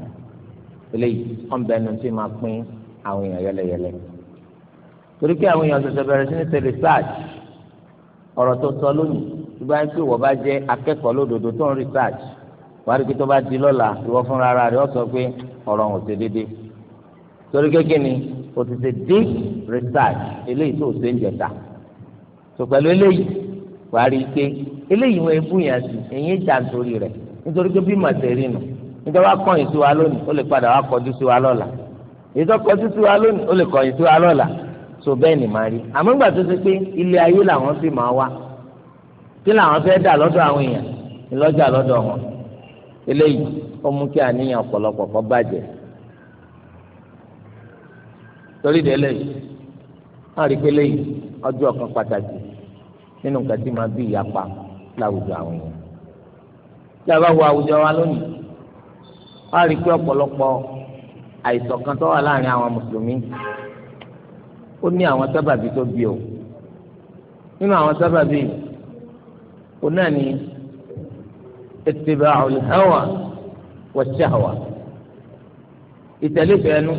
eléyìí wọn bẹnu tí máa pín àwọn èèyàn yẹlẹyẹlẹ torí pé àwọn èèyàn ṣẹ̀ṣẹ̀ bẹ̀rẹ̀ sí ní ṣe research ọ̀rọ̀ tó sọ lónìí ìgbà pé wọ́n bá jẹ́ akẹ́kọ̀ọ́ lódodo tó ń research wàá rí pé tó bá di lọ́la ìwọ fúnra rẹ̀ ọ sọ pé ọ̀rọ̀ wọn ò ṣe déédéé torí kékeré kò sì ṣe deep research eléyìí tó ṣe ń jẹta tó pẹ̀lú eléyìí wàá rí i pé eléyìí wọn ebú yẹn sí ẹ̀yìn ìjà nítorí rẹ̀ nítorí pé bí màtẹ́rì nù níjọba kọ̀yìn sí wa lónìí ó lè padà wá kọjú sí wa lọ́la èyí tó kọjú sí wa lónìí ó lè kọ̀yìn sí wa lọ́la so bẹ́ẹ̀ ni màá rí àmọ́ ìgbà tó ṣe pé ilé ayé làwọn sì máa wá kí làwọn fẹ́ dà lọ́dọ̀ àwọn èèyàn ìlọ́jà lọ́dọ̀ wọn eléyìí ó mú kí àníyàn ọ̀pọ̀lọpọ̀ kọ́ bàjẹ́ torí de lẹ́yìn náà rí pé lẹ́yìn ọjọ́ ọ̀kan pàtàkì nínú nǹkan tí máa bí ìyapa láwùjọ àwọn èèyàn tí a bá wo àwùjọ wa lónìí a rí pé ọ̀pọ̀lọpọ̀ àìṣọ̀kan tó wà láàrin àwọn mùsùlùmí ó ní àwọn sábàbí tó bí o nínú àwọn sábàbí o náà ní ittiba'ul hawa wa shahwa ìtẹ̀lé fẹ́ẹ́ nù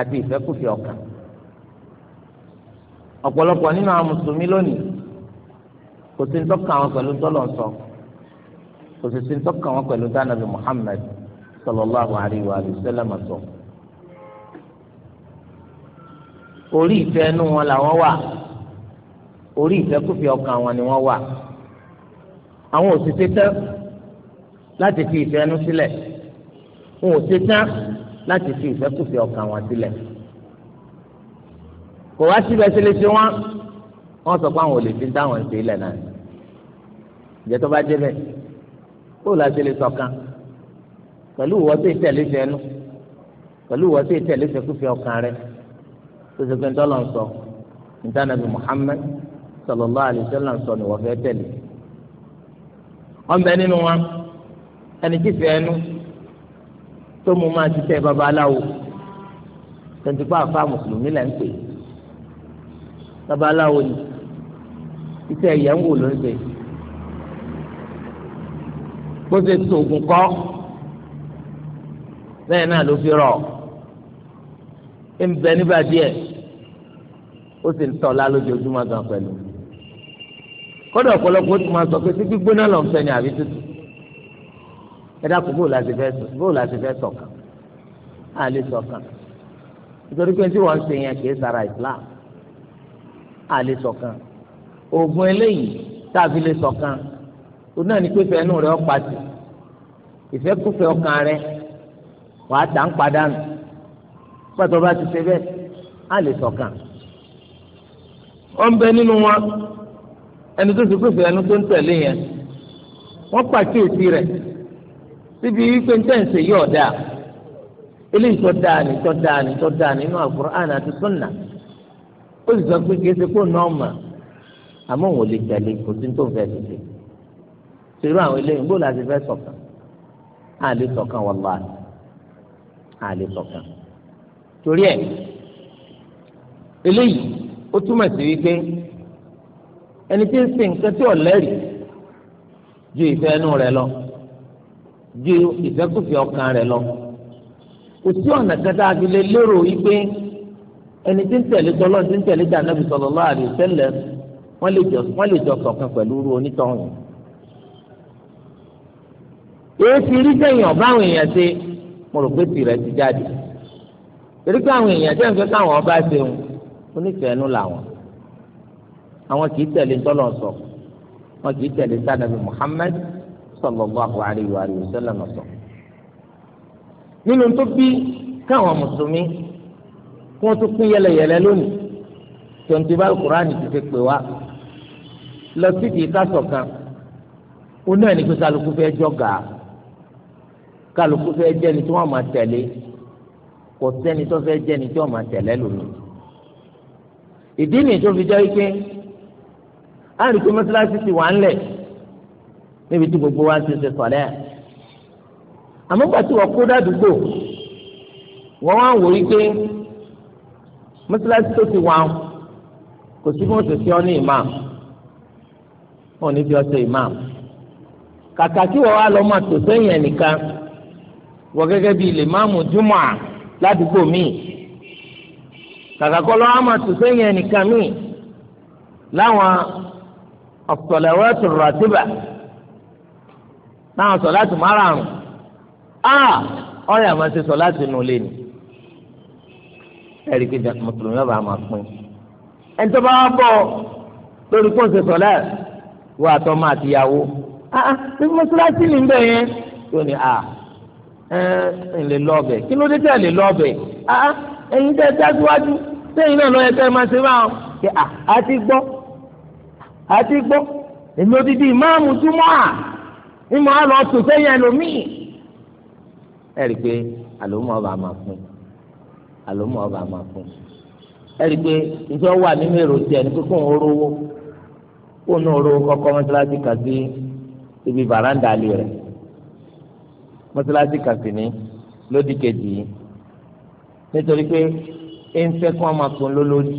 àti ìfẹ́kùfẹ́ ọkàn ọ̀pọ̀lọpọ̀ nínú àwọn mùsùlùmí lónìí kò sí ntọ́ka wọn pẹ̀lú tọ́lọ̀nsọ kò sí ntọ́ka wọn pẹ̀lú tánàbí Muhammad sallallahu alayhi wa sallam sọ. orí ìfẹ́ inú wọn làwọn wà orí ìfẹ́kùfẹ́ ọkàn wọn ni wọ́n wà àwọn òṣìṣẹ́ tán láti fi ìfẹ́ inú sílẹ̀ wọn ò ṣe láti fi ìfẹ́kùfẹ́ ọkàn wọn sílẹ̀ kò wá síbẹ̀ sílẹ̀ sí wọn wọn sọ pé àwọn ò lè fi dáwọn ṣe ilẹ̀ náà ìjẹ́ tó bá débẹ̀ kó la ṣe lè sọ̀kan pẹ̀lú ìwọ tó ìtẹ̀lé fẹ́ nu pẹ̀lú ìwọ tó ìtẹ̀lé fẹ́ kúfẹ́ ọkàn rẹ tó ṣe pé ńtọ́lọ̀ sọ ìtànàbí Muhammad sallallahu alaihi wasallam ń sọ ni wọ́n fẹ́ tẹ̀lé ọ̀nbẹ nínú wọn ẹni tí fẹ́ nu pé mo máa ti tẹ babaláwo tẹ̀sípá àfa mùsùlùmí là ń pè babaláwo ni iṣẹ́ ìyẹ̀wò ló ń ṣe bó ṣe tòògùn kọ́ bẹ́ẹ̀ náà ló fi rọ̀ ń bẹ nígbà díẹ̀ ó sì ń tọ́lá lójoojúmọ́ gan pẹ̀lú kọ́dọ̀ ọ̀pọ̀lọpọ̀ ó ti máa sọ pé sí gbígbóná lọ́nfẹ́ ni àbí tútù ẹ dákun bóòlù àti fẹ́ sọ bóòlù àti fẹ́ sọ kan á lè sọ kan nítorí pé tí wọ́n ń ṣe yẹn kì í sara Islam á lè sọ kan oògùn eléyìí tàbí lè sọ kan òun náà ní pípẹ́ inú rẹ̀ ọ̀pá tì ìfẹ́kùfẹ́ ọkàn rẹ̀ wàá tà ń padànù pàtó bá ti ṣe bẹ́ẹ̀ á lè sọ kan wọ́n bẹ nínú wọn ẹni tó ti pípẹ́ ẹnu tó ń tẹ̀lé yẹn wọ́n pàkíyèsí rẹ̀ síbi wípé ń tẹ̀sẹ̀ yóò dà eléyìí tó dáa ní tó dáa ní tó dáa nínú Al-Qur'an àti Sunnah ó sì sọ pé kìí ṣe kó nọ́ọ̀mà àmọ́ òun ò lè tẹ̀lé kò sí tó ń fẹ́ tètè ṣèrú àwọn eléyìí bó la ti fẹ́ ṣọ̀kan á lè ṣọ̀kan wallahi á lè ṣọ̀kan torí ẹ̀ eléyìí ó túmọ̀ sí wípé ẹni tí ń sin nǹkan tí ò lẹ́rìí ju ìfẹ́ inú rẹ̀ lọ ju ìfẹ́kùfẹ́ ọkàn rẹ̀ lọ kò sí ọ̀nà kẹta àfilẹ̀ lérò wípé ẹni tí ń tẹ̀lé tọ́lọ́ tí ń tẹ̀lé tà nàbì sallallahu alaihi wasallam wọ́n lè jọ wọ́n lè jọ ṣọ̀kan pẹ̀lú irú onítọ̀hún. èéfì rí sẹ́yìn ọ̀bá àwọn èèyàn ṣe mo rò pé tìrẹ ti jáde torí pé àwọn èèyàn jẹ́ǹfẹ́ káwọn ọba ṣeun onífẹ̀ẹ́nu làwọn àwọn kì í tẹ̀lé tọ́lọ̀ sọ wọn kì í tẹ̀lé sànàbì Muhammad sallallahu alaihi wa sallam sọ. nínú tó bí káwọn mùsùlùmí kí wọ́n tún pín yẹlẹyẹlẹ lónìí tonti bá kuraani ti fi pè wá lọ sí kì í ká ṣọ̀kan ó náà ní pé kálukú fẹ́ jọ̀gà kálukú fẹ́ jẹ́ni tí wọ́n máa tẹ̀lé kò sẹ́ni tó fẹ́ jẹ́ni tí wọ́n máa tẹ̀lé lónìí ìdí nìyí tó fi jẹ́ ike àrùn tó mọ́sálásí ti wà ń lẹ̀ níbi tí gbogbo wa ti ṣe sọ̀lẹ́ àmọ́ gbà tí wọ́n kó dádúgbò wọ́n wá wò yí pé mọ́sálásí tó ti wà kò sí mọ́tò sí ọ ní imam wọn ò ní fi ọ ṣe imam kàkà kí wọ́n wá lọ máa tò sẹ́yìn ẹnìkan wọ́n gẹ́gẹ́ bíi lè máa mú júmọ̀ à ládùúgbò míì kàkà kọ́ lọ́wọ́ máa tò sẹ́yìn ẹnìkan míì láwọn ọ̀pọ̀lọpọ̀ tó rà síbà láwọn sọ láti márààrún a ọ̀rẹ́ àmọ́ ṣe sọ láti nù lé ni ẹ̀rí pé mùsùlùmí ọba àmọ́ pín ẹni tó bá wá bọ̀ lórí kó ń ṣe sọ wọ àtọ́ máa ti yàwó ah bí mọ́ṣáláṣí ni bẹ́ẹ̀ yẹn tó ní a ẹ ẹ lè lọ ọbẹ̀ kí ló dé tẹ̀ lè lọ ọbẹ̀ ah ẹ̀yin tẹ́ ẹ dájúwájú sẹ́yìn náà lọ́yẹ tẹ́ ẹ máa ṣe máa ṣe à àti gbọ́ àti gbọ́ èmi ò ti di ìmáàmù túmọ̀ à ní mo á lọ sùn sẹ́yìn ẹlòmíì ẹ rí i pé àlòmọ́ ọba máa fún àlòmọ́ ọba máa fún ẹ rí i pé ìjọ wà nínú èrò tiẹ̀ ní kókó òun rówó òun náà rówó kọ́kọ́ mọ́tíláṣí kan sí ibi bàrándà lè rẹ̀ mọ́tíláṣí kan sì lódì kejì yìí nítorí pé e ń máa kun lólórí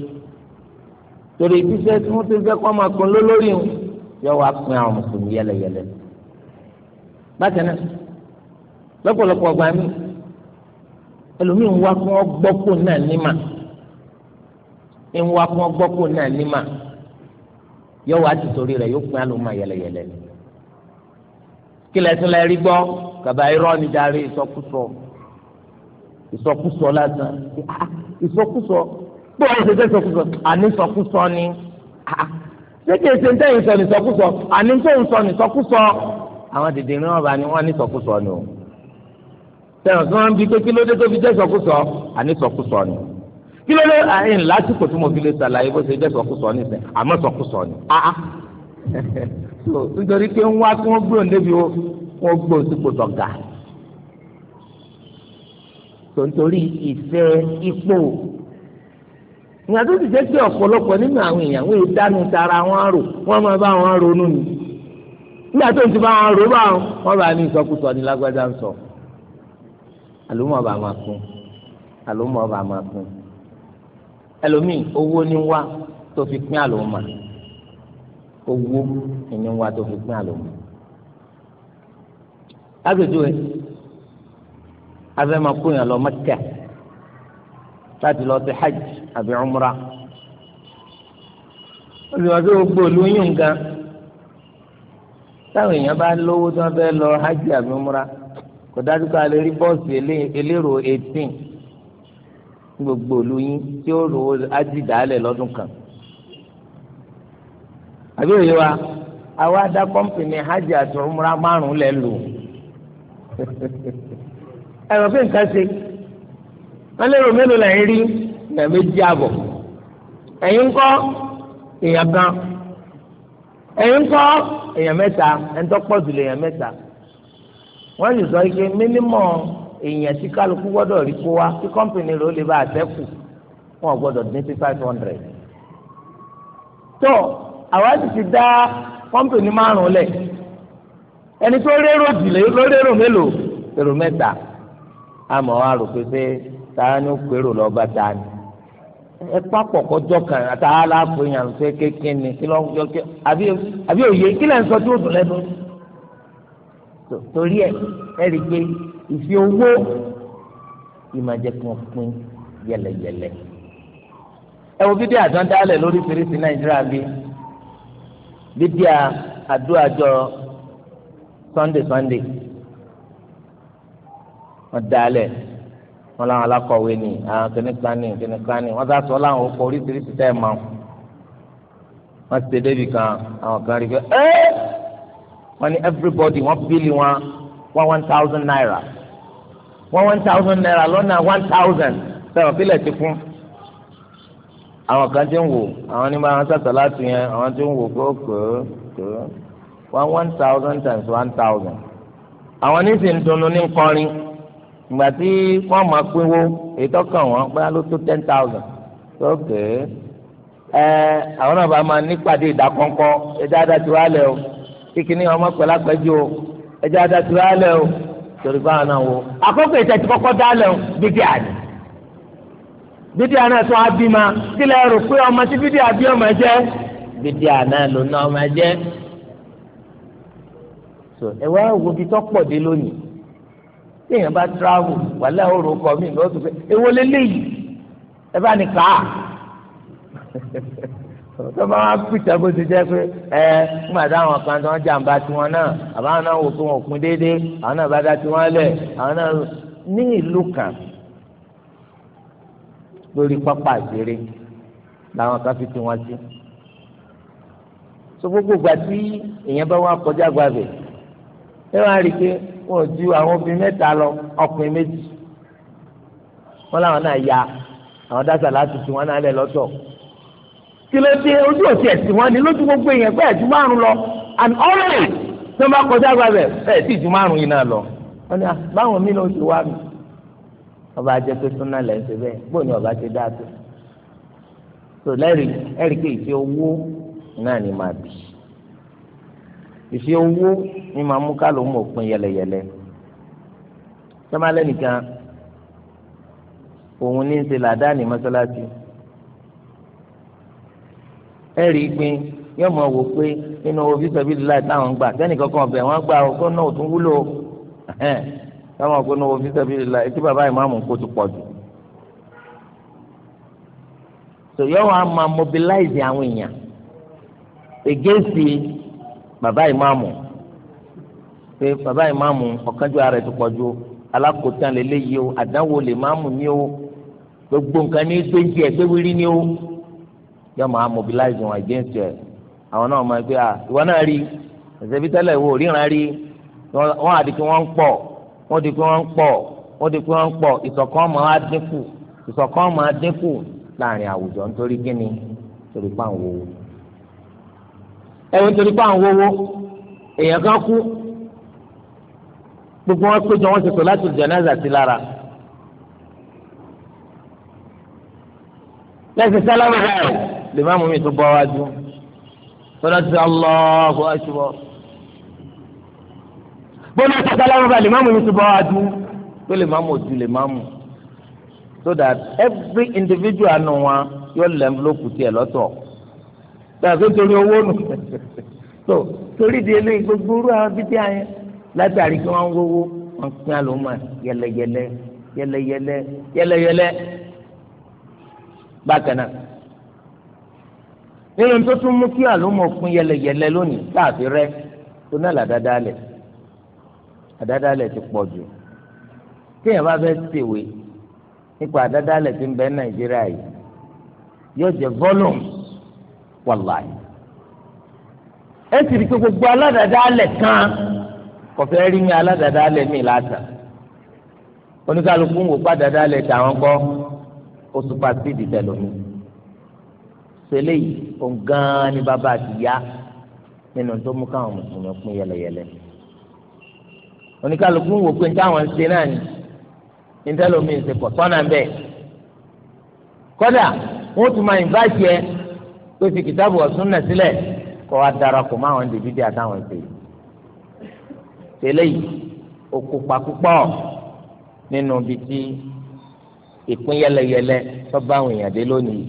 torí ìfisẹ́ tí wọ́n ti ń fẹ́ kí máa kun lólórí yóò wá pin àwọn mùsùlùmí yẹlẹyẹlẹ bákan náà lọ́pọ̀lọpọ̀ ọgbà mi ẹlòmíì ń wá kí wọ́n gbọ́ kó náà nímà ń wá kí wọ́n gbọ́ kó náà nímà yóò wá tìtorí rẹ̀ yóò pín àlùmọ̀ yẹlẹyẹlẹ kí lẹ́sìn lẹ́rí gbọ́ kàbá irọ́ ni darí ìsọkúsọ ìsọkúsọ lásán ah, ìsọkúsọ pé ọ̀rọ̀ ṣe fẹ́ sọkúsọ àní sọkúsọ ni ah, ṣé kí ẹsẹ̀ ń tẹ̀yìn sọ ní sọkúsọ àní tó ń sọ ní sọkúsọ àwọn dèdè ní wọn bá ní wọn ní sọkúsọ ni o sẹ́wọ̀n tí wọ́n ń bi pé kí ló dé tó fi jẹ́ sọkúsọ àní sọkúsọ ni kí ló dé àyìn lásìkò tí mo fi lè ṣàlàyé bó ṣe jẹ́ sọkúsọ ni sẹ́ àmọ́ sọkúsọ ni áá nítorí pé ń wá kí wọ́n gbóòn débi wọ́n gbóòn sípò tọ̀gà tòǹtòrí ìfẹ́ ipò ìyàtọ̀ ti jẹ́ pé ọ̀pọ̀lọpọ̀ nínú àwọn èèyàn wọ́n dánú tara wọn rò wọ́n máa bá wọn ronú ni nígbà tó ń ti bá wọn rò bá wọn wọn bá ní ìsọkúsọ ní lágbájá ń sọ àlùmọ̀ bá máa kún àlùmọ̀ bá máa kún ẹlòmíì owó ní wá tó fi pín àlùmọ̀ owó ní wá tó fi pín àlùmọ̀ agbèjò ẹ afẹ́ máa kó yàn lọ Mẹ́kà láti lọ sí hajj àbí umra olùwàsó gbòòlù yín gan táwọn èèyàn bá lówó tí wọ́n fẹ́ lọ hajj àbí múra kò dájú pé a lè rí bọ́ọ̀sì elérò eighteen gbogbo òlu yín tí ó rò ó hajj dálẹ̀ lọ́dún kan àbí òye wa àwa dá kọ́mpìnì hajj àti múra márùn-ún lẹ́ lò ẹ̀rọ fún nǹkan ṣe wọ́n lérò mélòó lẹ́yìn rí ẹ̀ méjì àbọ̀ ẹ̀yin ń kọ́ èèyàn kan ẹ̀yin kọ́ èèyàn mẹ́ta ẹ̀ńtọ́ pọ̀ jù lọ èèyàn mẹ́ta wọ́n sì sọ pé mínímọ̀ èèyàn tí kálukú gbọ́dọ̀ rí kó wá tí kọ́mpìnì rẹ̀ ó lè bá àtẹ́kù wọn gbọ́dọ̀ dín sí five hundred. tó àwa sì ti dá kọ́mpìnì márùn-ún lẹ̀ ẹni tó rérò jùlẹ̀ ló rérò mélòó èrò mẹ́ta àmọ́ wa rò pé pé ta ó pérò lọ́ọ́ bá ta ẹ papọ̀ kọjọ́ kan àtàwọn aláàfo yàn fẹ́ kékeré ni kí lọ́n jọ kí àbí òye kí lẹ́ ń sọ tí ó dùn lẹ́nu. torí ẹ ẹ rí i pé ìfi owó ìmọ̀jẹ̀ kan yẹlẹyẹlẹ. ẹ wo fídíò àjọ lórí fèrèsé nàìjíríà bíi fídíò àdúràjọ sunday sunday wọn dálẹ̀ wọn làwọn alákọ̀wé ni àwọn kìnnìkan ni kìnnìkan ni wọn sá sọ láwọn orúkọ oríṣiríṣi tẹ́ ẹ mọ̀ wọn ti débi kan àwọn kan rí i pé ẹ́ wọn ni everybody wọn bílì wọn wọn one thousand naira wọn one thousand naira lọ́nà one thousand sẹ́wọ̀n bílẹ̀ ti fún àwọn kan ti ń wò àwọn ní wọn sàtọ̀ láti yẹn àwọn ti ń wò pé ó kò ó one thousand times one thousand àwọn ní sì ń dunnú ní kọrin ìgbà tí wọ́n máa pínwó ètò kan wọn bóyá ló tó ten thousand ok ẹ àwọn náà bá máa nípàdé ìdákọ́ńkọ́ ẹjẹ adájú wa lẹ o kíkiní ọmọ pẹ̀lú àpẹjù o ẹjẹ adájú wa o torí báwọn náà wo àkọ́kọ́ ìtẹ̀tí kọ́kọ́ dálẹ̀ o bíbí àná bíbí àná tó a bí ma kílẹ̀ rò pé ọmọ tí bíbí àbí ọmọ jẹ́ bíbí àná ló ná ọmọ jẹ́ ẹ wá wo bí tọ́pọ̀ dé lónìí téèyàn bá travel wàhálà òrò kọ mí ló tún fẹ ewo lélẹyìí ẹ bá ní kà á tó bá wá pìtà bó ti jẹ pé ẹ nígbà táwọn kan tó ń jàǹbá tiwọn náà àbáwọn náà wò pé wọn kún déédéé àwọn náà bá dá tiwọn lẹ àwọn náà ní ìlú kan lórí pápá ìṣeré làwọn kan fi tiwọn sí so gbogbo ìgbà tí èèyàn bá wá kọjá gbàgbé ẹ wá rí i pé wọn ò ju àwọn obìnrin mẹ́ta lọ ọkùnrin méjì wọn làwọn náà ya àwọn dáṣà láti tì wọn náà lẹ lọ́tọ̀ kí ló dé ojú òsì ẹ̀sìn wọn ni lójú gbogbo èèyàn pé ẹ̀jú márùn lọ and always tí wọn bá kọjá gba bẹ ẹ tí ìjú márùn yìí náà lọ wọn ni báwọn mí ló ti wá mi ọba ajẹ pé súnà lẹ ń ṣe bẹ́ẹ̀ bó ni ọba ti dá tó so lẹ́rìí ẹ̀rí pé ìfẹ́ owó náà ni màá bì ìfi owó ni màá mú kálò mọ̀ pin yẹlẹyẹlẹ sọmalẹ nìkan òun ní í ṣe làdáni mọ́sálásí ẹ rí i pé yóò mọ̀ wò pé nínú owó fisabilillahi táwọn ń gbà sẹ́nìkan kan ọ̀bẹ̀ wọ́n gbà ó kó náà ò tún wúlò táwọn ọ̀gbọ́n náà wọ́n fi sẹ́bi la etí bàbá ìmáàmù kó ti pọ̀ jù. sòyọ́ wa máa mobilize àwọn èèyàn ègéèsì bàbá ìmáàmù pé bàbá ìmáàmù ọ̀kánjú ara ẹ̀ tó pọ̀jù alákòótán lélẹ́yìí o àdánwò lè máàmù ní o gbogbo nǹkan ní gbẹ́ǹjì ẹ̀ gbẹ́wìrì ní o yọ máa mobilize wọn against ẹ̀ àwọn náà máa gbé à ìwọ náà rí ẹ̀sẹ̀ bí tẹ́lẹ̀ ìwọ ríran rí wọ́n àdì kí wọ́n ń pọ̀ wọ́n di kí wọ́n ń pọ̀ di kí wọ́n ń pọ̀ ìṣọ̀kan máa dínkù ìṣọ̀kan máa dínkù láàrin àwùjọ nítorí kíni torí pàǹwò ẹ̀wọ̀n torí pé àwọn owó èèyàn kan kú gbogbo wọn péjọ wọn ti sọ láti jẹnẹza sí lára lẹsẹ sálámù báyìí lè má mú mi tó bọ wájú sọlá ti Allahu akbar bọ́lá ti sálámù báyìí lè má mú tó bọ wájú tó lè má ojú lè má so that every individual nù wọn yóò lẹ́ńbúlọ́ọ̀kù tiẹ̀ lọ́tọ̀ gbàgbé torí owó nù tó torí di eléyìí gbogbo irú àwọn bíbí àyẹn látàrí kí wọ́n ń wówó wọ́n pín àlòmà yẹlẹyẹlẹ yẹlẹyẹlẹ yẹlẹyẹlẹ bákan náà nínú tó tún mú kí àlòmà pín yẹlẹyẹlẹ lónìí káàfi rẹ tó náà làdáadáa lẹ àdáadáa lẹ ti pọ̀ jù téèyàn bá fẹ́ ṣèwé nípa àdáadáa lẹ ti ń bẹ Nàìjíríà yìí yóò jẹ volumes wàláyé ẹ sì rí i pé gbogbo aládàáda alẹ̀ kan kọ̀fẹ́ rí mi aládàáda alẹ̀ mi láta oníkàlùkù ń wò pàdàáda alẹ̀ tàwọn kọ́ ó supasíìdì tẹ̀lómi sẹlẹ̀ yìí òun gan-an ni bàbá ti yá nínú tó mú káwọn mùsùlùmí pín yẹlẹyẹlẹ oníkàlùkù ń wò pé táwọn ń ṣe náà ni ní tẹ̀lómi ń ṣe pọ̀ tọ́nà bẹ́ẹ̀ kọ́dà wọ́n tún máa invite yẹ tó fi kìtàbù ọ̀sùn náà sílẹ̀ kó wa darapọ̀ mọ́ àwọn dèbìdì àtàwọn ìpè tẹ́lẹ̀ yìí ó kópa púpọ̀ nínú ibi tí ìpín yẹlẹyẹlẹ tó bá àwọn èèyàn dé lónìí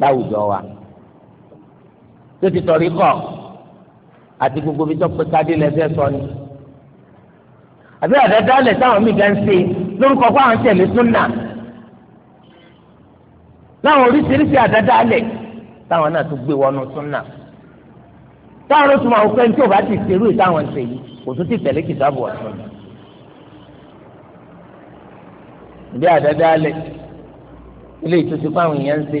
láwùjọ wa tó ti tọrí kọ àti gbogbo ibi tó pé kádé lẹsẹ sọ ni àbí àdáda lẹ táwọn míì gan ṣe lórúkọ fún àwọn tẹ̀lé súnà láwọn oríṣiríṣi àdáda lẹ táwọn náà tún gbé wọnú súnà táwọn ló tún máa fẹ́ tí o bá ti ṣerú ìtàwọn ṣe yìí kò tún ti tẹ̀lé kìtàbù ọ̀tún bí àdádálẹ̀ ilé ìtòsí fáwọn èèyàn ń ṣe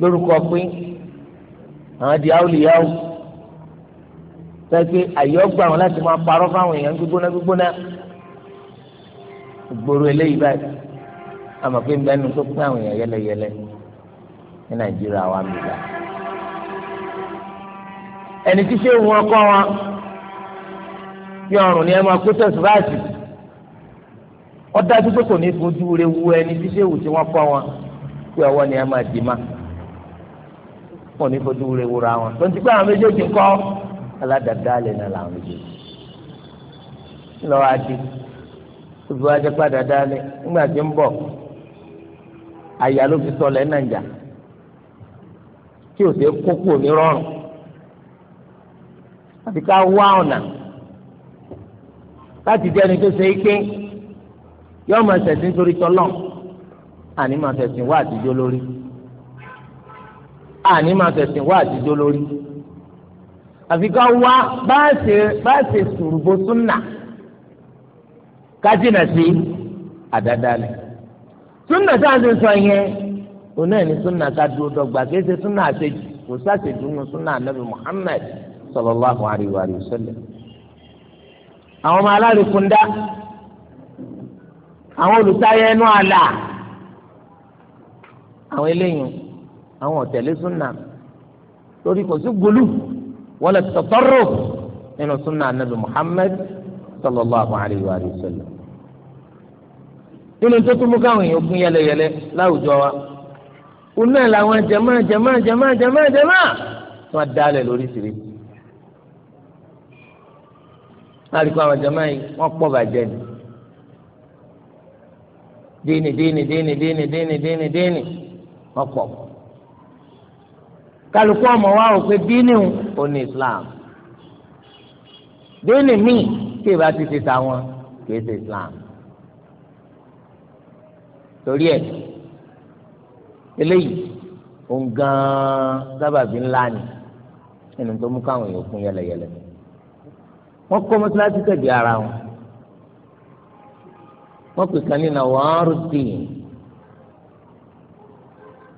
lórúkọ pé àwọn di áwòlìyáwò sẹ́gbẹ́ àyè ọgbà wọn láti máa parọ́ fáwọn èèyàn gbígbóná gbígbóná ìgboro eléyìí báyìí àmọ̀ pé ń bẹ́ẹ̀ nu tó pín àwọn èèyàn yẹlẹyẹlẹ ní nàìjíríà wa bìbá ẹni tí ṣé wọn kọ́ wọn bí ọrùn ni ẹ máa kó tẹ̀sí báàsì ó dájú pé kò ní fojú rẹ̀ wu ẹni tí ṣé wù tí wọ́n kọ́ wọn pé ọwọ́ ni ẹ máa dì má kò ní fojú rẹ̀ wura wọn tó ń ti pé àwọn méjèèjì ń kọ́ aládàáda lè nà làwọn méjèèjì lọ́wọ́ adé olùwájú padà dálé nígbà tí ń bọ̀ àyà ló fi sọlẹ̀ nàìjà tí o sí kókó ní rọrùn àti ká wá ọ̀nà láti jẹ́ ẹni tó ṣe é pé yọ́ọ́ máa ṣẹ̀sìn torí tọ́lọ́ àní máa ṣẹ̀sìn wá àtijọ́ lórí àní máa ṣẹ̀sìn wá àtijọ́ lórí àfi ká wá bá a ṣe sùrùbọ súnà ká jìnà sí àdáda rẹ̀ súnà tá a ṣe sọ yẹn òun náà ní súnà ká dúró dọ́gba kí ẹsẹ súnà àṣejù kò sàṣejù nù súnà ànábì Muhammad sallallahu alayhi wa sallam. àwọn ọmọ alárìkúndá àwọn olùtayẹ ẹnu àlà àwọn eléyìí àwọn ọ̀tẹ̀lẹ̀ súnà torí kò sí gbólú wala tatarruf nínú súnà ànábì Muhammad sallallahu alayhi wa sallam. nínú tó tún káwọn èèyàn gún yẹlẹyẹlẹ láwùjọ wa òun náà làwọn jama jama jama jama jama wọn dalẹ̀ lórí sèré àlùkò àwọn jama yìí wọn pọ̀ bàjẹ́ ni díìnì díìnì díìnì díìnì díìnì díìnì díìnì wọn pọ̀ kálukú ọmọ wa ò pé díìnì ò ní Islam díìnì míì tí ìbá ti ti ta wọn kì í ṣe Islam torí ẹ̀ eléyìí òun gan-an sábàbí ńlá ni ẹni tó mú káwọn èèyàn kún yẹlẹyẹlẹ wọn kọ́ mọ́tíláṣí tẹ̀gbẹ́ ara wọn wọn pè kan ní nàwárùdìn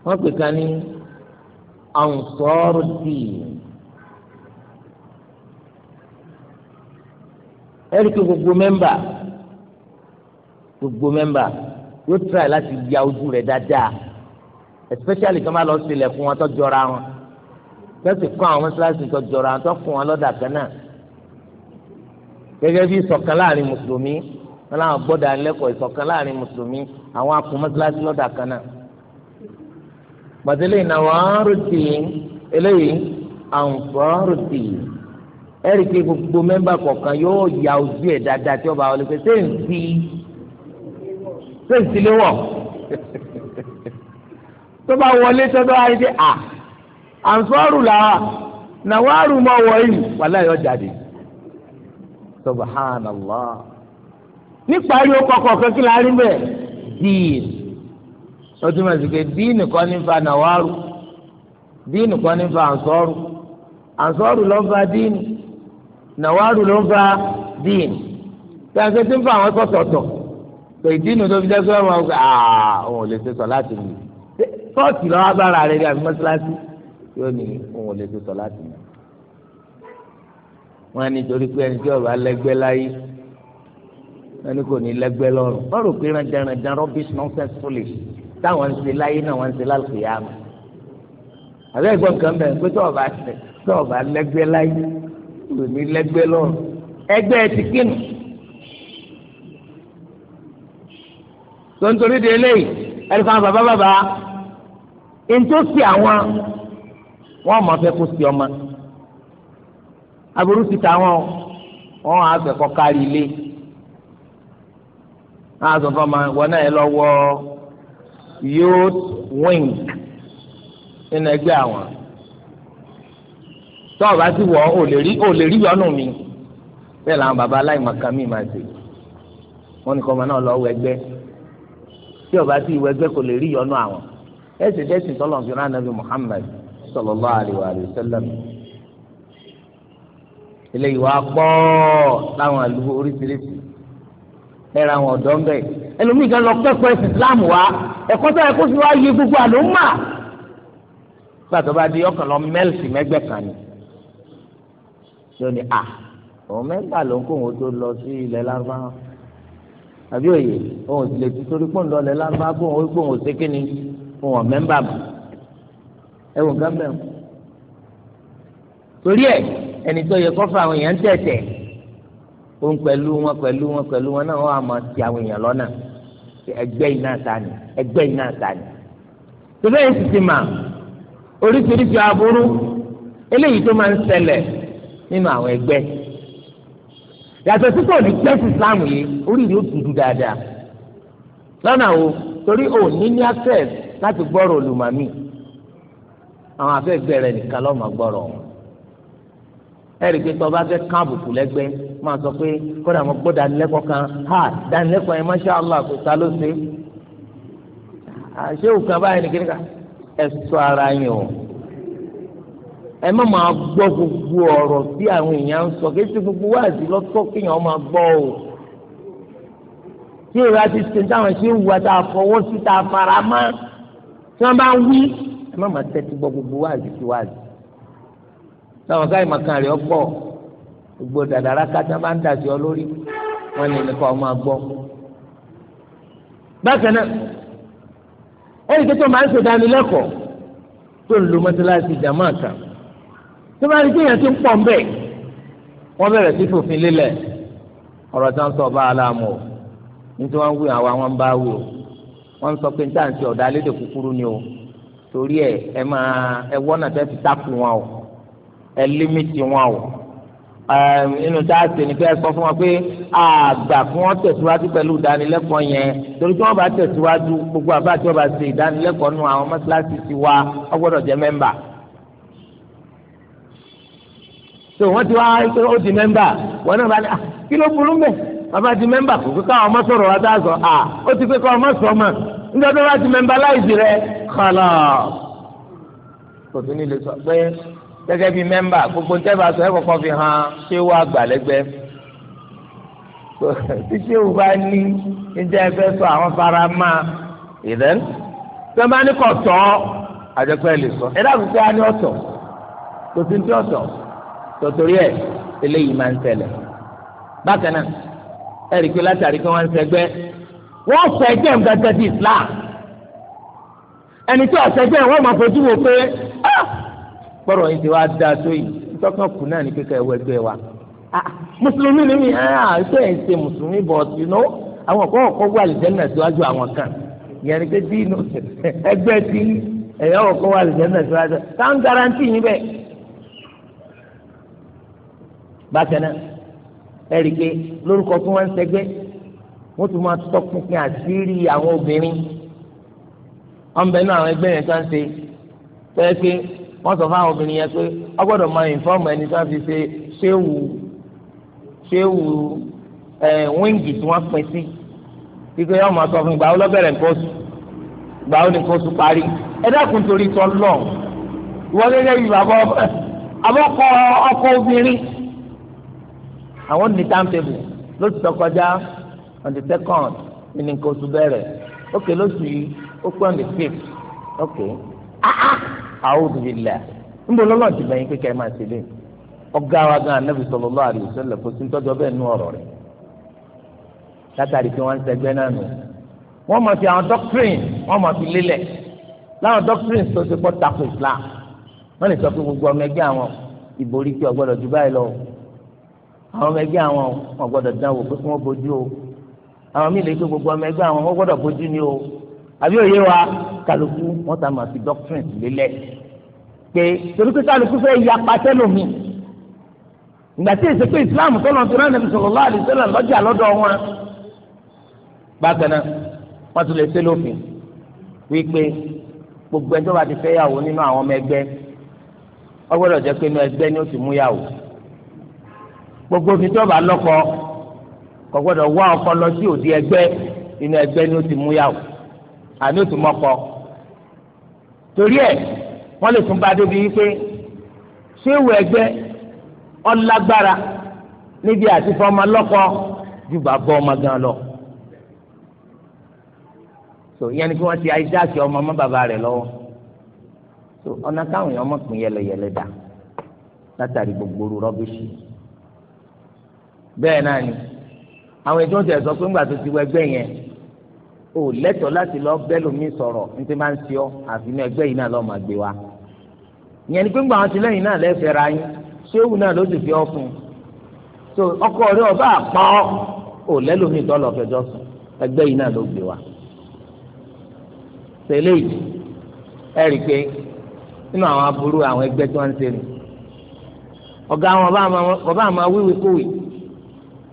wọn pè kan ní ansọ́rùdìn ẹ̀ríkì gbogbo mẹ́mbà gbogbo mẹ́mbà yóò tíra láti ya ojú rẹ̀ dáadáa especially tó máa lọ sílẹ̀ fún wọn tó jọra wọn tó sì kọ́ àwọn mọ́ṣáláṣí tó jọra wọn tó fún wọn lọ́dà kan náà gẹ́gẹ́ bí ìṣọ̀kan láàrin mùsùlùmí wọn làwọn gbọ́dọ̀ àlẹ́kọ̀ọ́ ìṣọ̀kan láàrin mùsùlùmí àwọn akùn mọ́ṣáláṣí lọ́dà kan náà gbàdúrà ìnáwó rúti eléyìí àǹfọ̀ rúti ẹ̀rí pé gbogbo mẹ́mbà kọ̀ọ̀kan yóò ya ojú ẹ̀ dáadáa tí ó bá wọlé pé sẹ́ǹsì sẹ́ǹsì léwọ̀ tó bá wọlé sọ́dọ̀ ayé pé à ah, ànsọ́rù làwà nàwárù mọ̀ wọ̀nyí wàlá yọ jáde subhanallah nípa yóò kọkọ kékeré láàrin bẹ́ẹ̀ díìn ó túmọ̀ sí pé díìn kọ́ ní fa nàwárù díìn kọ́ ní fa ànsọ́rù ànsọ́rù ló ń fa díìn nàwárù ló ń fa díìn tí a ṣe ti ń fa àwọn sọ̀tọ̀tọ̀ pé díìn tó fi jẹ́ pé wọ́n ń gbé àà ah, òun ò lè ṣe sọ láti mú ṣọ́ọ̀ṣì lọ́wọ́ agbára rẹ̀ rí àbí mọ́ṣáláṣí yóò ní òun ò lè tó sọ láti mọ̀. wọ́n á ní torí pé ẹni tí ọba lẹ́gbẹ́ láyé wọ́n ní kò ní lẹ́gbẹ́ lọ́rùn wọ́n rò pé ranjaranjan rubbish nonsense foolish táwọn ń ṣe láyé náà wọ́n ń ṣe lálùkù yá mi. àbẹ́ ìgbọ́n kan bẹ̀ pé tọ́ọ̀bà tọ́ọ̀bà lẹ́gbẹ́ láyé kò ní lẹ́gbẹ́ lọ́rùn ẹgbẹ́ ti kínú. tó ń torí de eléyìí ẹni fún bàbá bàbá ntòsí àwọn wọn mọ fẹ́ kó sí ọmọ aburú ti ta wọn wọn á kọ kárí ilé náà sọ fún ọmọ wọn náà yẹ lọ wọ youth wing nínú ẹgbẹ́ àwọn tọ́ọ̀ bá ti wọ̀ ọ́ lè yọnu mi bẹ́ẹ̀ làwọn baba aláìmọ̀kan mi máa ṣe wọ́n ní kọ́ ọmọ náà lọ wọ ẹgbẹ́ tí ọba ti wọ ẹgbẹ́ kò lè rí yọnu àwọn ẹsẹ dẹsẹ tọlọ fi rán anabi muhammed sallallahu alaihi wa sallam eléyìí wàá pọ̀ láwọn àlùkò oríṣiríṣi ẹ̀rọ àwọn ọ̀dọ́ ń bẹ̀ ẹlòmíì kan lọ kẹ́kọ̀ọ́ ẹ̀sìn islam wa ẹ̀kọ́ tó yẹ kó fi wá yé gbogbo àlọ́ mà gbàtọ́ bá di ọkàn lọ mẹ́lìsì mẹ́gbẹ́ kan ni lónìí à òun mẹ́gbà ló ń kó òun tó lọ sí ilẹ̀ lárúbáwá àbí òye òun sì lè ti torí pọ́ńdọ̀ ilẹ̀ lárúbáwá kó òun ó gbóhùn ṣe kíni fún wọn mẹ́mbà mọ́ ẹ wò gán bẹ́ẹ̀ torí ẹ ẹni tó yẹ kọ́fà àwọn èèyàn tẹ̀tẹ̀ òun pẹ̀lú wọn pẹ̀lú wọn pẹ̀lú wọn náà wọ́n á ti àwọn èèyàn lọ́nà ẹgbẹ́ iná sani ẹgbẹ́ iná sani tòbẹ́ yẹn sì ti mà oríṣiríṣi aburú eléyìí tó máa ń ṣẹlẹ̀ nínú àwọn ẹgbẹ́ yàtọ̀ tí kò ní pẹ́sì Islam yìí oríire ó dúdú dáadáa lọ́nà wo torí òní ní access láti gbọ́rọ̀ olùmọ̀mí àwọn afẹ́gbẹ́ rẹ̀ nìkan lọ́ọ́ máa gbọ́rọ̀ wọn ẹ̀rí pé tọ́ba fẹ́ kán àbùkù lẹ́gbẹ́ máa sọ pé kódà mo gbọ́ dánilẹ́kọ̀ọ́ kan ha dánilẹ́kọ̀ọ́ yẹn masha allah kò sá ló ṣe àṣewù kan báyìí nìkan nìkan ẹ sọ ara yín o ẹ má máa gbọ́ gbogbo ọ̀rọ̀ tí àwọn èèyàn ń sọ kí ti gbogbo wá sí lọ́tọ́ kéèyàn máa gbọ́ o tí ìrora ti ṣe táwọn ṣe ń wù àtàfọwọ́sí tá a fara máa tí wọ́n bá ń wí ẹ má má tẹ́tí gbọ́ gbogbo wáàzì sí wáàzì táwọn káyìí màkàn rẹ̀ ọ̀pọ̀ gbogbo dàdàrà kájà bá ń dàsí ọ lórí wọn ní nìkan ọmọ àgbọ̀. bákan náà ẹnì kí tó máa ń ṣèdánilẹ́kọ̀ọ́ tó ń lo mọ́tíláṣí jàmáà kan tó bá rí kéèyàn ti ń pọ̀ ń bẹ̀ wọ́n bẹ̀rẹ̀ sí fòfin lélẹ̀ ọ̀rọ̀ tá sọ bá aláàmú o nítorí wọ́n ń wí àwọn àwọn bá wí o wọ́n sọ pé níta ṣe ọ̀dà lédè kúkúrú ni o torí ẹ ẹ máa ẹ wọ́nà tẹ́ fi tákù wọn o ẹ límìtì wọn o inú tá a ṣe ni pé ẹ sọ fún wọn pé àgbà fún wọn tẹ̀síwájú pẹ̀lú ìdánilẹ́kọ̀ọ́ yẹn torí tí wọ́n bá tẹ̀síwájú gbogbo àbá tí wọ́n bá ṣe ìdánilẹ́kọ̀ọ́ nù àwọn mọ́ṣáláṣí ti wá wọ́n gbọ́dọ̀ jẹ́ mẹ́mbà. so wọ́n ti wá ó di mẹ́mbà wọ́n náà bá ní ah, kí ló burú mẹ́ bàbá di mẹ́mbà kò pé káwọn ọmọ sọ̀rọ̀ wa dá sọ à ó ti pé káwọn ọmọ sọ mà nígbà tó bá ti mẹ́mbà láìsí rẹ kọlọ. kò tún ní lè sọ pé gẹ́gẹ́ bí mẹ́mbà gbogbo ń tẹ́bà sọ ẹ kọ̀ọ̀kan fi hàn ṣé ó wà gbàlẹ́gbẹ́. títí òun bá ní níjà ẹ fẹ́ sọ àwọn fara máa ìdẹ́n tó bá ní kọ̀ tọ́ àjẹpẹ́ lè sọ ẹ dákun pé a ní ọ̀tọ̀ kò sí ní ọ̀tọ̀ tòtòrí ẹ̀ eléyìí máa ẹ̀rí pé látàrí pé wọ́n ń ṣẹgbẹ́ wọ́n ṣẹgbẹ́ nǹkan ti Islam ẹni tí ọ̀ṣẹgbẹ́ wọ́n máa fojú wò pé ah! gbọ́dọ̀ yìí ti wá dáa tó yìí tọ́kàn kù náà ní kíkẹ́ ẹ̀wọ́ ẹgbẹ́ wa ah, mùsùlùmí ni mí ah, ṣé ẹ̀ ń ṣe mùsùlùmí bọ̀ ọ̀tún náà àwọn kan kọ́ wà lìjẹ́nà síwájú àwọn kan ìyẹn ni pé díìnù ẹgbẹ́ ti ẹ̀yọ́ kọ́ wà lìjẹ́nà síwájú táwọn garanti yín bẹ́ẹ̀ bákan náà ẹ̀rí pé lórúkọ tí wọ́n ń ṣẹgbẹ́ wọ́n tún máa tọpinpin àṣírí àwọn obìnrin ọ̀nbẹ náà àwọn ẹgbẹ́ yẹn tó ń ṣe pé pé wọ́n sọ fáwọn obìnrin yẹn pé wọ́n gbọ́dọ̀ máa ìfọ́ọ̀mù ẹni tó ń fi ṣe ṣéwù ṣéwù ẹ̀ wíńgì tí wọ́n pín sí pípé wọ́n máa sọ fún ìgbà wọ́n lọ́bẹ̀rẹ̀ nǹkan ìgbà wọ́n ní nǹkan parí ẹ dákun torí tọ́ lọ́ọ̀ ìwọ́n lé lẹ́yìn bàbá ọkọ̀ obìnrin àwọn ní táǹtẹ̀bù lóṣù tó kọjá on the second ní ní kóṣù bẹ̀rẹ̀ ok lóṣù yìí ó pé on the fifth ok ah, ah a'udhu billah ń bọ̀ lọ́lọ́ ti bẹ̀yìn kékeré máa ṣe lé ọgá wa gan anabi sallallahu alaihi wasallam kò sí tọ́jọ́ bẹ́ẹ̀ nú ọ̀rọ̀ rẹ̀ látàrí pé wọ́n ń sẹgbẹ́ náà nù wọ́n máa fi àwọn doctrine wọ́n máa fi lélẹ̀ láwọn doctrine tó ti pọ̀ tako Islam wọ́n lè sọ pé gbogbo ọmọ ẹgbẹ́ àwọn ìborí tí ọgbọ́dọ̀ ju báyìí lọ àwọn ọmọ ẹgbẹ́ àwọn wọn gbọ́dọ̀ dán wò pé kí wọ́n bójú o àwọn míì lè gbé gbogbo ọmọ ẹgbẹ́ àwọn wọn gbọ́dọ̀ bójú ni o àbí òye wa kálukú wọn ta mà sí doctrine lélẹ̀ pé torí pé kálukú fẹ́ ya pàṣẹ lómi ìgbà tí èsì pé Islam tọ́lọ̀ tó náà nàbì sallallahu alaihi wasallam lọ́jà lọ́dọ̀ wọn bákan náà wọ́n tún lè ṣe lófin wípé gbogbo ẹjọ́ bá ti fẹ́ yàwó nínú àwọn ọmọ ẹgbẹ́ ó gbọ́dọ̀ jẹ́ pé inú ẹgbẹ́ ni ó ti mú yàwó gbogbo omi tó bá lọ́kọ kò gbọ́dọ̀ wá ọkọ lọ sí òdi ẹgbẹ́ inú ẹgbẹ́ ni ó ti mú yàwó àní ó ti mọ́kọ torí ẹ̀ wọ́n lè tún bá débi wípé ṣé ìwé ẹgbẹ́ ọlágbára níbi àti fọmọ lọ́kọ ju bàbá ọmọ gan lọ so ìyẹn ni kí wọ́n ti àìdáàkì ọmọ mọ́ bàbá rẹ̀ lọ́wọ́ so ọ̀nà táwọn èèyàn mọ̀ pín yẹlẹyẹlẹ dà látàrí gbogbo rọ́bìṣì bẹ́ẹ̀ náà àwọn ètò ìjọ sọ pé ńgbà tó ti wọ ẹgbẹ́ yẹn ò lẹ́tọ̀ọ́ láti lọ bẹ́ẹ̀ lómi sọ̀rọ̀ ní ti máa ń àfi ní ẹgbẹ́ yìí náà lọ́ọ́ máa gbé wa ìyẹn ni pé ńgbà wọn ti lẹ́yìn náà ra yín ṣéwù náà ló sì fi ọ́ fún un ọkọ ọba ò lẹ́lómi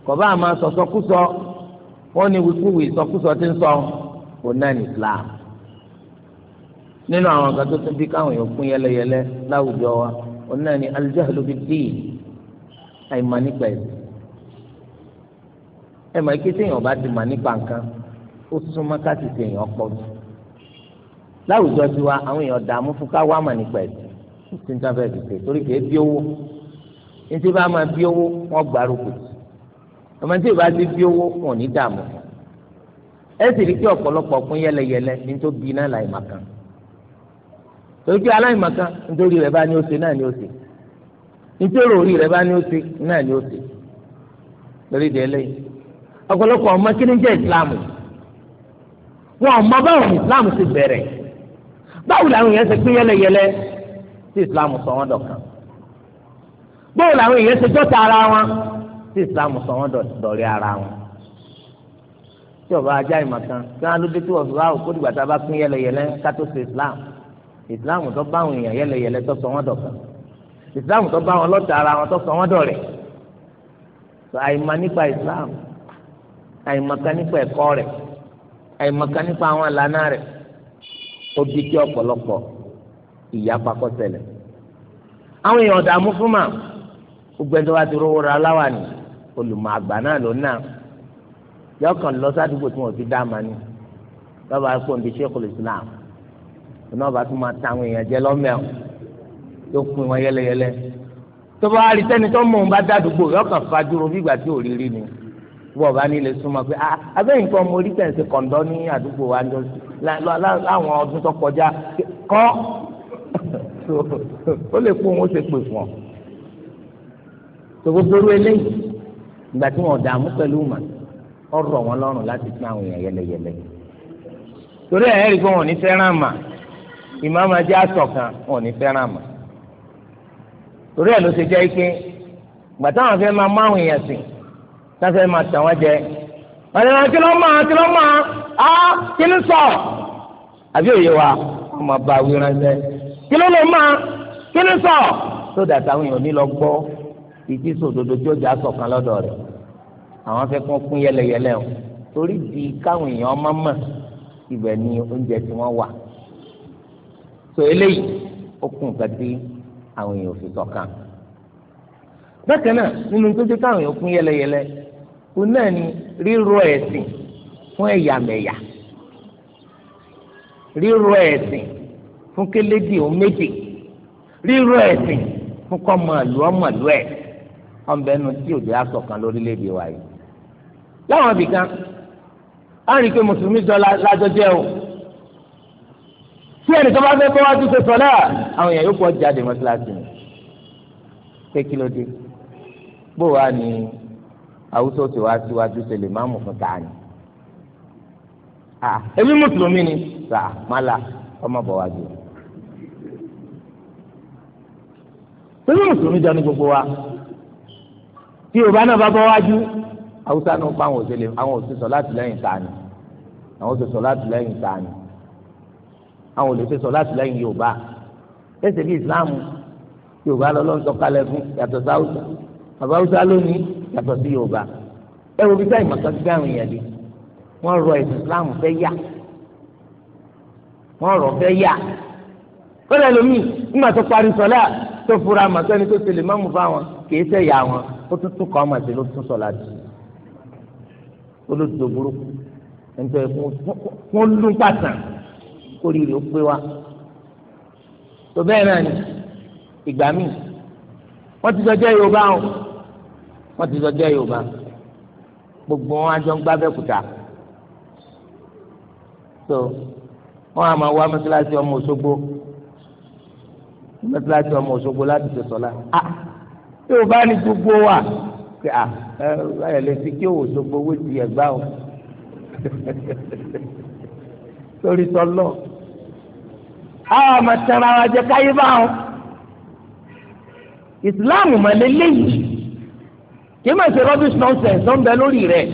kọba àmà sọsọkúsọ wọn ni wíwíwí sọkúsọ ti ń sọ kò náà ní Islam nínú àwọn kan tó tún bí káwọn èèyàn kún yẹlẹyẹlẹ láwùjọ wa òun náà ni alijahlu bi díì àìmọ̀ nípa ẹsẹ ẹ mọ̀ ike téèyàn bá ti mọ̀ nípa nǹkan ó súnmọ́ ká sì téèyàn pọ̀ jù láwùjọ ti wa àwọn èèyàn dààmú fún ká wá mọ̀ nípa ẹsẹ ó ti ń tábẹ́ ẹ̀sìn torí kìí bí owó ní tí bá máa bí owó wọ́n gbárùkù tì ọmọ tí ìbá ti bí owó wọn ò ní dààmú ẹ sì rí i pé ọ̀pọ̀lọpọ̀ pín yẹlẹyẹlẹ ní tó bí náà láìmọ̀kan torí pé aláìmọ̀kan nítorí rẹ̀ bá ní ó ṣe náà ní ó ṣe nítorí orí rẹ̀ bá ní ó ṣe náà ní ó ṣe lórí ìdí ẹlẹ́yìn ọ̀pọ̀lọpọ̀ ọmọ kí ni jẹ́ ìsìláàmù wọn ọmọ báwọn ìsìláàmù ti bẹ̀rẹ̀ báwo làwọn èèyàn ṣe pín yẹlẹyẹlẹ tí ìsìláàmù sọ wọn dọ̀kan báwo làwọn èèyàn ṣe jọ́ta ara wọn tí islam sọ wọn dọ̀rí ara wọn tí ọba ajá ìmọ̀kan kí wọn lóde tí wọn fi wá òkú dìgbà tá a bá pín yẹlẹyẹlẹ kátó sí islam islam tó bá àwọn èèyàn yẹlẹyẹlẹ tó sọ wọn dọ̀kan islam tó bá wọn lọ́tà ara wọn tó sọ wọn dọ̀rẹ́ àìmọ̀ nípa islam àìmọ̀kan nípa ẹ̀kọ́ rẹ̀ àìmọ̀kan nípa àwọn àlànà rẹ̀ ó bí kí ọ̀pọ̀lọpọ̀ ìyá pakọ́ àwọn èèyàn ọ̀dààmú fún mà gbogbo ẹni tó bá ti rówó ra aláwa nìyí olùmọ̀ àgbà náà ló náà yọkàn lọ sádùúgbò tí wọ́n ti dá ma ni lọ́ba kó ń di Sheikhul Islam náà bá tún máa ta àwọn èèyàn jẹ lọ́mẹ̀ọ́ tó pin wọn yẹlẹyẹlẹ tó bá rí sẹ́ni tó mọ̀ ń bá dádùúgbò yọkàn fajúro bí tí ò rí ni bọ́ọ̀ bá nílé súnmọ́ pé ah, abẹ́yìn kan mo rí tẹ̀sí kọ̀ǹdọ́ ní àdúgbò wa láwọn ọdún tó kọjá kọ́ ó lè kó wọn ó ṣe pè fún ọ. tòbó gbóró eléyìí ìgbà tí wọn dààmú pẹ̀lú mà ọ̀rọ̀ wọn lọ́rùn láti pín àwọn èèyàn yẹlẹyẹlẹ torí ẹ̀ rí i pé wọn ò ní fẹ́ràn mà ìmáàmà jẹ́ àsọ̀kan wọn ò ní fẹ́ràn mà torí ẹ̀ ló ṣe jẹ́ pé ìgbà táwọn fẹ́ máa mú àwọn èèyàn sìn táfẹ́ máa tàn wọ́n jẹ wọ́n ní wọn ah, kí ló máa kí ló máa ah, á kí ló sọ àbí òye wa wọn máa bá wí ránṣẹ́ kí ló ló máa kí ló sọ sódà táwọn èèyàn ní lọ gbọ́ ìdí sòdodo tí ó jà sọ̀kan lọ́dọ̀ rẹ̀ àwọn fẹ́ kún kún yẹlẹyẹlẹ o torí di káwọn èèyàn ọmọ mọ̀ ibẹ̀ ni oúnjẹ tí wọ́n wà tó eléyìí ó kún nǹkan tí àwọn èèyàn fi ṣọ̀kan bákan náà nínú tó dé káwọn èèyàn kún yẹlẹyẹlẹ òun náà ni rírọ̀ ẹ̀sìn fún ẹ̀yàmẹ̀yà rírọ̀ ẹ̀sìn fún kélédì òun méjì rírọ̀ ẹ̀sìn fún kọ́mọ̀lú ọmọlú ẹ̀ ọ̀nbẹ́nu tí òjò á ṣọ̀kan lórílẹ̀‐èdè wa yìí láwọn ibìkan á rí i pé mùsùlùmí jọ lájọ jẹ́ o tí ẹnì kan bá fẹ́ kó wá tó ṣe sọ̀lá àwọn èèyàn yóò pọ̀ jáde mọ́ṣáláṣí ni pé kí ló dé bó wàá ní àwùjọ tí wàá síwájú ṣe lè máàmù fún ta ni èmi mùsùlùmí ni sà mọ́là ọmọ bọ̀ wájú pé mùsùlùmí jọ ní gbogbo wa tí yorùbá náà bá bọ́ wájú haúsá náà pa àwọn òṣèlè àwọn òṣèlè sọ láti lẹ́yìn tani àwọn òṣèlè sọ láti tani àwọn òṣèlè sọ láti yorùbá ẹsẹ̀ bí islam yorùbá lọ́lọ́run sọ kalẹ̀ fún yàtọ̀ sí haúsá bàbá haúsá lónìí yàtọ̀ sí yorùbá ẹ wo bí sáyìn màkà gbé àwọn èèyàn dé wọ́n rọ ẹ̀sìn islam fẹ́ yá wọ́n rọ fẹ́ yá kọ́lẹ̀ lómi nígbà tó parí sọ́lá tó fura màkà ni tó tẹ̀lé mọ́mú fáwọn kì í sẹ́yà wọn ó tún tún kọ́ ọmọ olódodo burúkú nítorí kún lù pàtàn kórìí rè ó pé wa tó bẹ́ẹ̀ náà ni ìgbà míì wọ́n ti sọ jẹ́ yorùbá o wọ́n ti sọ jẹ́ yorùbá gbogbo wọn àjọ ń gbá bẹ́kúta so wọn àmọ́ wá mọ́sálásí ọmọ òṣogbo mọ́sálásí ọmọ òṣogbo láti ṣe sọ́lá ah yorùbá ni gbogbo wa pé à ah, ẹ lè fi kí òwòsàn gbowó ti ẹgbà o torí tọlọ àwọn ọmọ tẹnra wọn jẹ káyé bá wọn ìsìláàmù mọ̀lẹ́ léyìí kì í máa ṣe rubbish nonsense ló ń bẹ lórí rẹ̀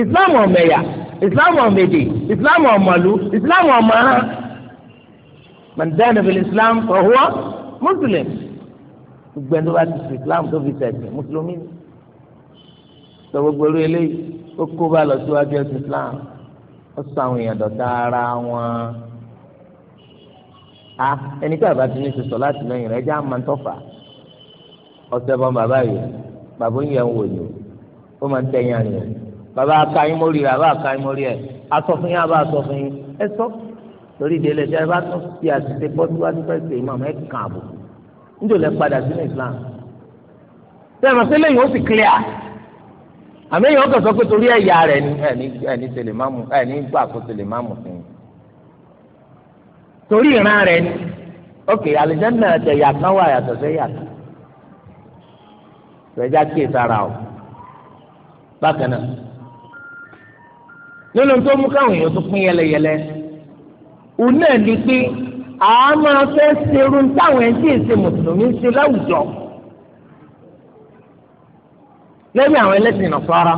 ìsìláàmù ọ̀mẹ̀yà ìsìláàmù ọ̀mẹ̀dè ìsìláàmù ọ̀mọ̀lú ìsìláàmù ọ̀mọ̀ràn man dana bil islam fa muslim gbogbo ẹni tó bá ti sùn islam tó fi tẹ̀sìn mùsùlùmí ni sọ gbogbo orí eléyìí ó kó bá lọ síwájú ẹsùn islam ó sọ àwọn èèyàn dọ̀tá ara wọn a ẹni tí àbá ti ní ti sọ láti lẹ́yìn rẹ̀ ẹjẹ́ àmà ń tọ́fà ọ̀sẹ̀ bọ́n bàbá yìí bàbá ń ń wò ó máa ń tẹ̀yìn àyẹ̀ bàbá aka yín mórí rẹ̀ àbá aka yín mórí ẹ̀ asọ fún yín àbá asọ fún yín ẹ sọ torí ìdílé tí bá tún fi àṣìṣe bọ́ síwájú fẹ́ sèé mọ́ ẹ kàn àbùkù níjò lẹ padà sínú islam sẹ́yìn àti lẹ́yìn ó sì clear àmì èèyàn kẹsàn pé torí ẹ̀yà rẹ̀ ni ẹ̀ní ẹ̀ní tẹ̀lé má mú ẹ̀ní gbà kó tẹ̀lé má mú fún un torí ìran rẹ̀ ni ok alìjẹ́nà ẹ̀yà kan wà yàtọ̀ sẹ́yà kan ìrẹ́jà kíyè sára o bákan náà nínú tó mú káwọn èèyàn tó pín yẹlẹyẹlẹ òun náà ní pín àá máa fẹ́ ṣerú táwọn ẹni tí èsì mùsùlùmí ṣe láwùjọ lẹ́yìn àwọn ẹlẹ́sìn nàfàrà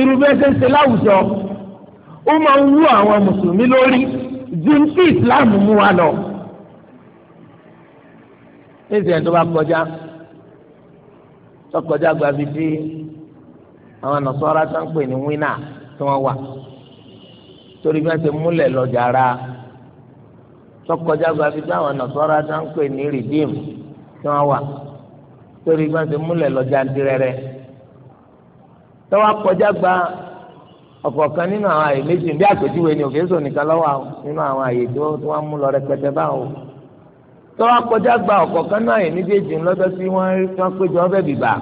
irú bẹ́ẹ̀ ṣe ń ṣe láwùjọ ó máa ń wú àwọn mùsùlùmí lórí ju tí ìsìláàmù mú wa lọ. ní ìsìn tó bá kọjá tó gba bíi tí àwọn nàfàrà tó pè ní wínà tí wọ́n wà torí bí wọ́n ṣe múlẹ̀ lọ́jà ara tọkọjá gba fi táwọn nàṣọ́ra tá ń pè ní rìdíìm tí wọ́n wà torí bá ti múlẹ̀ lọ́jà ń tọ́wọ́ kọjá gba ọ̀kọ̀ọ̀kan nínú àwọn àyè méjì bí àpèjúwe ni òkè sọ nìkan lọ́wọ́ àwọn nínú àwọn àyè tí wọ́n mú lọ rẹpẹtẹ báwọn tọ́wọ́ kọjá gba ọ̀kọ̀ọ̀kan náà àyè méjèèjì lọ́dọ̀ tí wọ́n péjọ ọbẹ̀ bìbà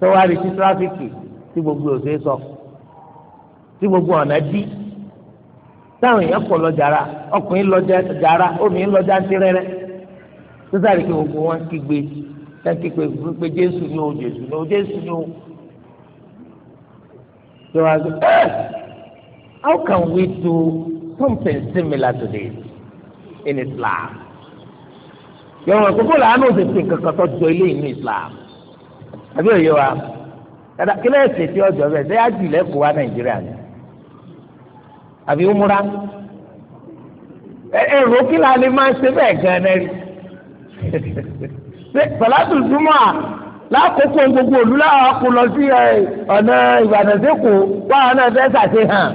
tọ́wọ́ àrètí tíráfíkì tí gbogbo òṣèṣọ táwọn èèyàn kọ̀ lọ jàrá ọkùnrin lọ jàrá obìnrin lọ jáde rẹ́rẹ́ sísáré kí gbogbo wọn kígbe kí pé jésù ni o jésù ni o jésù ni o so I go eh how can we do something similar to this in Islam yọ̀wọ̀n kókó làánú ti fi kankan tó jọ ilé inú Islam àbí òye wa kí lẹ́sẹ̀ tí ọjọ́ bẹ̀ ṣé àjùlẹ̀ kó wa Nàìjíríà ni àbí umra èrò kí la lè máa ṣe bẹ́ẹ̀ gan ẹ rí sọlátù júmọ́ à lákòókò gbogbo òlú làwọn kò lọ sí ọ̀nà Ìbàdàn sẹ́kù báwọn náà fẹ́ sàṣe hàn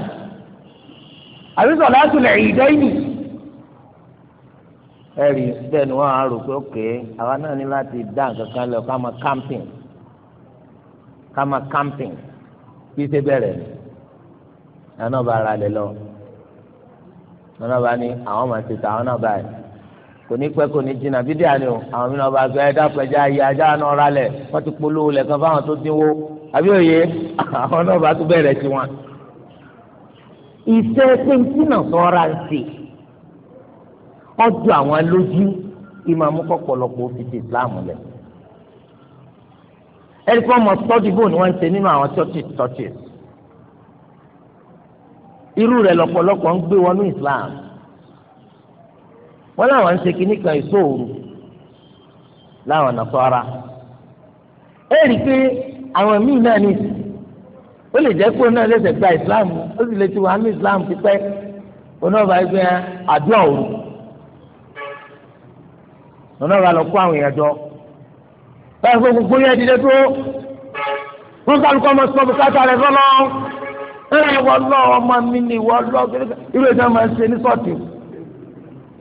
àbí sọlátù lẹ̀ ìdẹ́yìn ẹ rí bẹ́ẹ̀ ni wọ́n á rò pé ókè àwa náà ní láti dá nǹkan kan lọ ká máa camping ká máa camping bí ṣe bẹ̀rẹ̀ ni. àwọn náà ara lè lọ àwọn ni, bá ní àwọn máa ti ta àwọn náà báyìí kò ní pẹ́ kò o àwọn mi ọba gbé ẹ̀dá pẹ̀já ayé ajá náà ra wọ́n ti polówó lẹ̀kan fáwọn tó dínwó àbí òye àwọn wọn. ìṣe pínpínà ń sè àwọn lójú fi ti Islam lẹ̀ ẹni fọmọ tọ́jú ni wọ́n ń ṣe nínú àwọn churches churches irú rẹ̀ lọ́pọ̀lọpọ̀ ń gbé wọnú islam wọn làwọn ń ṣe kínní kan ìṣòro láwọn nàṣọra ẹ rí i pé àwọn míì náà ní ó lè jẹ́ pé náà lẹ́sẹ̀ gba islam ó sì lè ti wà islam tipẹ́ onáwó ẹgbẹ́ àdúrà òru onáwó alọ kó àwọn èèyàn jọ báyìí fún gbogbo yẹn dídé tó wọn kálukọ ọmọ sọ bùkátà rẹ fọlọ. ẹ wọ lọ ọmọ mi ni wọ lọ irú máa ṣe ní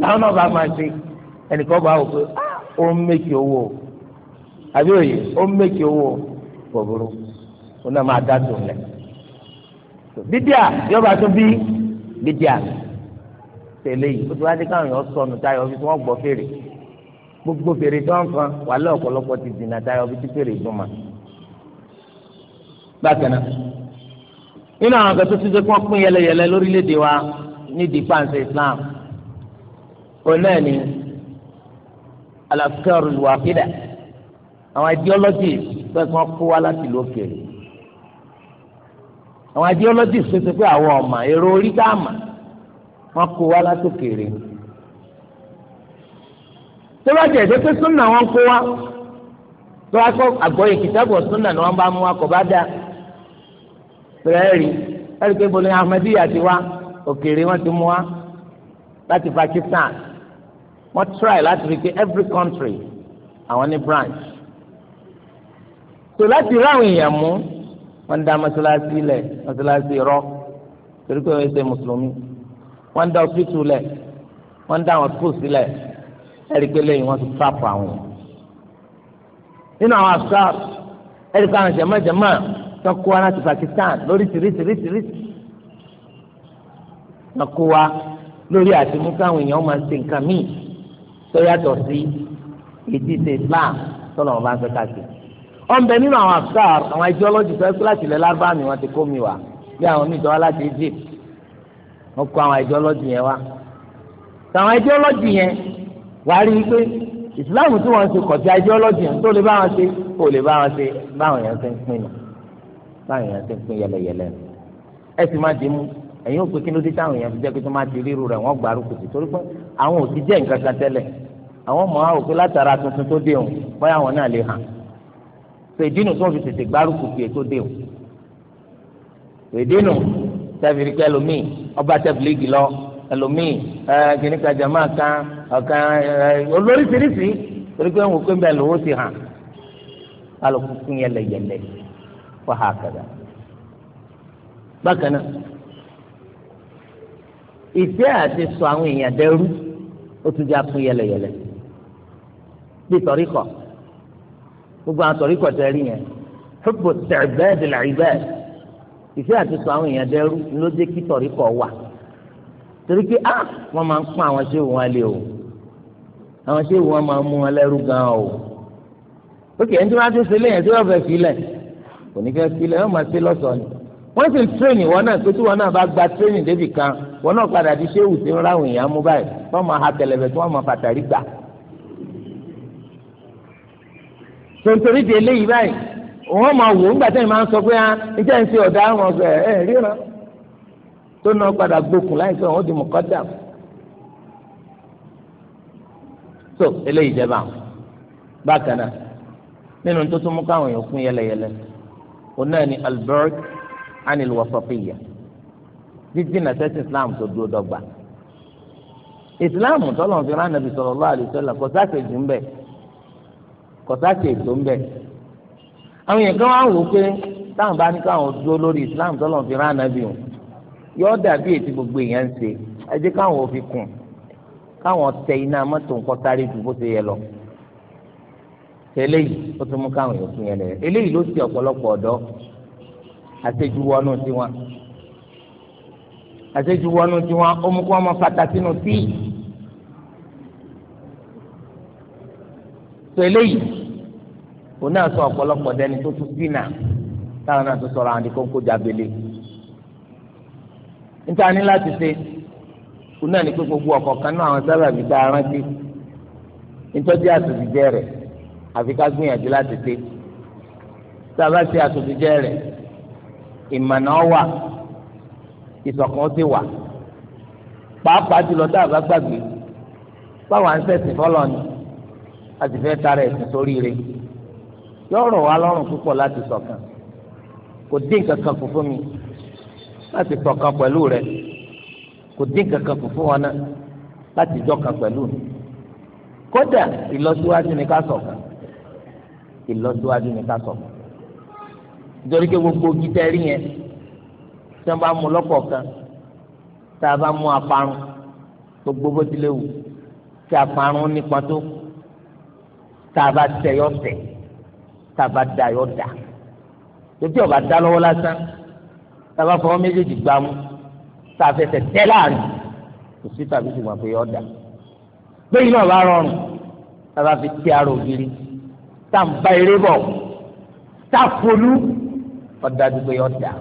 làwọn náà bá máa ṣe ẹnìkan bá wò pé ah, ó ń mèkì owó àbí òye ó ń mèkì owó ó náà máa dá bídíà bí bídíà yìí ti wá káwọn gbogbo fèrè tó ń kan wàhálà ọ̀pọ̀lọpọ̀ ti dìnnà fi fèrè bákan náà nínú àwọn akẹ́tọ́ tó ṣe kí wọ́n pín yẹlẹyẹlẹ lórílẹ̀‐èdè wa nídìí pàǹsẹ̀ Islam onáàni alafikaru wàkídà àwọn ideologies tó ṣe kí wọ́n kó wá láti ìlú òkèèrè àwọn ideologies tó ṣe pé àwọn ọ̀mà èrò orí tá a mà wọ́n kó wá láti òkèèrè tó bá jẹ́ ìdókè wọn kó wá tó wá kó àgbọ̀yìn kìtàbọ̀ súnà ni wọ́n bá mú wa kò bá dáa pẹ̀lẹ́rì ẹ̀rí pé bọ́lá ahmadiyya ti wá òkèèrè wọn ti mú wa láti Pakistan wọ́n try láti rí pé every country àwọn ní branch tó láti ráwọn èèyàn mú wọ́n dá mọ́ṣáláṣí lẹ̀ mọ́ṣáláṣí rọ́ torí pé wọ́n ṣe mùsùlùmí wọ́n dá ọ̀fíìsì lẹ̀ wọ́n dá àwọn skul sílẹ̀ ẹ̀rí pé lẹ́yìn wọ́n ti tàpọ̀ àwọn nínú àwọn àṣà ẹ̀rí pé àwọn jàmáà jàmáà tọ́kú wa láti Pakistan lórí tìrìtìrìtìrìtì tọ́kú wa lórí àtìmú káwọn èèyàn máa ṣe nǹkan míì tó yàtọ̀ sí èdè ṣe Islam tọ́lọ̀ wọn bá ń fẹ́ káàkiri. ọ̀nbẹ nínú àwọn afghan àwọn ideology tó ẹkú láti ilẹ̀ lárúbáwá ni wọ́n ti kó mi wá bí àwọn míì tọ́wọ́ láti Egypt wọ́n kó àwọn ideology yẹn wá. àwọn ideology yẹn wà á rí i pé Islam tí wọ́n ń ṣe kọ̀tí ideology yẹn tó lè bá wọn ṣe kó lè bá wọn ṣe báwọn yẹn ṣe ń pinnu báwọn èèyàn ti ń pín yẹlẹyẹlẹ ẹ sì má dé mú ẹ̀yin ò pé kí ló dé táwọn èèyàn fi jẹ́ pé tó má ti ríru rẹ̀ wọ́n gbàrú kùtù torí pé àwọn ò ti jẹ́ nǹkan kan tẹ́lẹ̀ àwọn mọ̀ àwọn òpin látara tuntun tó dé òun báyà wọn náà lè hàn pé ìdínú tó ń fi tètè gbàrú kùtù ètò dé òun ìdínú tẹ́fìrí kẹ́ ẹlòmíì ọba tẹ́fìlígì lọ ẹlòmíì ẹ kìnnìkà jama kan ọ̀kan olóríṣiríṣi torí pé wọn ò pé bẹ́ẹ̀ lówó ti hàn alùpùpù yẹlẹyẹlẹ wàhákàdà bákan náà ìfẹ́ àti sọ àwọn èèyàn dẹ́rú ó tún já fún yẹlẹyẹlẹ bí tọ́ríkọ̀ gbogbo àwọn tọ́ríkọ̀ tẹ́ rí yẹn hubbu at-i'bad al-'ibad ìfẹ́ àti sọ àwọn èèyàn dẹ́rú ló dé kí tọ́ríkọ̀ wà torí pé ah wọ́n máa ń pọ́n àwọn ṣé wọn lé o àwọn ṣé wọn máa ń mú wọn lẹ́rú gan o ó kì í ẹni tí wọ́n á ti ṣe léyìn tí wọ́n fẹ́ fi lẹ̀ kò ní fẹ́ sílẹ̀ yóò máa ṣe lọ́sọ̀ọ́ ni wọ́n sì ń tírénì wọn náà pé tí wọn náà bá gba tírénì débì kan wọn náà padà di ṣéwù tí ń ráhùn èèyàn mú báyìí wọ́n máa ha tẹ̀lẹ̀bẹ̀ tí wọ́n máa fàtàrí gbà. tontorí di eléyìí báyìí wọ́n máa wò ó ńgbà tẹ́yìn máa ń sọ pé á ah, níjẹ́ ń ṣe ọ̀dà wọn fẹ́ ẹ̀ ríran tó náà padà gbókùn láìpẹ́ wọn ó di mọ̀kọ́dà. so eléyìí jẹba bákan náà nínú tó tún mú káwọn èèyàn kún yẹlẹyẹlẹ onáà ní albert anil wasafiya dídínà sẹ́sì islam tó dúró dọ́gba islam tọ́lọ̀ fi rán nàbì sallallahu alaihi wasallam kò sáà kejì ń bẹ̀ kò sáà kejì ń bẹ̀ àwọn yẹn kí wọ́n á wò ó pé táwọn bá ní káwọn dúró lórí islam tọ́lọ̀ fi rán nàbì o yóò dàbí ètí gbogbo èèyàn ń ṣe ẹ jẹ́ káwọn ò fi kùn káwọn tẹ iná mọ́tò ńkọ́ sáré ju bó ṣe yẹ lọ eléyìí ó tún mú káwọn èèyàn tún yẹn lẹ eléyìí ló ti ọ̀pọ̀lọpọ̀ ọ̀dọ́ àṣejúwọnú tiwọn àṣejúwọnú tiwọn ó mú kí wọn mọ fata sínú tíì tó eléyìí òun náà sọ ọ̀pọ̀lọpọ̀ dẹni tó tún sínà táwọn náà tó sọ̀rọ̀ àwọn àdìkóńkó jábélé níta ní láti ṣe òun náà ní pé gbogbo ọ̀kọ̀ọ̀kan náà àwọn sábàbí tá a rántí nítọ́jú àtòjìjẹ rẹ̀ àfi ká gbìyànjú láti dé tá a bá ṣe àtòjújẹ rẹ ìmọ̀nà wà ìṣọ̀kan ti wà pàápàá jùlọ tá a bá gbàgbé báwa ń ṣẹ̀sìn fọlọ́ ni a sì fẹ́ tara ẹ̀sìn sórí rẹ yóò rọ̀ wá lọ́rùn púpọ̀ láti ṣọ̀kan kò dín nǹkan kan kù fún mi láti ṣọ̀kan pẹ̀lú rẹ kò dín nǹkan kan kù fún wọn náà láti jọ̀kan pẹ̀lú mi kódà ìlọsíwájú ni ká ṣọ̀kan ìlọsíwájú ni ká sọ nítorí pé gbogbo gítẹ́rì yẹn tí wọ́n bá mú lọ́kọ̀ọ̀kan tá a bá mú aparun gbogbo bó tilẹ̀ wù tí aparun nípa tó tá a bá tẹ̀ yọ tẹ̀ tá a bá da yọ da tètè ọba dá lọ́wọ́ lásán tá a bá fọwọ́ méjèèjì gbá mú tá a fẹsẹ̀ tẹ́ láàrin kò sí tàbí ṣùgbọ́n pé yọ da gbẹ̀yìn náà bá rọrùn tá a bá fi tẹ́ ara ògiri tá à ń bá eré bọ̀ tá a folú ọ̀dájú pé yọ dà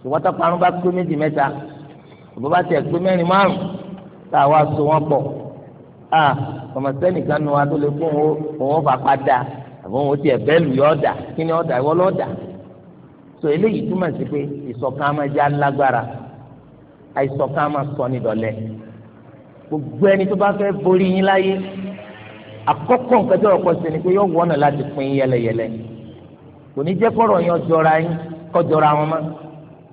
ṣùgbọ́n tó parun bá pé méjì mẹ́ta òbí bá tiẹ̀ pé mẹ́rin márùn tá a wá so wọ́n pọ̀ a ọmọ sẹ́nìkan nu wa tó lè fún òun fapá da àbọ̀ òun tiẹ̀ bẹ́ẹ̀lù yọ dà kí ni ọ̀dà ìwọ́ lọ́ọ̀dà so eléyìí túmọ̀ sí pé ìṣọ̀kan máa já lágbára àìṣọ̀kan máa sọ ní dọ̀lẹ́ gbogbo ẹni tó bá fẹ́ borí yín láyé àkọ́kọ́ nǹkan tí ọkọ ṣe ni pé yọ wọnà láti pín yẹlẹyẹlẹ kò ní jẹ́ kọrọ yẹn jọra yín kọjọra wọn mọ́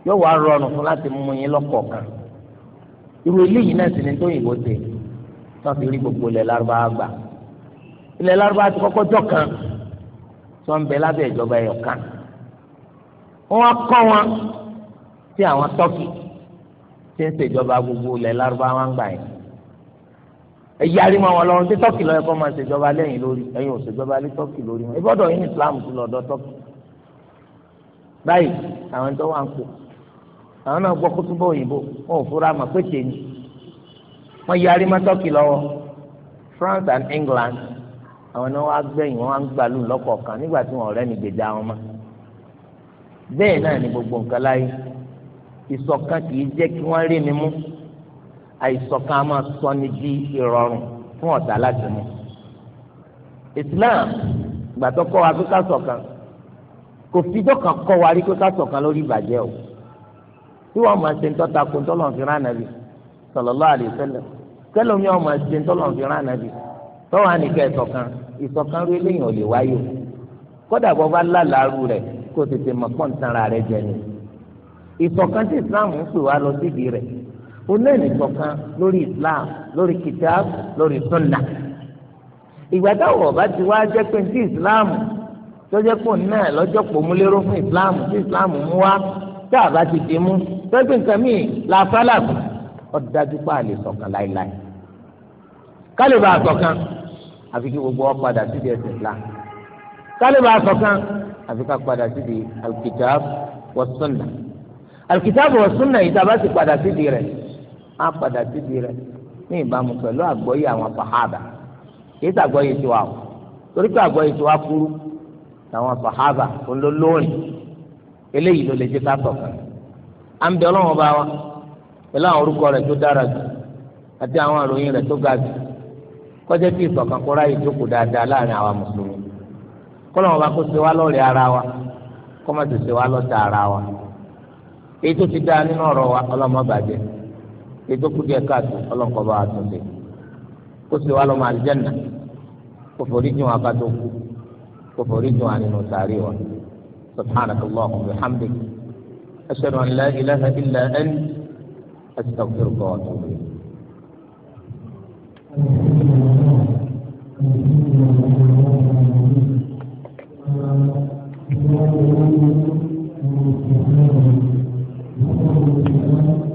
yọ wà rọrùn fún láti mú yín lọ́kọ̀ọ̀kan irú eléyìí náà sì ni tó yìnbó ṣe tó fi rí gbogbo ilẹ̀ lárúbáwá gbà ilẹ̀ lárúbáwá ti kọ́kọ́ jọ kan tó ń bẹ lábẹ́ ìjọba ẹ̀yọ̀ kan wọ́n wá wọn sí àwọn tọ́kì tí ń ṣèjọba gbogbo ilẹ̀ lárúbáwá ń gbà yẹn ẹ̀yà àríwá wọn lọ́wọ́ ṣé tọ́kì lọ́yẹ kọ́ máa ṣèjọba lẹ́yìn lórí ẹ̀yin ò ṣèjọba lé tọ́kì lórí wọn ìbọ́dọ̀ yín Islam ti lọ́dọ̀ tọ́kì báyìí àwọn tó wà ń pò àwọn náà gbọ́ kótóbọ̀ òyìnbó wọn ò fura mà pé tèmi wọ́n yarí má tọ́kì lọ́wọ́ France and England àwọn náà wá gbẹ̀yìn wọn wá ń gbàlù lọ́kọ̀ọ̀kan nígbà tí wọn ọ̀rẹ́ ní gbèjà wọn mọ́ bẹ́ẹ̀ náà ni gbogbo nǹkan láyé ìṣọ̀kan kì í jẹ́ kí wọ́n rí mi mú àìṣọ̀kan máa sọ ni di ìrọ̀rùn fún ọ̀tá láti mú Islam gbàtọ́ kọ́ wa pé ká ṣọ̀kan kò fijọ́ kan kọ́ wa rí pé ká ṣọ̀kan lórí ìbàjẹ́ o tí wọ́n máa ṣe ń tọ́ta kó tọ́lọ̀ fi rán nàbì sallallahu alaihi wasallam kẹlẹ́mi ọmọ ẹ̀sìn tọ́lọ̀ fi rán nàbì tọ́wọ́ ànìkẹ́ ìṣọ̀kan ìṣọ̀kan rí eléyìí ò lè wáyé kódà bọ́ bá lálàárù rẹ̀ kó tètè mọ̀ pọ́ǹtara rẹ̀ jẹ ni ìṣọ̀kan tí Islam ń pè wá lọ síbi rẹ̀ onáìní kọ̀ọ̀kan lórí islam lórí kitab lórí sunna ìgbà táwọn ọba ti wá jẹ́ pé ti islam tọ́jẹ́ pò náà lọ́jọ́ pò mú lérò fún islam tí islam mú wá tá a bá ti dì mú tọ́jú nǹkan míì làfàlàfù ọ̀dájú pa àlè sọ̀kan láéláé kálíbà àsọ̀kan àfi gbogbo wa síbi ẹ̀sìn islam kálíbà àsọ̀kan àfi ká síbi alkitab wa sunna alkitab wa sunna yìí tá a bá ti padà síbi rẹ̀ á padà síbi rẹ̀ ní ìbámu pẹ̀lú àgbọ́yé àwọn sàhábà kì í sàgbọ́yé tiwa o torí pé àgbọ́yé tiwa kúrú àwọn sàhábà olólórin eléyìí ló lè jẹ́ ká ṣọ̀kan à ń bẹ ọlọ́run bá wa pẹ̀lú àwọn orúkọ rẹ̀ tó dára jù àti àwọn àròyìn rẹ̀ tó ga jù kọjá tí kọ́ra yìí ètò kù díẹ̀ káàtó ọlọ́nkọ́ bá wa tún ṣe kó sì wá lọ́ máa jẹ́nà kó forí jìn wá kátó kú kó forí jìn wá nínú sàárè wa subhanaka wa bihamdik ashhadu an la ilaha illa anta astaghfiruka wa atubu ilayk. Thank you.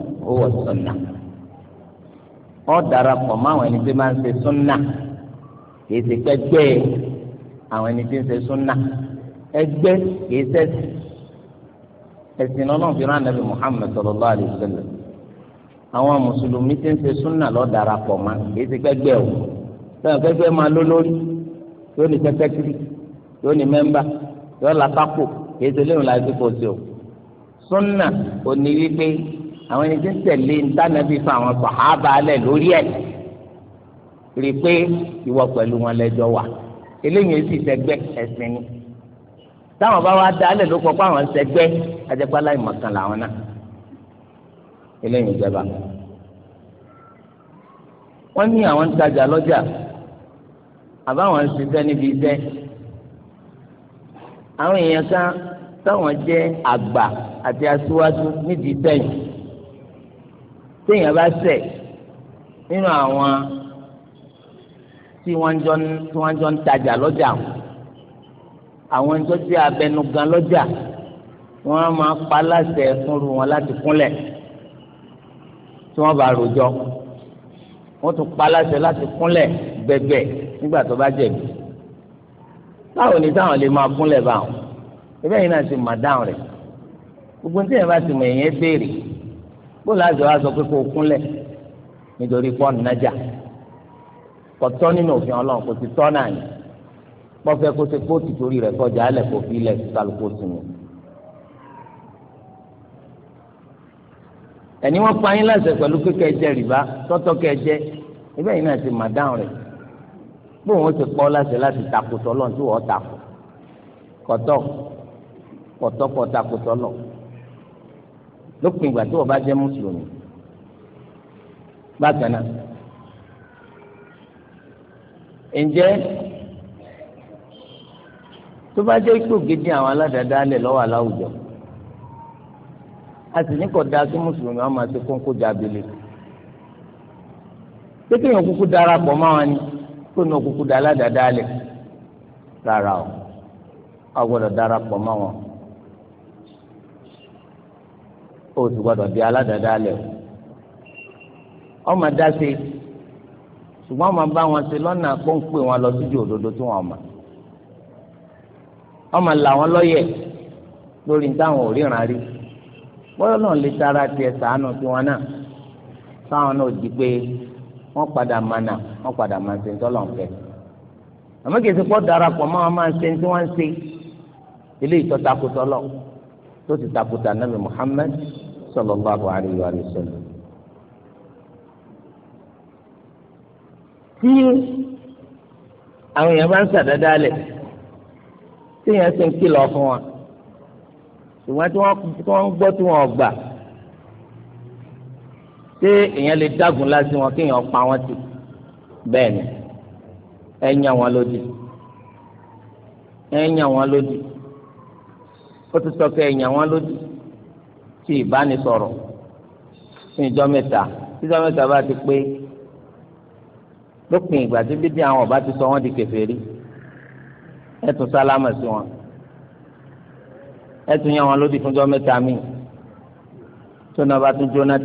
owó sunna ọ darapọ̀ mọ́ àwọn ẹni tí máa ń ṣe sunna kìí ṣe pẹ́gbẹ́ àwọn ẹni tí ń ṣe sunna ẹgbẹ́ kìí ṣẹ̀sìn ẹ̀sìn náà fi rán anabi Muhammad sallallahu alaihi wasallam àwọn mùsùlùmí tí ń ṣe sunna lọ darapọ̀ mọ́ kìí ṣe pẹ́gbẹ́ o sọ̀rọ̀ pẹ́gbẹ́ máa ló lórí yóò ní sẹ́kẹ́tìrì yóò ní mẹ́mbà yóò lápá kò kìí ṣe léwu láti kó o ṣe o sunna ò àwọn ẹni tí ń tẹ̀lé ntánàbí fún àwọn sàhábà alẹ́ lórí ẹ̀ rí i pé ìwọ pẹ̀lú wọn lẹ́jọ́ wà eléyìí sì sẹ́gbẹ́ ẹ̀sìn ni táwọn bá wá dá alẹ́ ló kọ́ pé àwọn sẹ́gbẹ́ ajẹ́pálá ìmọ̀kan làwọn náà eléyìí jẹba wọ́n ní àwọn ń lọ́jà àbáwọn ṣiṣẹ́ níbi iṣẹ́ àwọn èèyàn kan táwọn jẹ́ àgbà àti aṣíwájú nídìí sẹ́yìn téèyàn bá ṣẹ̀ nínú àwọn tí wọ́n jọ tí wọ́n jọ ń tajà lọ́jà àwọn ẹni tó ti abẹnugan lọ́jà wọ́n máa pa láṣẹ fúnru wọn láti kúnlẹ̀ tí wọ́n bá rojọ́ wọ́n tún pa láṣẹ láti kúnlẹ̀ gbẹ̀gbẹ̀ nígbà tó bá jẹ̀bi báwo ni táwọn lè máa kúnlẹ̀ báwọn ẹgbẹ́ yìí náà ti mà dáhùn rẹ̀ gbogbo ní tí yẹn bá ti mọ̀ èèyàn béèrè bó láti wá sọ pé kó o kúnlẹ̀ nítorí pọ́ọ̀n nájà kò tọ́ nínú òfin ọlọ́run kò ti tọ́ náà yìí pọ́fẹ́ kó ṣe kóòtù torí rẹ̀ kọjá alẹ̀ kó fi ilẹ̀ kálukó sinmi. ẹni wọ́n pa yín láṣẹ pẹ̀lú kíkẹ́ jẹ rìbá tọ́tọ́ kẹ́ jẹ ibẹ̀ yìí náà ti mà dáhùn rẹ̀ bó ti pọ́ láṣẹ láti takò tọ́lọ́ tí wọ́n takò kọ́tọ́ kọ́tọ́ kọ́ takò tọ́lọ́ lópin ìgbà tí wọ́n bá jẹ́ mùsùlùmí bákan náà ǹjẹ́ tó bá jẹ́ ipò gidi àwọn aládàádáálẹ̀ lọ́wọ́ aláwùjọ a sì ní kò dáa kí mùsùlùmí wọn máa ṣe kóńkó jábìlì pété èèyàn kúkú darapọ̀ mọ́ wọn ni kó ní òkúkú da aládàádáálẹ̀ rárá o a gbọ́dọ̀ darapọ̀ mọ́ wọn o sì gbọdọ̀ di aládàáda lẹ̀ ọmọ dá sí ṣùgbọ́n ọmọ bá wọn ṣe lọnà wọn lọ síbi òdodo tí wọn ọmọ là wọn lọ́yẹ̀ lórí táwọn ò rí bọ́yọ̀ náà lè tara tiẹ̀ sàánù tiwọn náà táwọn náà di pé wọ́n padà mànà wọ́n padà máa ṣe ńfẹ́ àmọ́ kìí ṣe pọ́ wọn máa ṣe tó ti takuta nabi muhammed sallallahu alayhi wa sallam. tí àwọn èèyàn bá ń sàdáadáa lẹ̀ tí èèyàn sì ń kìlọ̀ fún wa ṣùgbọ́n tí wọ́n ń gbọ́ tí wọ́n gbà ṣé èèyàn lè dágun láti wọn kí èèyàn pa wọn tì bẹ́ẹ̀ ni ẹ̀yàn wọn lódì ẹ̀yàn wọn lódì ó ti sọ pé ẹ̀yàn wọn lòdì sí ìbánisọ̀rọ̀ fún ìjọ mẹ́ta ìjọ mẹ́ta bá ti pé lópin ìgbà tí bíbí àwọn ọba ti sọ wọn di kèfèrí ẹ tún sálámà sí wọn ẹ tún yàn wọn lòdì fúnjọ mẹ́ta míì tó náà bá tún jóná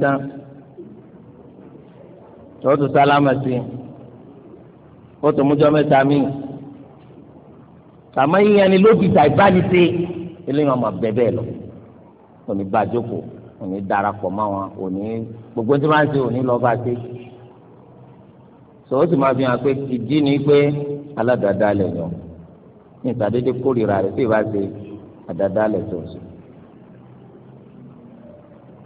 tó tún sálámà sí ó tún mújọ mẹ́ta míì tàmá yíyan ni lóbi tàìbá ni ṣe eléyìí wọn máa bẹ bẹ́ẹ̀ lọ òní bá jókòó òní darapọ̀ mọ́ wọn òní gbogbo tí wọ́n ṣe òní lọ́ọ́ bá ṣe sọ ó sì máa fi hàn pé ìdí ni pé aládàáda lè yàn ní ìtàdédé kórìíra rẹ̀ tí ì ṣe àdáda lè tó ṣe.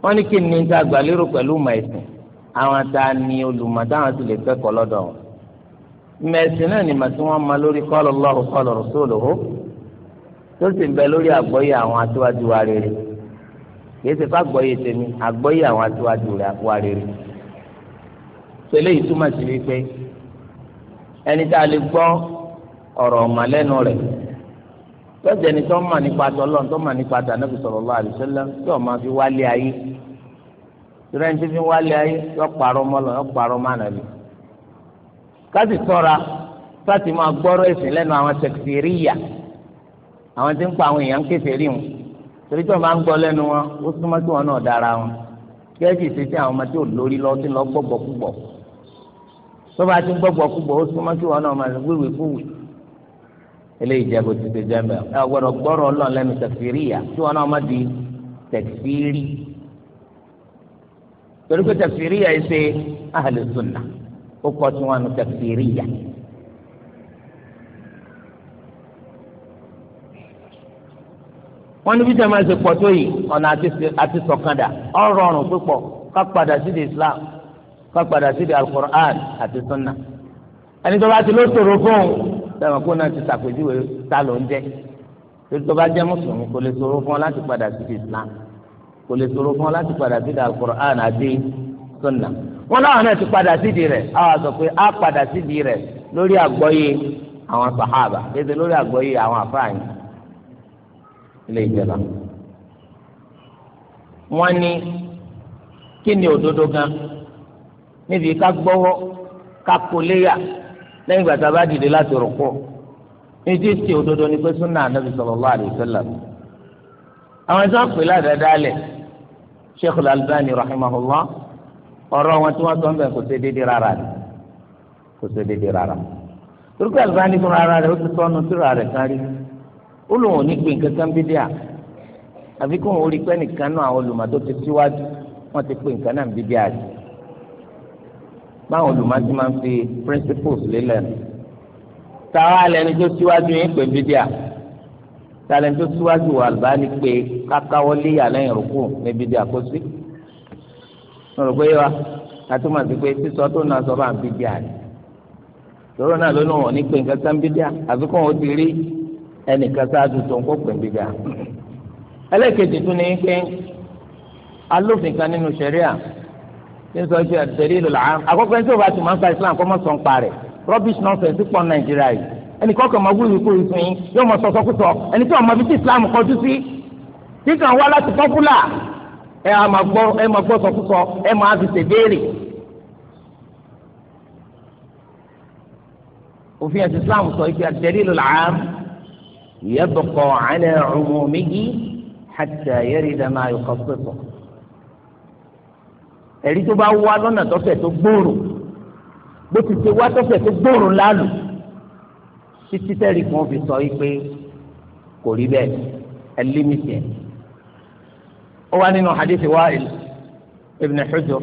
wọ́n ní kí ni ní agbàlérò pẹ̀lú mẹ̀sìn àwọn ta ni olùmọ̀ táwọn sì lè kẹ́kọ̀ọ́ lọ́dọ̀ wọn mẹ̀sìn náà ni màtí wọ́n máa lórí qala Allahu qala rasuluhu tó sì ń bẹ lórí àgbọ́yé àwọn aṣáájú wa rere kìí ṣe fàgbọ́yé tèmi àgbọ́yé àwọn aṣáájú wa rere tẹ́lẹ̀ yìí túmọ̀ sí wípé ẹni tá a lè gbọ́ ọ̀rọ̀ ọ̀mà lẹ́nu rẹ̀ lọ́jọ́ ẹni tó mà nípa tọ́lọ́n tó mà nípa tànàbì sallallahu alaihi wasallam tó máa fi wálé ayé tìrẹ́ ní ti fi wálé ayé yọ pààrọ̀ mọ́lọ yọ pààrọ̀ mánàlì ká sì tọ́ra sáà gbọ́rọ̀ ẹ̀sìn lẹ́nu àwọn sẹ̀kìtìrìyà àwọn tí ń pa àwọn èèyàn kéfèé rí wọn torí tí wọn bá ń gbọ́ lẹ́nu wọn ó súnmọ́ tí wọn náà dára wọn kẹ́ẹ̀sì ṣe sí àwọn ọmọ tí ò lórí lọ tí lọ gbọ́gbọ́ kúgbọ́ tó bá ti ń gbọ́gbọ́ kúgbọ́ ó súnmọ́ tí wọn náà máa wíwì kúwì eléyìí jẹ́ bó ti ṣe jẹ́ mẹ́ ẹ gbọ́dọ̀ gbọ́rọ̀ ọlọ́run lẹ́nu tẹ̀fìríyà tí wọn náà má di tẹ̀fìrí torí pé tẹ̀fìríyà yìí ṣe ahlu sunna ó kọ́ tí wọn nu tẹ̀fìríyà wọ́n ní bíjà máa ṣe pọ̀ tó yìí ọ̀nà àti sọ̀kadà ọ̀rọ̀ ọ̀rùn púpọ̀ ká padà sí di Islam ká padà sí di Al-Qur'an àti sunna ẹni tó bá ti ló sòrò fóun sẹ́wọ̀n kó náà ti ṣàpèjúwe tá ló ń jẹ́ torí tó bá jẹ́ mùsùlùmí kò lè sòrò fún ọ láti padà sí di Islam kò lè sòrò fún ọ láti padà sí di Al-Qur'an àti sunna wọn náà náà ti padà sídìí rẹ̀ àwọn sọ pé á padà sídìí rẹ̀ lórí àgbọ́yé àwọn sàhábà kéde lórí àgbọ́yé àwọn àfáàyàn ilé ìjọba wọn ní kí ni òdodo gan níbi ká gbọ́wọ́ ká kó léyà lẹ́yìn ìgbà tá a bá dìde láti rúkọ ní tí ti òdodo ni pé súnà ànábì sallallahu alaihi wasallam àwọn tí wọn pè ládàáda lẹ sheikh al-Albani rahimahullah wọn tí wọn sọ ń bẹ kò ṣe déédéé rárá ni kò ṣe déédéé rárá turkey albani fúnra rẹ̀ ó ti sọnù síra rẹ̀ kárí ó lóun ò ní pè nǹkan kan bídí à àfi kó òun rí pé nìkan náà àwọn olùmọ̀ tó ti síwájú wọ́n ti pè nǹkan náà bídí à sí báwọn olùmọ̀ máa ń fi principles lélẹ̀ táwa lẹni tó síwájú yín pè bídí à tàlẹ́ni tó síwájú wà lùbá ni pé kákáwọ́lé yà lẹ́yìn rúkú ní bídí à kó sí lọ́rọ̀ pé wa àtúmọ̀ sí pé sísọ tó náà sọ bá ń bídí à ní tòró náà ló ní wọn ní pé nǹkan kan bídí à àfi kó òun ti rí ẹnìkan ṣáájú tó ń kó pè gbígbà ẹlẹ́kejì tún ní pé alófin kan nínú ṣẹ̀ríà ní sọ pé àtẹ̀lé ìlú làá àkọ́kọ́ ẹni tí òbá ti máa ń ka Islam kọ́ mọ́ sọ̀ ń parẹ̀ rubbish nonsense pọ̀ Nàìjíríà yìí ẹnì kọ́kọ́ máa wúlò ikú ìfún yín yóò mọ sọ̀sọ́kùsọ ẹni tí wọ́n mọ bí tí Islam kọjú sí tí kàn wá láti pọ́pùlà ẹ máa gbọ́ ẹ máa gbọ́ sọ̀kùsọ ẹ máa fi ṣèbéèrè. òfin ẹ̀sìn Islam sọ pé àtẹ̀lé ìlú يبقى على عمومه حتى يرد ما يخصصه ẹ̀rí tó bá wá lọ́nà tọ́fẹ̀ tó gbòòrò bó ti ṣe wá tọ́fẹ̀ tó gbòòrò lálù títí tẹ́rì kan fi sọ wípé kò rí bẹ́ẹ̀ ẹ límìtì ẹ̀. ó wá nínú hadith Wa'il ibn Hujr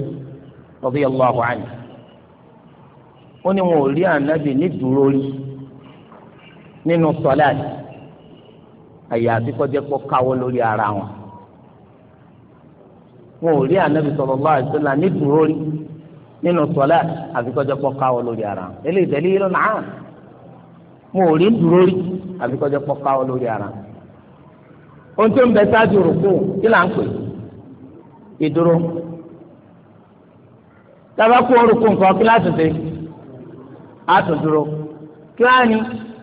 radiyallahu anhu ó ní wọn ò rí ànábì ní dúró rí nínú sọláàtì. àyàfi kọjá pọ̀ káwọ́ lórí ara wọn. wọn ò rí ànábì sallallahu alaihi wasallam ní rí nínú kọjá lórí ara wọn. eléyìí tẹ̀lé yìí lọ́nà àrùn wọn ò rí rí kọjá lórí ara wọn. ohun ń bẹ sáájú rúkú kí là ń pè ìdúró. tábà kú nǹkan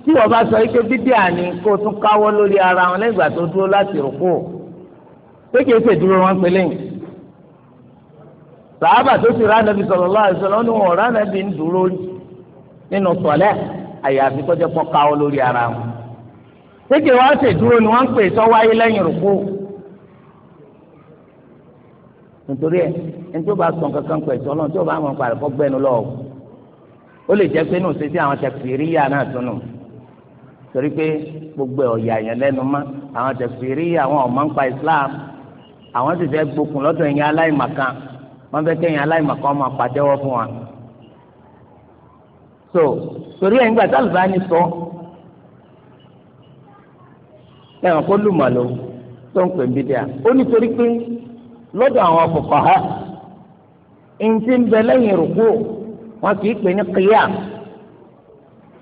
tí wọ́n bá sọ ike bídíà ni kó o tún káwọ́ lórí ara wọn lẹ́yìn ìgbà tó dúró láti rúkú pé kìí ṣe dúró wọn pé lẹ́yìn sàábà tó ti rà nàbì sallallahu alaihi wasallam ni wọn rà nàbì ń dúró nínú sọ̀lẹ́ àyàfi kọjá pọ̀ káwọ́ lórí ara wọn pé kìí wọ́n ṣe dúró ni wọ́n ń pè sọ́wáyé lẹ́yìn rúkú nítorí ẹ ẹni tó bá sọ kankan pẹ̀ sọ lọ́n tó bá mọ̀ pàrọ̀ kọ́ gbẹ́nu lọ́wọ́ lè jẹ́ pé nù sí sí àwọn tẹ̀síríyà náà tún nù torí pé gbogbo ọ̀yà yẹn lẹ́nu mọ́ àwọn tẹ̀sírí àwọn ọ̀mọ́ ń pa islam àwọn sì fẹ́ gbókun lọ́dọ̀ ẹ̀yin aláìmọ̀kan wọ́n fẹ́ kẹ́yìn aláìmọ̀kan ọmọ pàtẹ́wọ́ fún wa. so torí ẹ̀yin gbà sálùbá ni sọ ẹ̀wọ̀n kó lùmọ̀ ló tó ń pè ń bí díà ó nítorí pé lọ́dọ̀ àwọn ọ̀pọ̀pọ̀ ha ẹni tí ń bẹ lẹ́yìn rúkú wọn kì í pè ní kíyà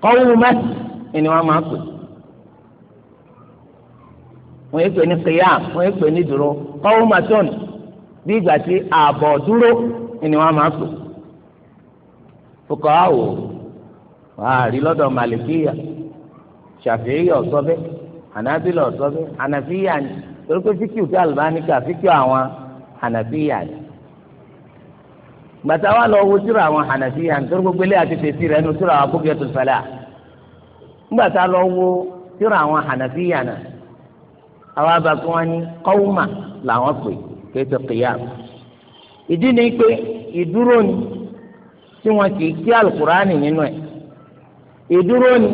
kọ́wọ́ mẹ́sì ni wọ́n máa pè wọ́n yẹ pé ní qiyam wọ́n yẹ pé ní dúró kọ́wọ́ màtọ́nù bí ìgbà tí ààbọ̀ dúró ni wọ́n máa pè fúkọ́ àwò wàhálì lọ́dọ̀ màlìkíyà ṣàfihàn ọ̀sọ́ bẹ́ẹ̀ ànábìlà ọ̀sọ́ bẹ́ẹ̀ ànàfíyà ni torí pé fíkìú tí àlùbáníkà fíkìú àwọn ànàfíyà ni gbàtà wà lọ wo síra àwọn ànàfíyà ni torí gbogbo ilé àti fèsì rẹ̀ nu síra àwọn abúgbẹ́tò sálà nígbà tá a lọ wo tíra àwọn hànàfíyà náà àwọn abàkú wọn ní kọ́wùmà làwọn pè kéètò kìyàm ìdí ni pé ìdúró ni tí wọn kì í kí alukurani nínú ẹ ìdúró ni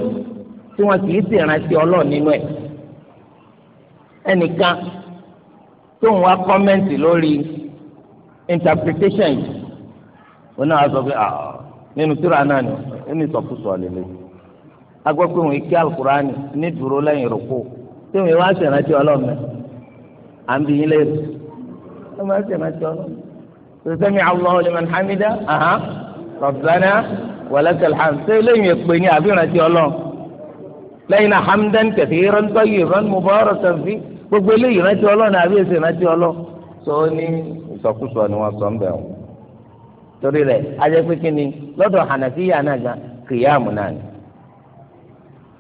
tí wọn kì í sì rántí ọlọ́ọ̀ nínú ẹ ẹnìkan tó ń wá kọ́mẹ́ǹtì lórí interpretation yìí wọn náà sọ pé ah, nínú tíra náà ni ó sọkúsọ lélẹ́yìn agbọ́ pé òun ike alukurani ní dúró lẹ́yìn rúkú tí òun wá ṣèrántí ọlọ́mọ à ń bi yín léèrè ẹ máa ṣèrántí ọlọ́mọ sami Allahu liman hamida rabbana walakal hamd ṣé lẹ́yìn èpè ní àbí ìrántí ọlọ́mọ lẹ́yìn náà hamdan kathiran tayyiban mubarakan fi gbogbo eléyìí ìrántí ọlọ́mọ àbí èsì ìrántí ọlọ́mọ tó ní ìsọkúsọ ni wọ́n sọ ń bẹ̀ wọ́n torí rẹ̀ ajẹ́ pé kí ni lọ́dọ̀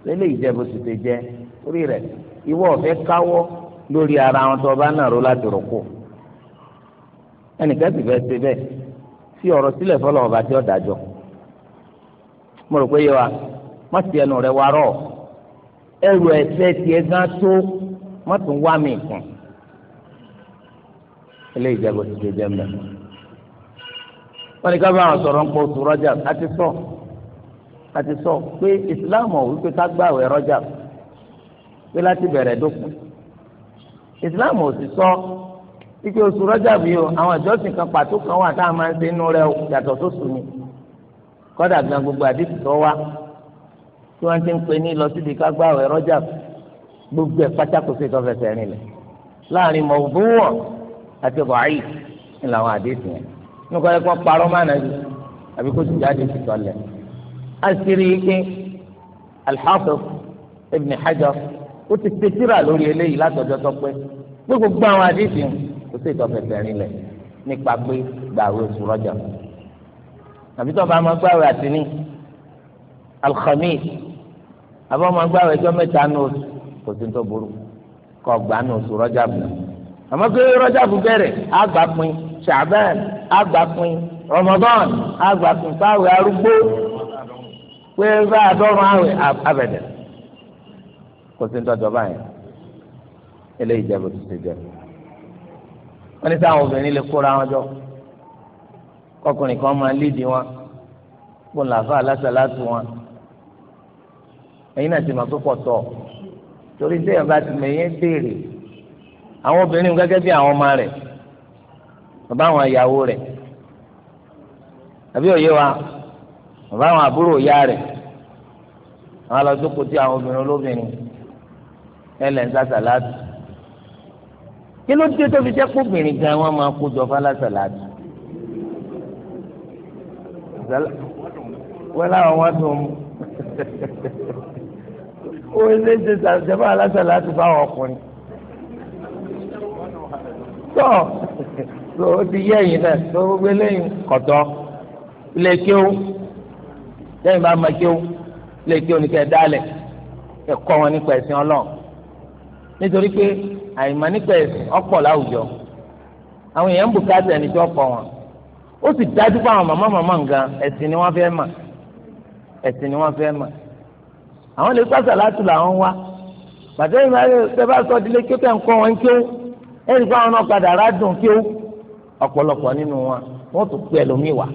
lélẹ̀ ìjẹ́bù sì ti jẹ́ orí rẹ̀ ìwọ ọ̀fẹ́ káwọ́ lórí ara wọn tó bá nàró láti rò kù ẹnìkan sì fẹ́ ṣe bẹ́ẹ̀ fi ọ̀rọ̀ sílẹ̀ fọlọ́ ọba tí ó dájọ́ mo rò pé yẹ wa má ti ẹnu rẹ warọ́ ẹrù ẹ̀ṣẹ̀ tiẹ̀ gán tó má tún wá mi kàn ilé ìjẹ́bù sì ti jẹ́ mẹ́ wọ́n ní ká bá wọn sọ̀rọ̀ ń pọ̀ oṣù rọ́jà àti sọ́ọ̀ àti sọ pé islam ọ̀ wípé ká gbààwẹ̀ rọ́jà pé láti bẹ̀rẹ̀ dókun islam ò sì sọ ike oṣù rọ́jà bíi o àwọn ìjọsìn kan pàtó kan wà tá a máa ń ṣe inú rẹ̀ yàtọ̀ tó sùn ni kọ́dà gan gbogbo àdìsí tó wá tí wọ́n ti ń pè ní lọ síbi ká gbààwẹ̀ rọ́jà gbogbo ẹ̀ pátákóso ìtọ́fẹsẹ̀ rìn lẹ̀ láàrin mọ̀ọ́bùwọ̀ àti bọ̀ọ́yì ni làwọn àdìsí yẹn nígbà yẹn kó parọ́ mánà yìí àbí kó sì jáde sí tọ́lẹ̀ àṣírí ike alḥafiz ibn hajar ó ti ṣe tírà lórí eléyìí látọjọ́ tọpẹ pé gbogbo àwọn àdéhùn kò sí ìtọ́fẹ̀fẹ̀ rinlẹ̀ nípa pé gbàwé oṣù rọjà àbí tó bá máa gbàwé àtìní alhamis àbí wọn máa gbàwé ẹjọ́ mẹ́ta ní oṣù kò sí tó burú kọ gbà ní oṣù rọjà bù àmọ́ pé rọjà bù bẹ̀rẹ̀ àgbà ṣàbẹ́ẹ̀ àgbà pin rọmọdán àgbà arúgbó pé bá a dọ́rùn àwẹ̀ abẹ̀dẹ̀ kò sí ntọ́jọ́ báyìí eléyìí jẹ́ bó ti ṣe jẹ́ wọ́n ní sáwọn obìnrin lè kóra wọn jọ kọkùnrin kan máa lídìí wọn kó làáfà aláṣàlátù wọn ẹ̀yin náà ti máa tó pọ̀ tọ̀ torí sẹ́yìn bá ti mẹ̀yẹ́ béèrè àwọn obìnrin gẹ́gẹ́ bí àwọn ọmọ rẹ̀ bàbá àwọn ìyàwó rẹ̀ àbí òye wa bàbá àwọn àbúrò ìyá rẹ̀ àwọn lọ jókòó tí àwọn obìnrin olóbìnrin ẹlẹ̀ ń sá sàláàtì kí ló dé tó fi jẹ́ kó obìnrin gan wọn máa kó jọ fálá sàláàtì wọ́n láwọn wọ́n tó mú ó lé ṣe sàjọba alásàláàtì fáwọn ọkùnrin tó o ti yẹ ẹ̀yìn náà tó gbogbo eléyìí kọ̀tọ́ ilé kéwù lẹ́yìn bá máa kéwú lè kéwú ní kẹ́ ẹ dálẹ̀ ẹ kọ́ wọn nípa ẹ̀sìn ọlọ́run nítorí pé àìmọ̀ nípa ẹ̀sìn ọ̀pọ̀ láwùjọ àwọn èèyàn ń bùkátà ẹni tó kọ́ wọn ó sì dájú pé àwọn màmá màmá nǹkan ẹ̀sìn ni wọ́n fẹ́ mà ẹ̀sìn ni wọ́n fẹ́ mà àwọn lè pàṣẹ láti làwọn wá bàtẹ́ ìgbà tẹ bá sọ ìdílé kéwú tẹ̀ ń kọ́ wọn kéwú ẹ̀rí pé àwọn náà padà rádùn kéwú ọ̀pọ̀lọpọ̀ nínú wọn wọ́n tún pẹ́ ẹlòmíì wọ́n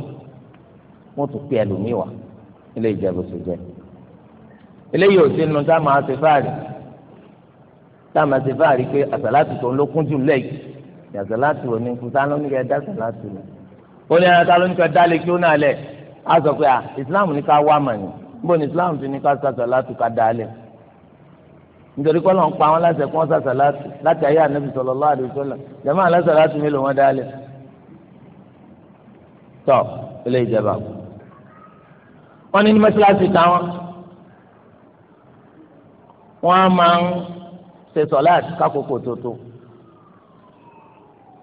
tún pẹ́ ẹlòmíì ilé ìjẹ́bùsùn jẹ́ eléyìí ò sí nu tá a máa ṣe fáàrí tá a máa ṣe fáàrí pé àsàlátì tó ń lókun jù lẹ́yìn àsàlátì ò ní kú tá ló ní kẹ́ dá àsàlátì rẹ̀ ó ní ẹ̀rọ tá ló ní kẹ́ dá lé kí ó náà lẹ̀ á sọ pé à ìsìláàmù ní ká wá màní níbo ni ìsìláàmù ti ní ká sàsàlátì ká dá lẹ̀ nítorí kọ́ lọ́n pa wọn láti ẹ̀kọ́ wọn sàsàlátì láti ayé wọ́n ní ní mọ́ṣáláṣí táwọn wọ́n á máa ń ṣe sọ̀láàtì kákòókò tótó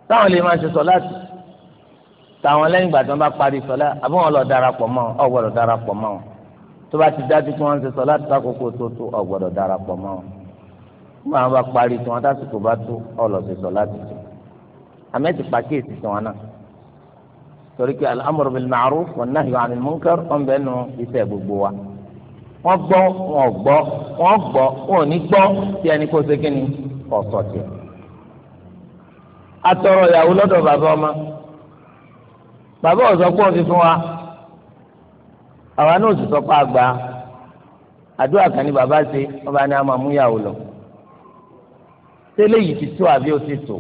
táwọn lè máa ṣe sọ̀láàtì táwọn lẹ́yìn ìgbà tí wọ́n bá parí sọ̀lá àbí wọ́n lọ darapọ̀ mọ́ wọn ọ̀gbọ́dọ̀ darapọ̀ mọ́ wọn tó bá ti dájú pé wọ́n ń ṣe sọ̀láàtì kákòókò tótó ọ̀gbọ́dọ̀ darapọ̀ mọ́ wọn nígbà bá parí tí wọ́n tásìkò bá tó ọ̀lọ́ṣẹ̀ṣọ̀ láti tó àmẹ́tì pàkíyèsí tí wọ́n náà torí pé al-amru bil-ma'ruf wan-nahyu 'anil-munkar wọn bẹ nu iṣẹ́ gbogbo wa wọ́n gbọ́ wọn gbọ́ wọ́n gbọ́ wọn ò ní gbọ́ tí ẹni kó ṣe kíni ọsọ tiẹ̀ atọrọ ìyàwó lọ́dọ̀ bàbá ọmọ bàbá ọsọ pọ fi fún wa àwa náà sì sọ àgbà àdúrà kan ní bàbá ṣe wọ́n bá ní a máa lọ tẹ́lẹ̀ yìí ti tó àbí ó ti tó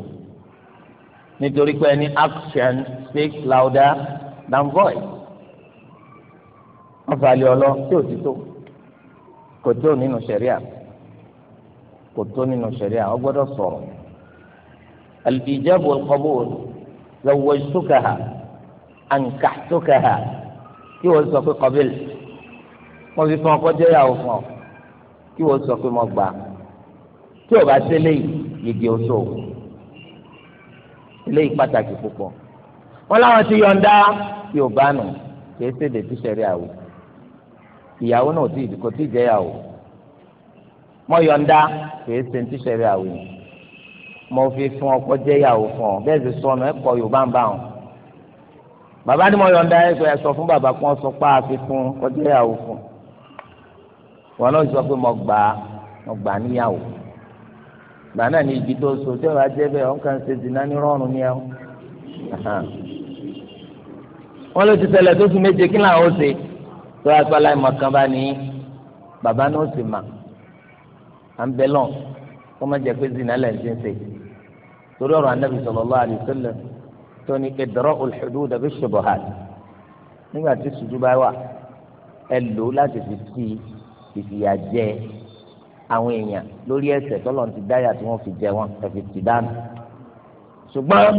nítorí pé ẹni action speak louder than voice wọ́n falẹ̀ ọlọ tí ò ti tó kò tó nínú sẹ̀ríà kò tó nínú sẹ̀ríà ọ gbọ́dọ̀ sọ̀rọ̀ al-ijab wal-qabul zawwajtukaha ankahtukaha kí wọ́n sọ pé kọ́bìl wọ́n fi fún ọkọ jẹ́yàwó fún ọ kí wọ́n sọ pé mo gbà tí ò bá ṣẹlẹ̀ yìí yìí di oṣù òkú eléyìí pàtàkì púpọ̀ wọn láwọn ti yọ̀ǹda yorùbá nù kì í ṣèdè tí sẹ́rí àwò ìyàwó náà ti kò tí ì jẹ́yàwó mọ yọ̀ǹda kì í ṣe ti sẹ́rí àwò mo fi fún ọkọ jẹ́yàwó fún ọ bẹ́ẹ̀ sì sọnù ẹ kọ yorùbá ń bá wọn bàbá ni mo yọ̀ǹda ẹ sọ fún bàbá kí wọ́n sọ pé àfi fún ọjọ́ ìyàwó fún wọn náà sọ pé mo gbà mo gbà níyàwó gbà náà ní igi tó so tí ọba jẹ́ bẹ́ẹ̀ ọ̀nkà ń ṣe dìná ní rọrùn ni ẹ o wọ́n ló ti ṣẹlẹ̀ tó fi méje kí làwọn ó ṣe tó agbára ìmọ̀ kan bá ní bàbá náà ó sì mà à ń bẹ lọ́n kó má jẹ́ pé zina lẹ̀ ṣe ń ṣe torí ọ̀rọ̀ anábì sallallahu alaihi wasallam tó ní idra'ul hudud bi shubuhat nígbà tí sùdú bá wà ẹ lò láti fi sí ìfìyà jẹ àwọn èèyàn lórí ẹsẹ̀ tọ́lọ̀ ti dáyà tí wọ́n fi jẹ wọn ẹ̀fì ti dánù ṣùgbọ́n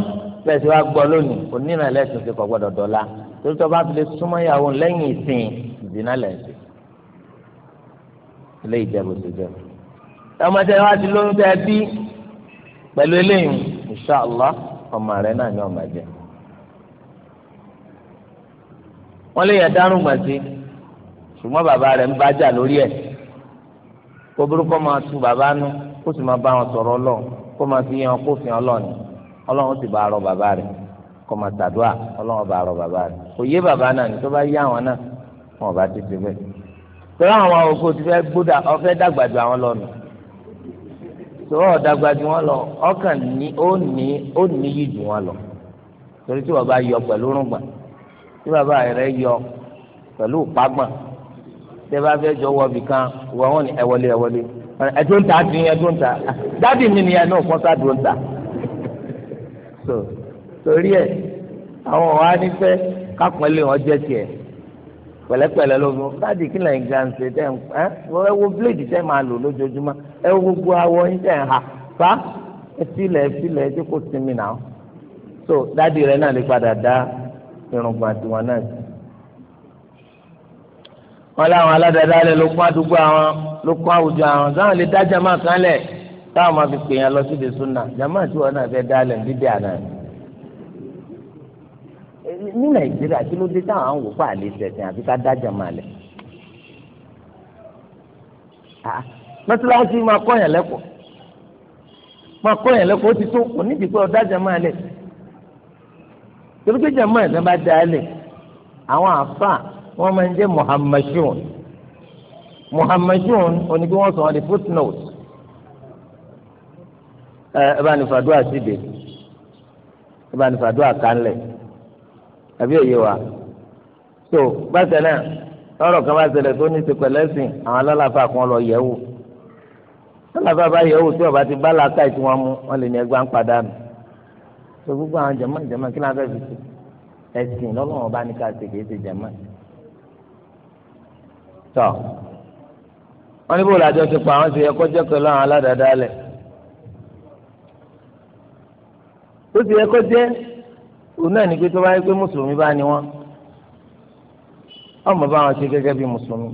bẹ́ẹ̀ wá gbọ́ lónìí onínà lẹ́sìn ti kọ̀ gbọ́dọ̀ dọ́là torí tó bá fi lè súnmọ́ ìyàwó lẹ́yìn ìsìn ìdínà lẹ́sìn ilé ìjẹ́bù ti jẹ́ ọmọdé wa ti lóyún tẹ́ bí pẹ̀lú eléyìí inṣàlá ọmọ rẹ náà ní ọmọ jẹ wọ́n lè yàn dárúgbà sí ṣùgbọ́n bàbá rẹ̀ ń bájà lórí ẹ̀ kó burúkọ máa tu bàbá nu kó sì máa bá wọn sọ̀rọ̀ lọ kó máa fi yan kófin ọlọ́ọ̀ni ọlọ́run sì bá arọ bàbá rẹ̀ kó máa tàdúà ọlọ́run bá arọ bàbá rẹ̀ kò yé bàbá náà ní tó bá yé àwọn náà wọn ò bá ti ti bẹ́ẹ̀. tọ́lá àwọn òkú ti fẹ́ gbódà ọ̀fẹ́ dàgbà ju àwọn lọ́nu tọ́wọ́ ọ̀dàgbà ju wọn lọ ọkàn ní ó ní ó ní yí ju wọn lọ torí tí bàbá yọ pẹ̀lú rúngbà tí bàbá rẹ̀ yọ pẹ̀lú ìpagbọ̀n tẹ́lá fẹ́ jọ wọ bìkan ìwọ wọn ni ẹ wọlé ẹ wọlé ẹdún ń ta ti ń ẹdún ń ta dáàbì mi nìyẹn náà kọ́ sádùn ń ta torí ẹ àwọn ọ̀hún á ní fẹ́ kápẹ́lẹ́ wọn jẹ́ tiẹ̀ pẹ̀lẹ́pẹ̀lẹ́ ló fún káàdì kí lẹ́yìn gan ṣe tẹ́ ẹ ẹ wo bíléèdì tẹ́ máa lò lójoojúmọ́ ẹ wo gbogbo awọ yín tẹ́ ẹ hà fa ẹsílẹ̀ ẹsílẹ̀ ẹjẹ́ kó sinmi náà so dáàbì rẹ náà lè padà dá irùngbọ̀n àtiwọn náà sí wọn láwọn aládàáda lẹ ló kún àdúgbò àwọn ló kún àwùjọ àwọn táwọn lè dá jama kan lẹ táwọn máa fi pè yẹn lọ síbi sunna jama tí wọn náà fẹ́ dá lẹ dídí àná ní nàìjíríà kí ló dé táwọn àwọn wòpá àlè sẹsìn àfi ká dá jama lẹ mọ́tíláṣí máa kọ́ yẹn lẹ́kọ̀ọ́ máa kọ́ yẹn lẹ́kọ̀ọ́ ó ti tó kò nídìí pé ọ̀dá jama lẹ torí pé jama yẹn bá dá lẹ àwọn àfáà wọ́n máa ń jẹ́ muhammashun muhammashun oní bí wọ́n sọ wọn di footnote ẹ ẹ bá ní fàdúrà síbi ẹ bá ní fàdúrà kánlẹ̀ àbí òye wa so gbàtẹ náà lọ́rọ̀ kan bá ṣẹlẹ̀ tó ní ti pẹ̀lẹ́sìn àwọn alálàáfà kan lọ yẹ̀ wò alálàáfà bá yẹ̀ wò tí ọba ti bá làákà tí wọ́n mú wọn lè ní ẹgbàá ń padànù so gbogbo àwọn jàmáà jàmáà kí ló ń fẹ́ fi ṣe ẹ̀sìn lọ́lọ́wọ́n bá ní ká ṣe kì í ṣe jàmáà tọ́ wọ́n ní bó làjọ ti pa àwọn ṣe yẹ kọjá pẹ̀lú àwọn aládàáda lẹ̀ ó ti yẹ kọjá òun náà ní pé tó bá yẹ pé mùsùlùmí bá ní wọn ọmọ bá wọn ṣe gẹ́gẹ́ bí mùsùlùmí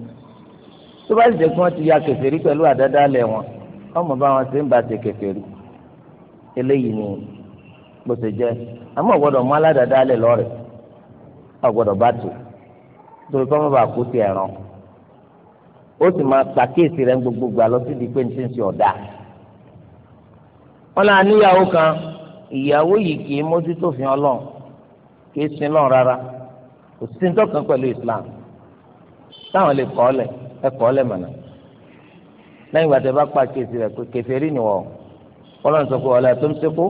tó bá sì kí wọ́n ti ya kèfèrí pẹ̀lú àdáda lẹ̀ wọn ọmọ bá wọn ṣe ń bá ṣe kèfèrí eléyìí ni bó ṣe jẹ́ àmọ́ ọ̀gbọ́dọ̀ mú aládàáda lẹ̀ lọ́rẹ̀ ọ̀gbọ́dọ̀ bá tù torí kọ́ mọ́ bá kú sí ẹ̀ràn ó sì máa pàkíyèsí rẹ̀ gbogbo gbà lọ sí di pé ní sísè ọ̀dà. wọn náà níyàwó kan ìyàwó yìí kì í mójútó fi ọlọ́run kì í sin lọ́run rárá kò sí ní tọ́kàn pẹ̀lú Islam táwọn lè kọ́ lẹ̀ ẹ kọ́ lẹ̀ mọ̀nà lẹ́yìn ìgbà tẹ bá pàkíyèsí rẹ̀ pé kèfèrí nìwọ ọlọ́run sọ pé ọ̀la tó ń sekú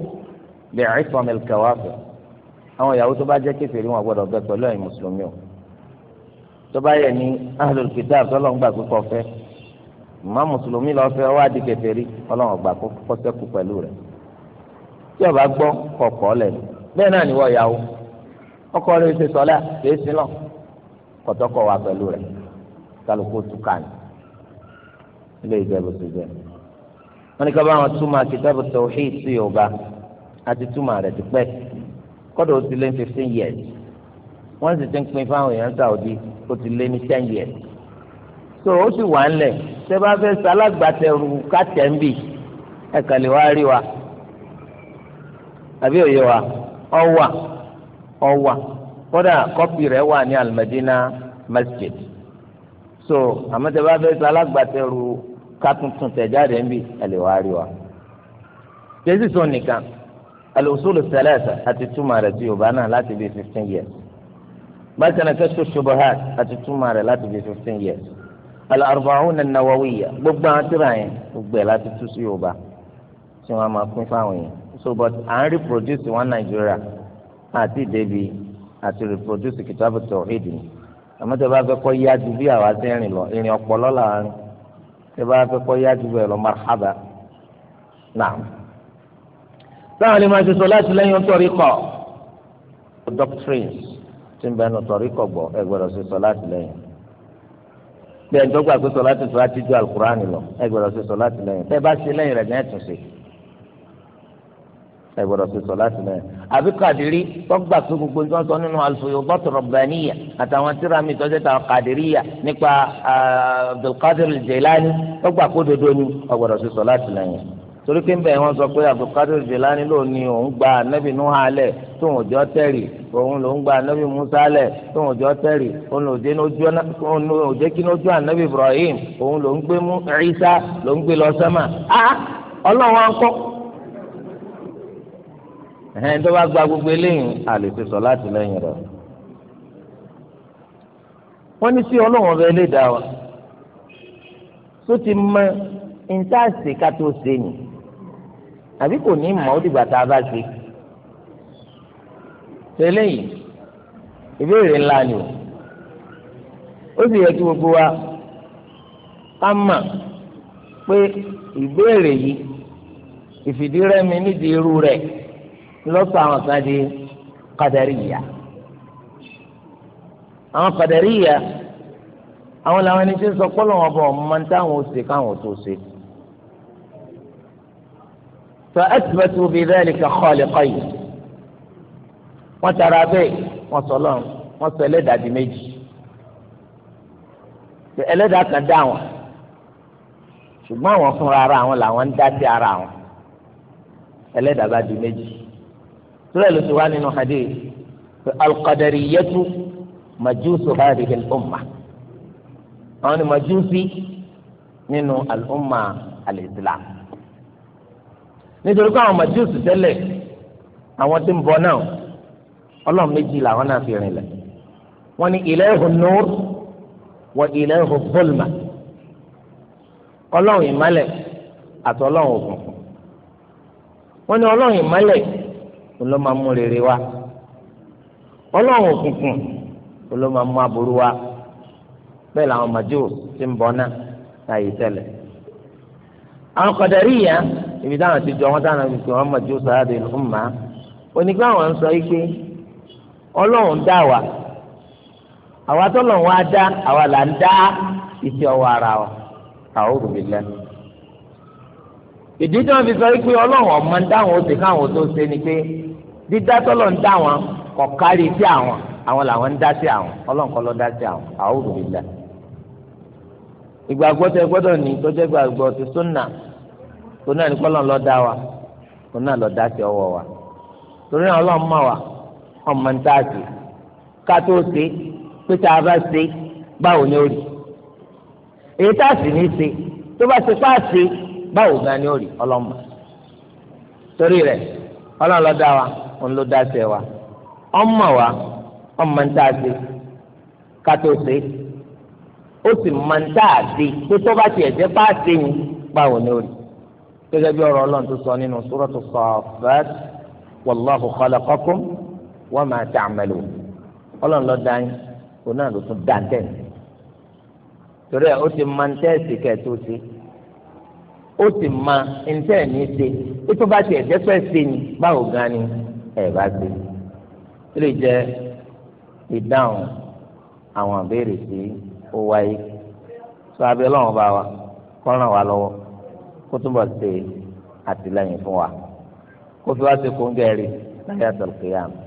bẹ̀rẹ̀ ìfọ̀mẹ̀lì kẹwàá fẹ̀ àwọn ìyàwó tó bá jẹ́ kèfèrí wọn gbọ́dọ̀ bẹ pẹ̀lú ẹ̀yin mùsùlùmí o tọ́ba yẹ ní ahlul kitab tọ́lọ́ ń gbà pé kọ́ fẹ́ mọ́ mùsùlùmí lọ́ọ́ fẹ́ wá di kèfèrí ọlọ́run ọgbà kọ́ sẹ́kù pẹ̀lú rẹ̀ tí ọba gbọ́ kọ̀ọ̀kọ́ lẹ̀ bẹ́ẹ̀ náà níwọ̀ yàwó ọkọ rẹ̀ ṣe sọ́lá kìí sin lọ kọ̀tọ́kọ̀ wà pẹ̀lú rẹ̀ kálukú túkà ní ilé ìjẹ́bù tó jẹ́ wọ́n ní ká bá wọn túmọ̀ kìtàbù sí Yorùbá àti túmọ̀ rẹ̀ ti pẹ́ kọ́dọ̀ ó ti lé fifteen years wọ́n sì ti ń pín fáwọn èèyàn Saudi ó ti lé ní ten years so ó sì wà ńlẹ̀ tẹ́ bá fẹ́ sálágbàtẹ̀rù kátẹ́ńbì ẹ kàn lè wá rí wa àbí òye wa ọ wà ọ wà kódà kọ́pì rẹ̀ wà ní Al-Madina Masjid so àmọ́ tẹ́ bá fẹ́ sálágbàtẹ̀rù katuntun tẹ̀jáde ńbì ẹ lè wá rí wa jésù sọ nìkan al-usul al-thalatha àti túmọ̀ rẹ̀ ti Yorùbá náà láti bíi fifteen years. مثلا كشف الشبهات أتتم على لا تجي 15 years الأربعون النووية بقبع تراين بقبع لا تتسي يوبا سوى ما كن فاوين so but I reproduce one Nigeria àti débi àti reproduce kìtàbù tawhid ni àmọ́ tẹ bá fẹ́ kọ́ yá ju bí àwa ti rìn lọ ìrìn ọpọlọ làárín tẹ bá fẹ́ kọ́ yá ju bẹ́ẹ̀ lọ marhaba náà táwọn lè máa ṣe sọ láti lẹ́yìn tó rí kọ́ doctrines tí ń bẹ nu tọ̀rí kọ̀gbọ̀ ẹ gbọ́dọ̀ sí sọláàtì lẹ́yìn bí ẹni tó gbà pé sọláàtì tó láti ju alukur'ani lọ ẹ gbọ́dọ̀ sí sọláàtì lẹ́yìn tẹ́ bá ṣe lẹ́yìn rẹ̀ ní ẹ̀tún sí ẹ gbọ́dọ̀ sí sọláàtì lẹ́yìn àbí kàdírí tó gbà gbogbo nǹkan sọ nínú al-Fuyudat ar-Rabbaniyya àtàwọn tíramì tó ah, ṣe tàwọn kàdíríyà nípa Abdulkadir Jilani tó gbà dodo ni ọ sí sọláàtì lẹ́yìn torí pé nbẹ wọn sọ pé abdulkadir jilani ló ní òun gba anabi nuha alẹ tóun òjọ tẹrì òun ló ń gba anabi musa alẹ tóun òjọ tẹrì òun ló jẹ kí ní ojú anabi ibrahim òun ló ń gbé mú isa ló ń gbé lọ sẹmà á ọlọ́run akọ. ẹ̀hẹ́n tó bá gba gbogbo eléyìí àlè sọ láti lẹ́yìn rẹ̀. wọ́n ní sí ọlọ́run ọbẹ̀ lè dá wa tó ti mọ ìtaàsì ká tó ṣe yìí àbí kò ní mọ̀ ó dìgbà tá a bá ṣe. tẹ́lẹ̀ yìí ìbéèrè ńlá ni o ó sì yẹ kí gbogbo wa ká mọ̀ pé ìbéèrè yìí ìfìdírẹ́mi nídìí irú rẹ̀ lọ́sọ̀ àwọn kan di Qadariyya àwọn Qadariyya àwọn làwọn ẹni tí ń sọ pé bọ̀ máa ń táwọn ó ṣe káwọn ó tó ṣe. فأثبتوا بذلك خالقين وترى به وصلاه وصلاه دادي méjì ẹlẹ́dàá kan dá wọn ṣùgbọ́n àwọn fúnra ara wọn làwọn ń dá sí ara wọn ẹlẹ́dàá bá di méjì sọ́dọ̀ ló ti wá nínú hadith alqadariyatu majusu hadhihi al-umma àwọn ni majusi nínú al-umma al-islam. Al nítorí pé àwọn màjúùsì tẹ́lẹ̀ àwọn tí ń bọ náà ọlọ́run méjì làwọn náà fi rìn lẹ̀ wọ́n ní ilaahu nur wa ilaahu zulma ọlọ́run ìmálẹ̀ àti ọlọ́run òkùnkùn wọ́n ní ọlọ́run ìmálẹ̀ ló máa mú rere wá ọlọ́run òkùnkùn ló máa mú aburú wá bẹ́ẹ̀ làwọn màjúùsì ti ń bọ náà láyé tẹ́lẹ̀ àwọn kọ̀dàríyà ibi táwọn ti jọ wọn táwọn ti pè wọn mọ̀jú sàádé ńlọ́mà onígbà wọn sọ yìí ọlọ́run dá wa àwa tọ́lọ́run wa dá àwa là ń dá ara wa àwọn òbí lẹ́nu ìdí tí wọn fi sọ pé ọlọ́run ọmọ ń ó káwọn tó ṣe ni pé dídá tọ́lọ̀ ń dá wọn kárí sí àwọn àwọn làwọn ń dá sí àwọn ọlọ́run kọ́ dá òun náà ní kọ́lọ́n ló dá wa òun náà ló dá sí ọwọ́ wa torí náà ọlọ́run mọ̀ wá ọmọ ní táàsì ká tó ṣe pé tá a bá ṣe báwo ni ó rí èyí táàsì ní ṣe tó bá ṣe páàsì báwo gan ni ó rí ọlọ́mọ torí rẹ̀ ọlọ́run ló dá wa òun ló dá sí wa ọmọ wa ọmọ ní táàsì ká tó ṣe ó sì mọ̀ ní táàsì pé tó bá tiẹ̀ jẹ́ páàsì yìí báwo ni ó rí gẹ́gẹ́ bí ọ̀rọ̀ Ọlọ́run tó sọ nínú suratu Saffat wallahu khalaqakum wa ma ta'malun Ọlọ́run ló dá yín òun náà ló tún dá tẹ̀ torí ẹ̀ ó ti máa ń tẹ́ẹ̀sì kẹ́ẹ̀tó sí ó ti máa ń tẹ́ẹ̀ ní ṣe ètò bá tiẹ̀ dẹ́pẹ́ ṣe ni báwo gan ni ẹ̀ bá ṣe ó lè jẹ́ ìdáhùn àwọn àbẹ̀rẹ̀ sí ó wáyé sọ abẹ́ Ọlọ́run bá wa kọ́ ràn wá lọ́wọ́ kó túbọ̀ ṣe àtìlẹ́yìn fún wa kó fi wá ṣe kóńgẹ́rì láyé àtàlùkìyàmù.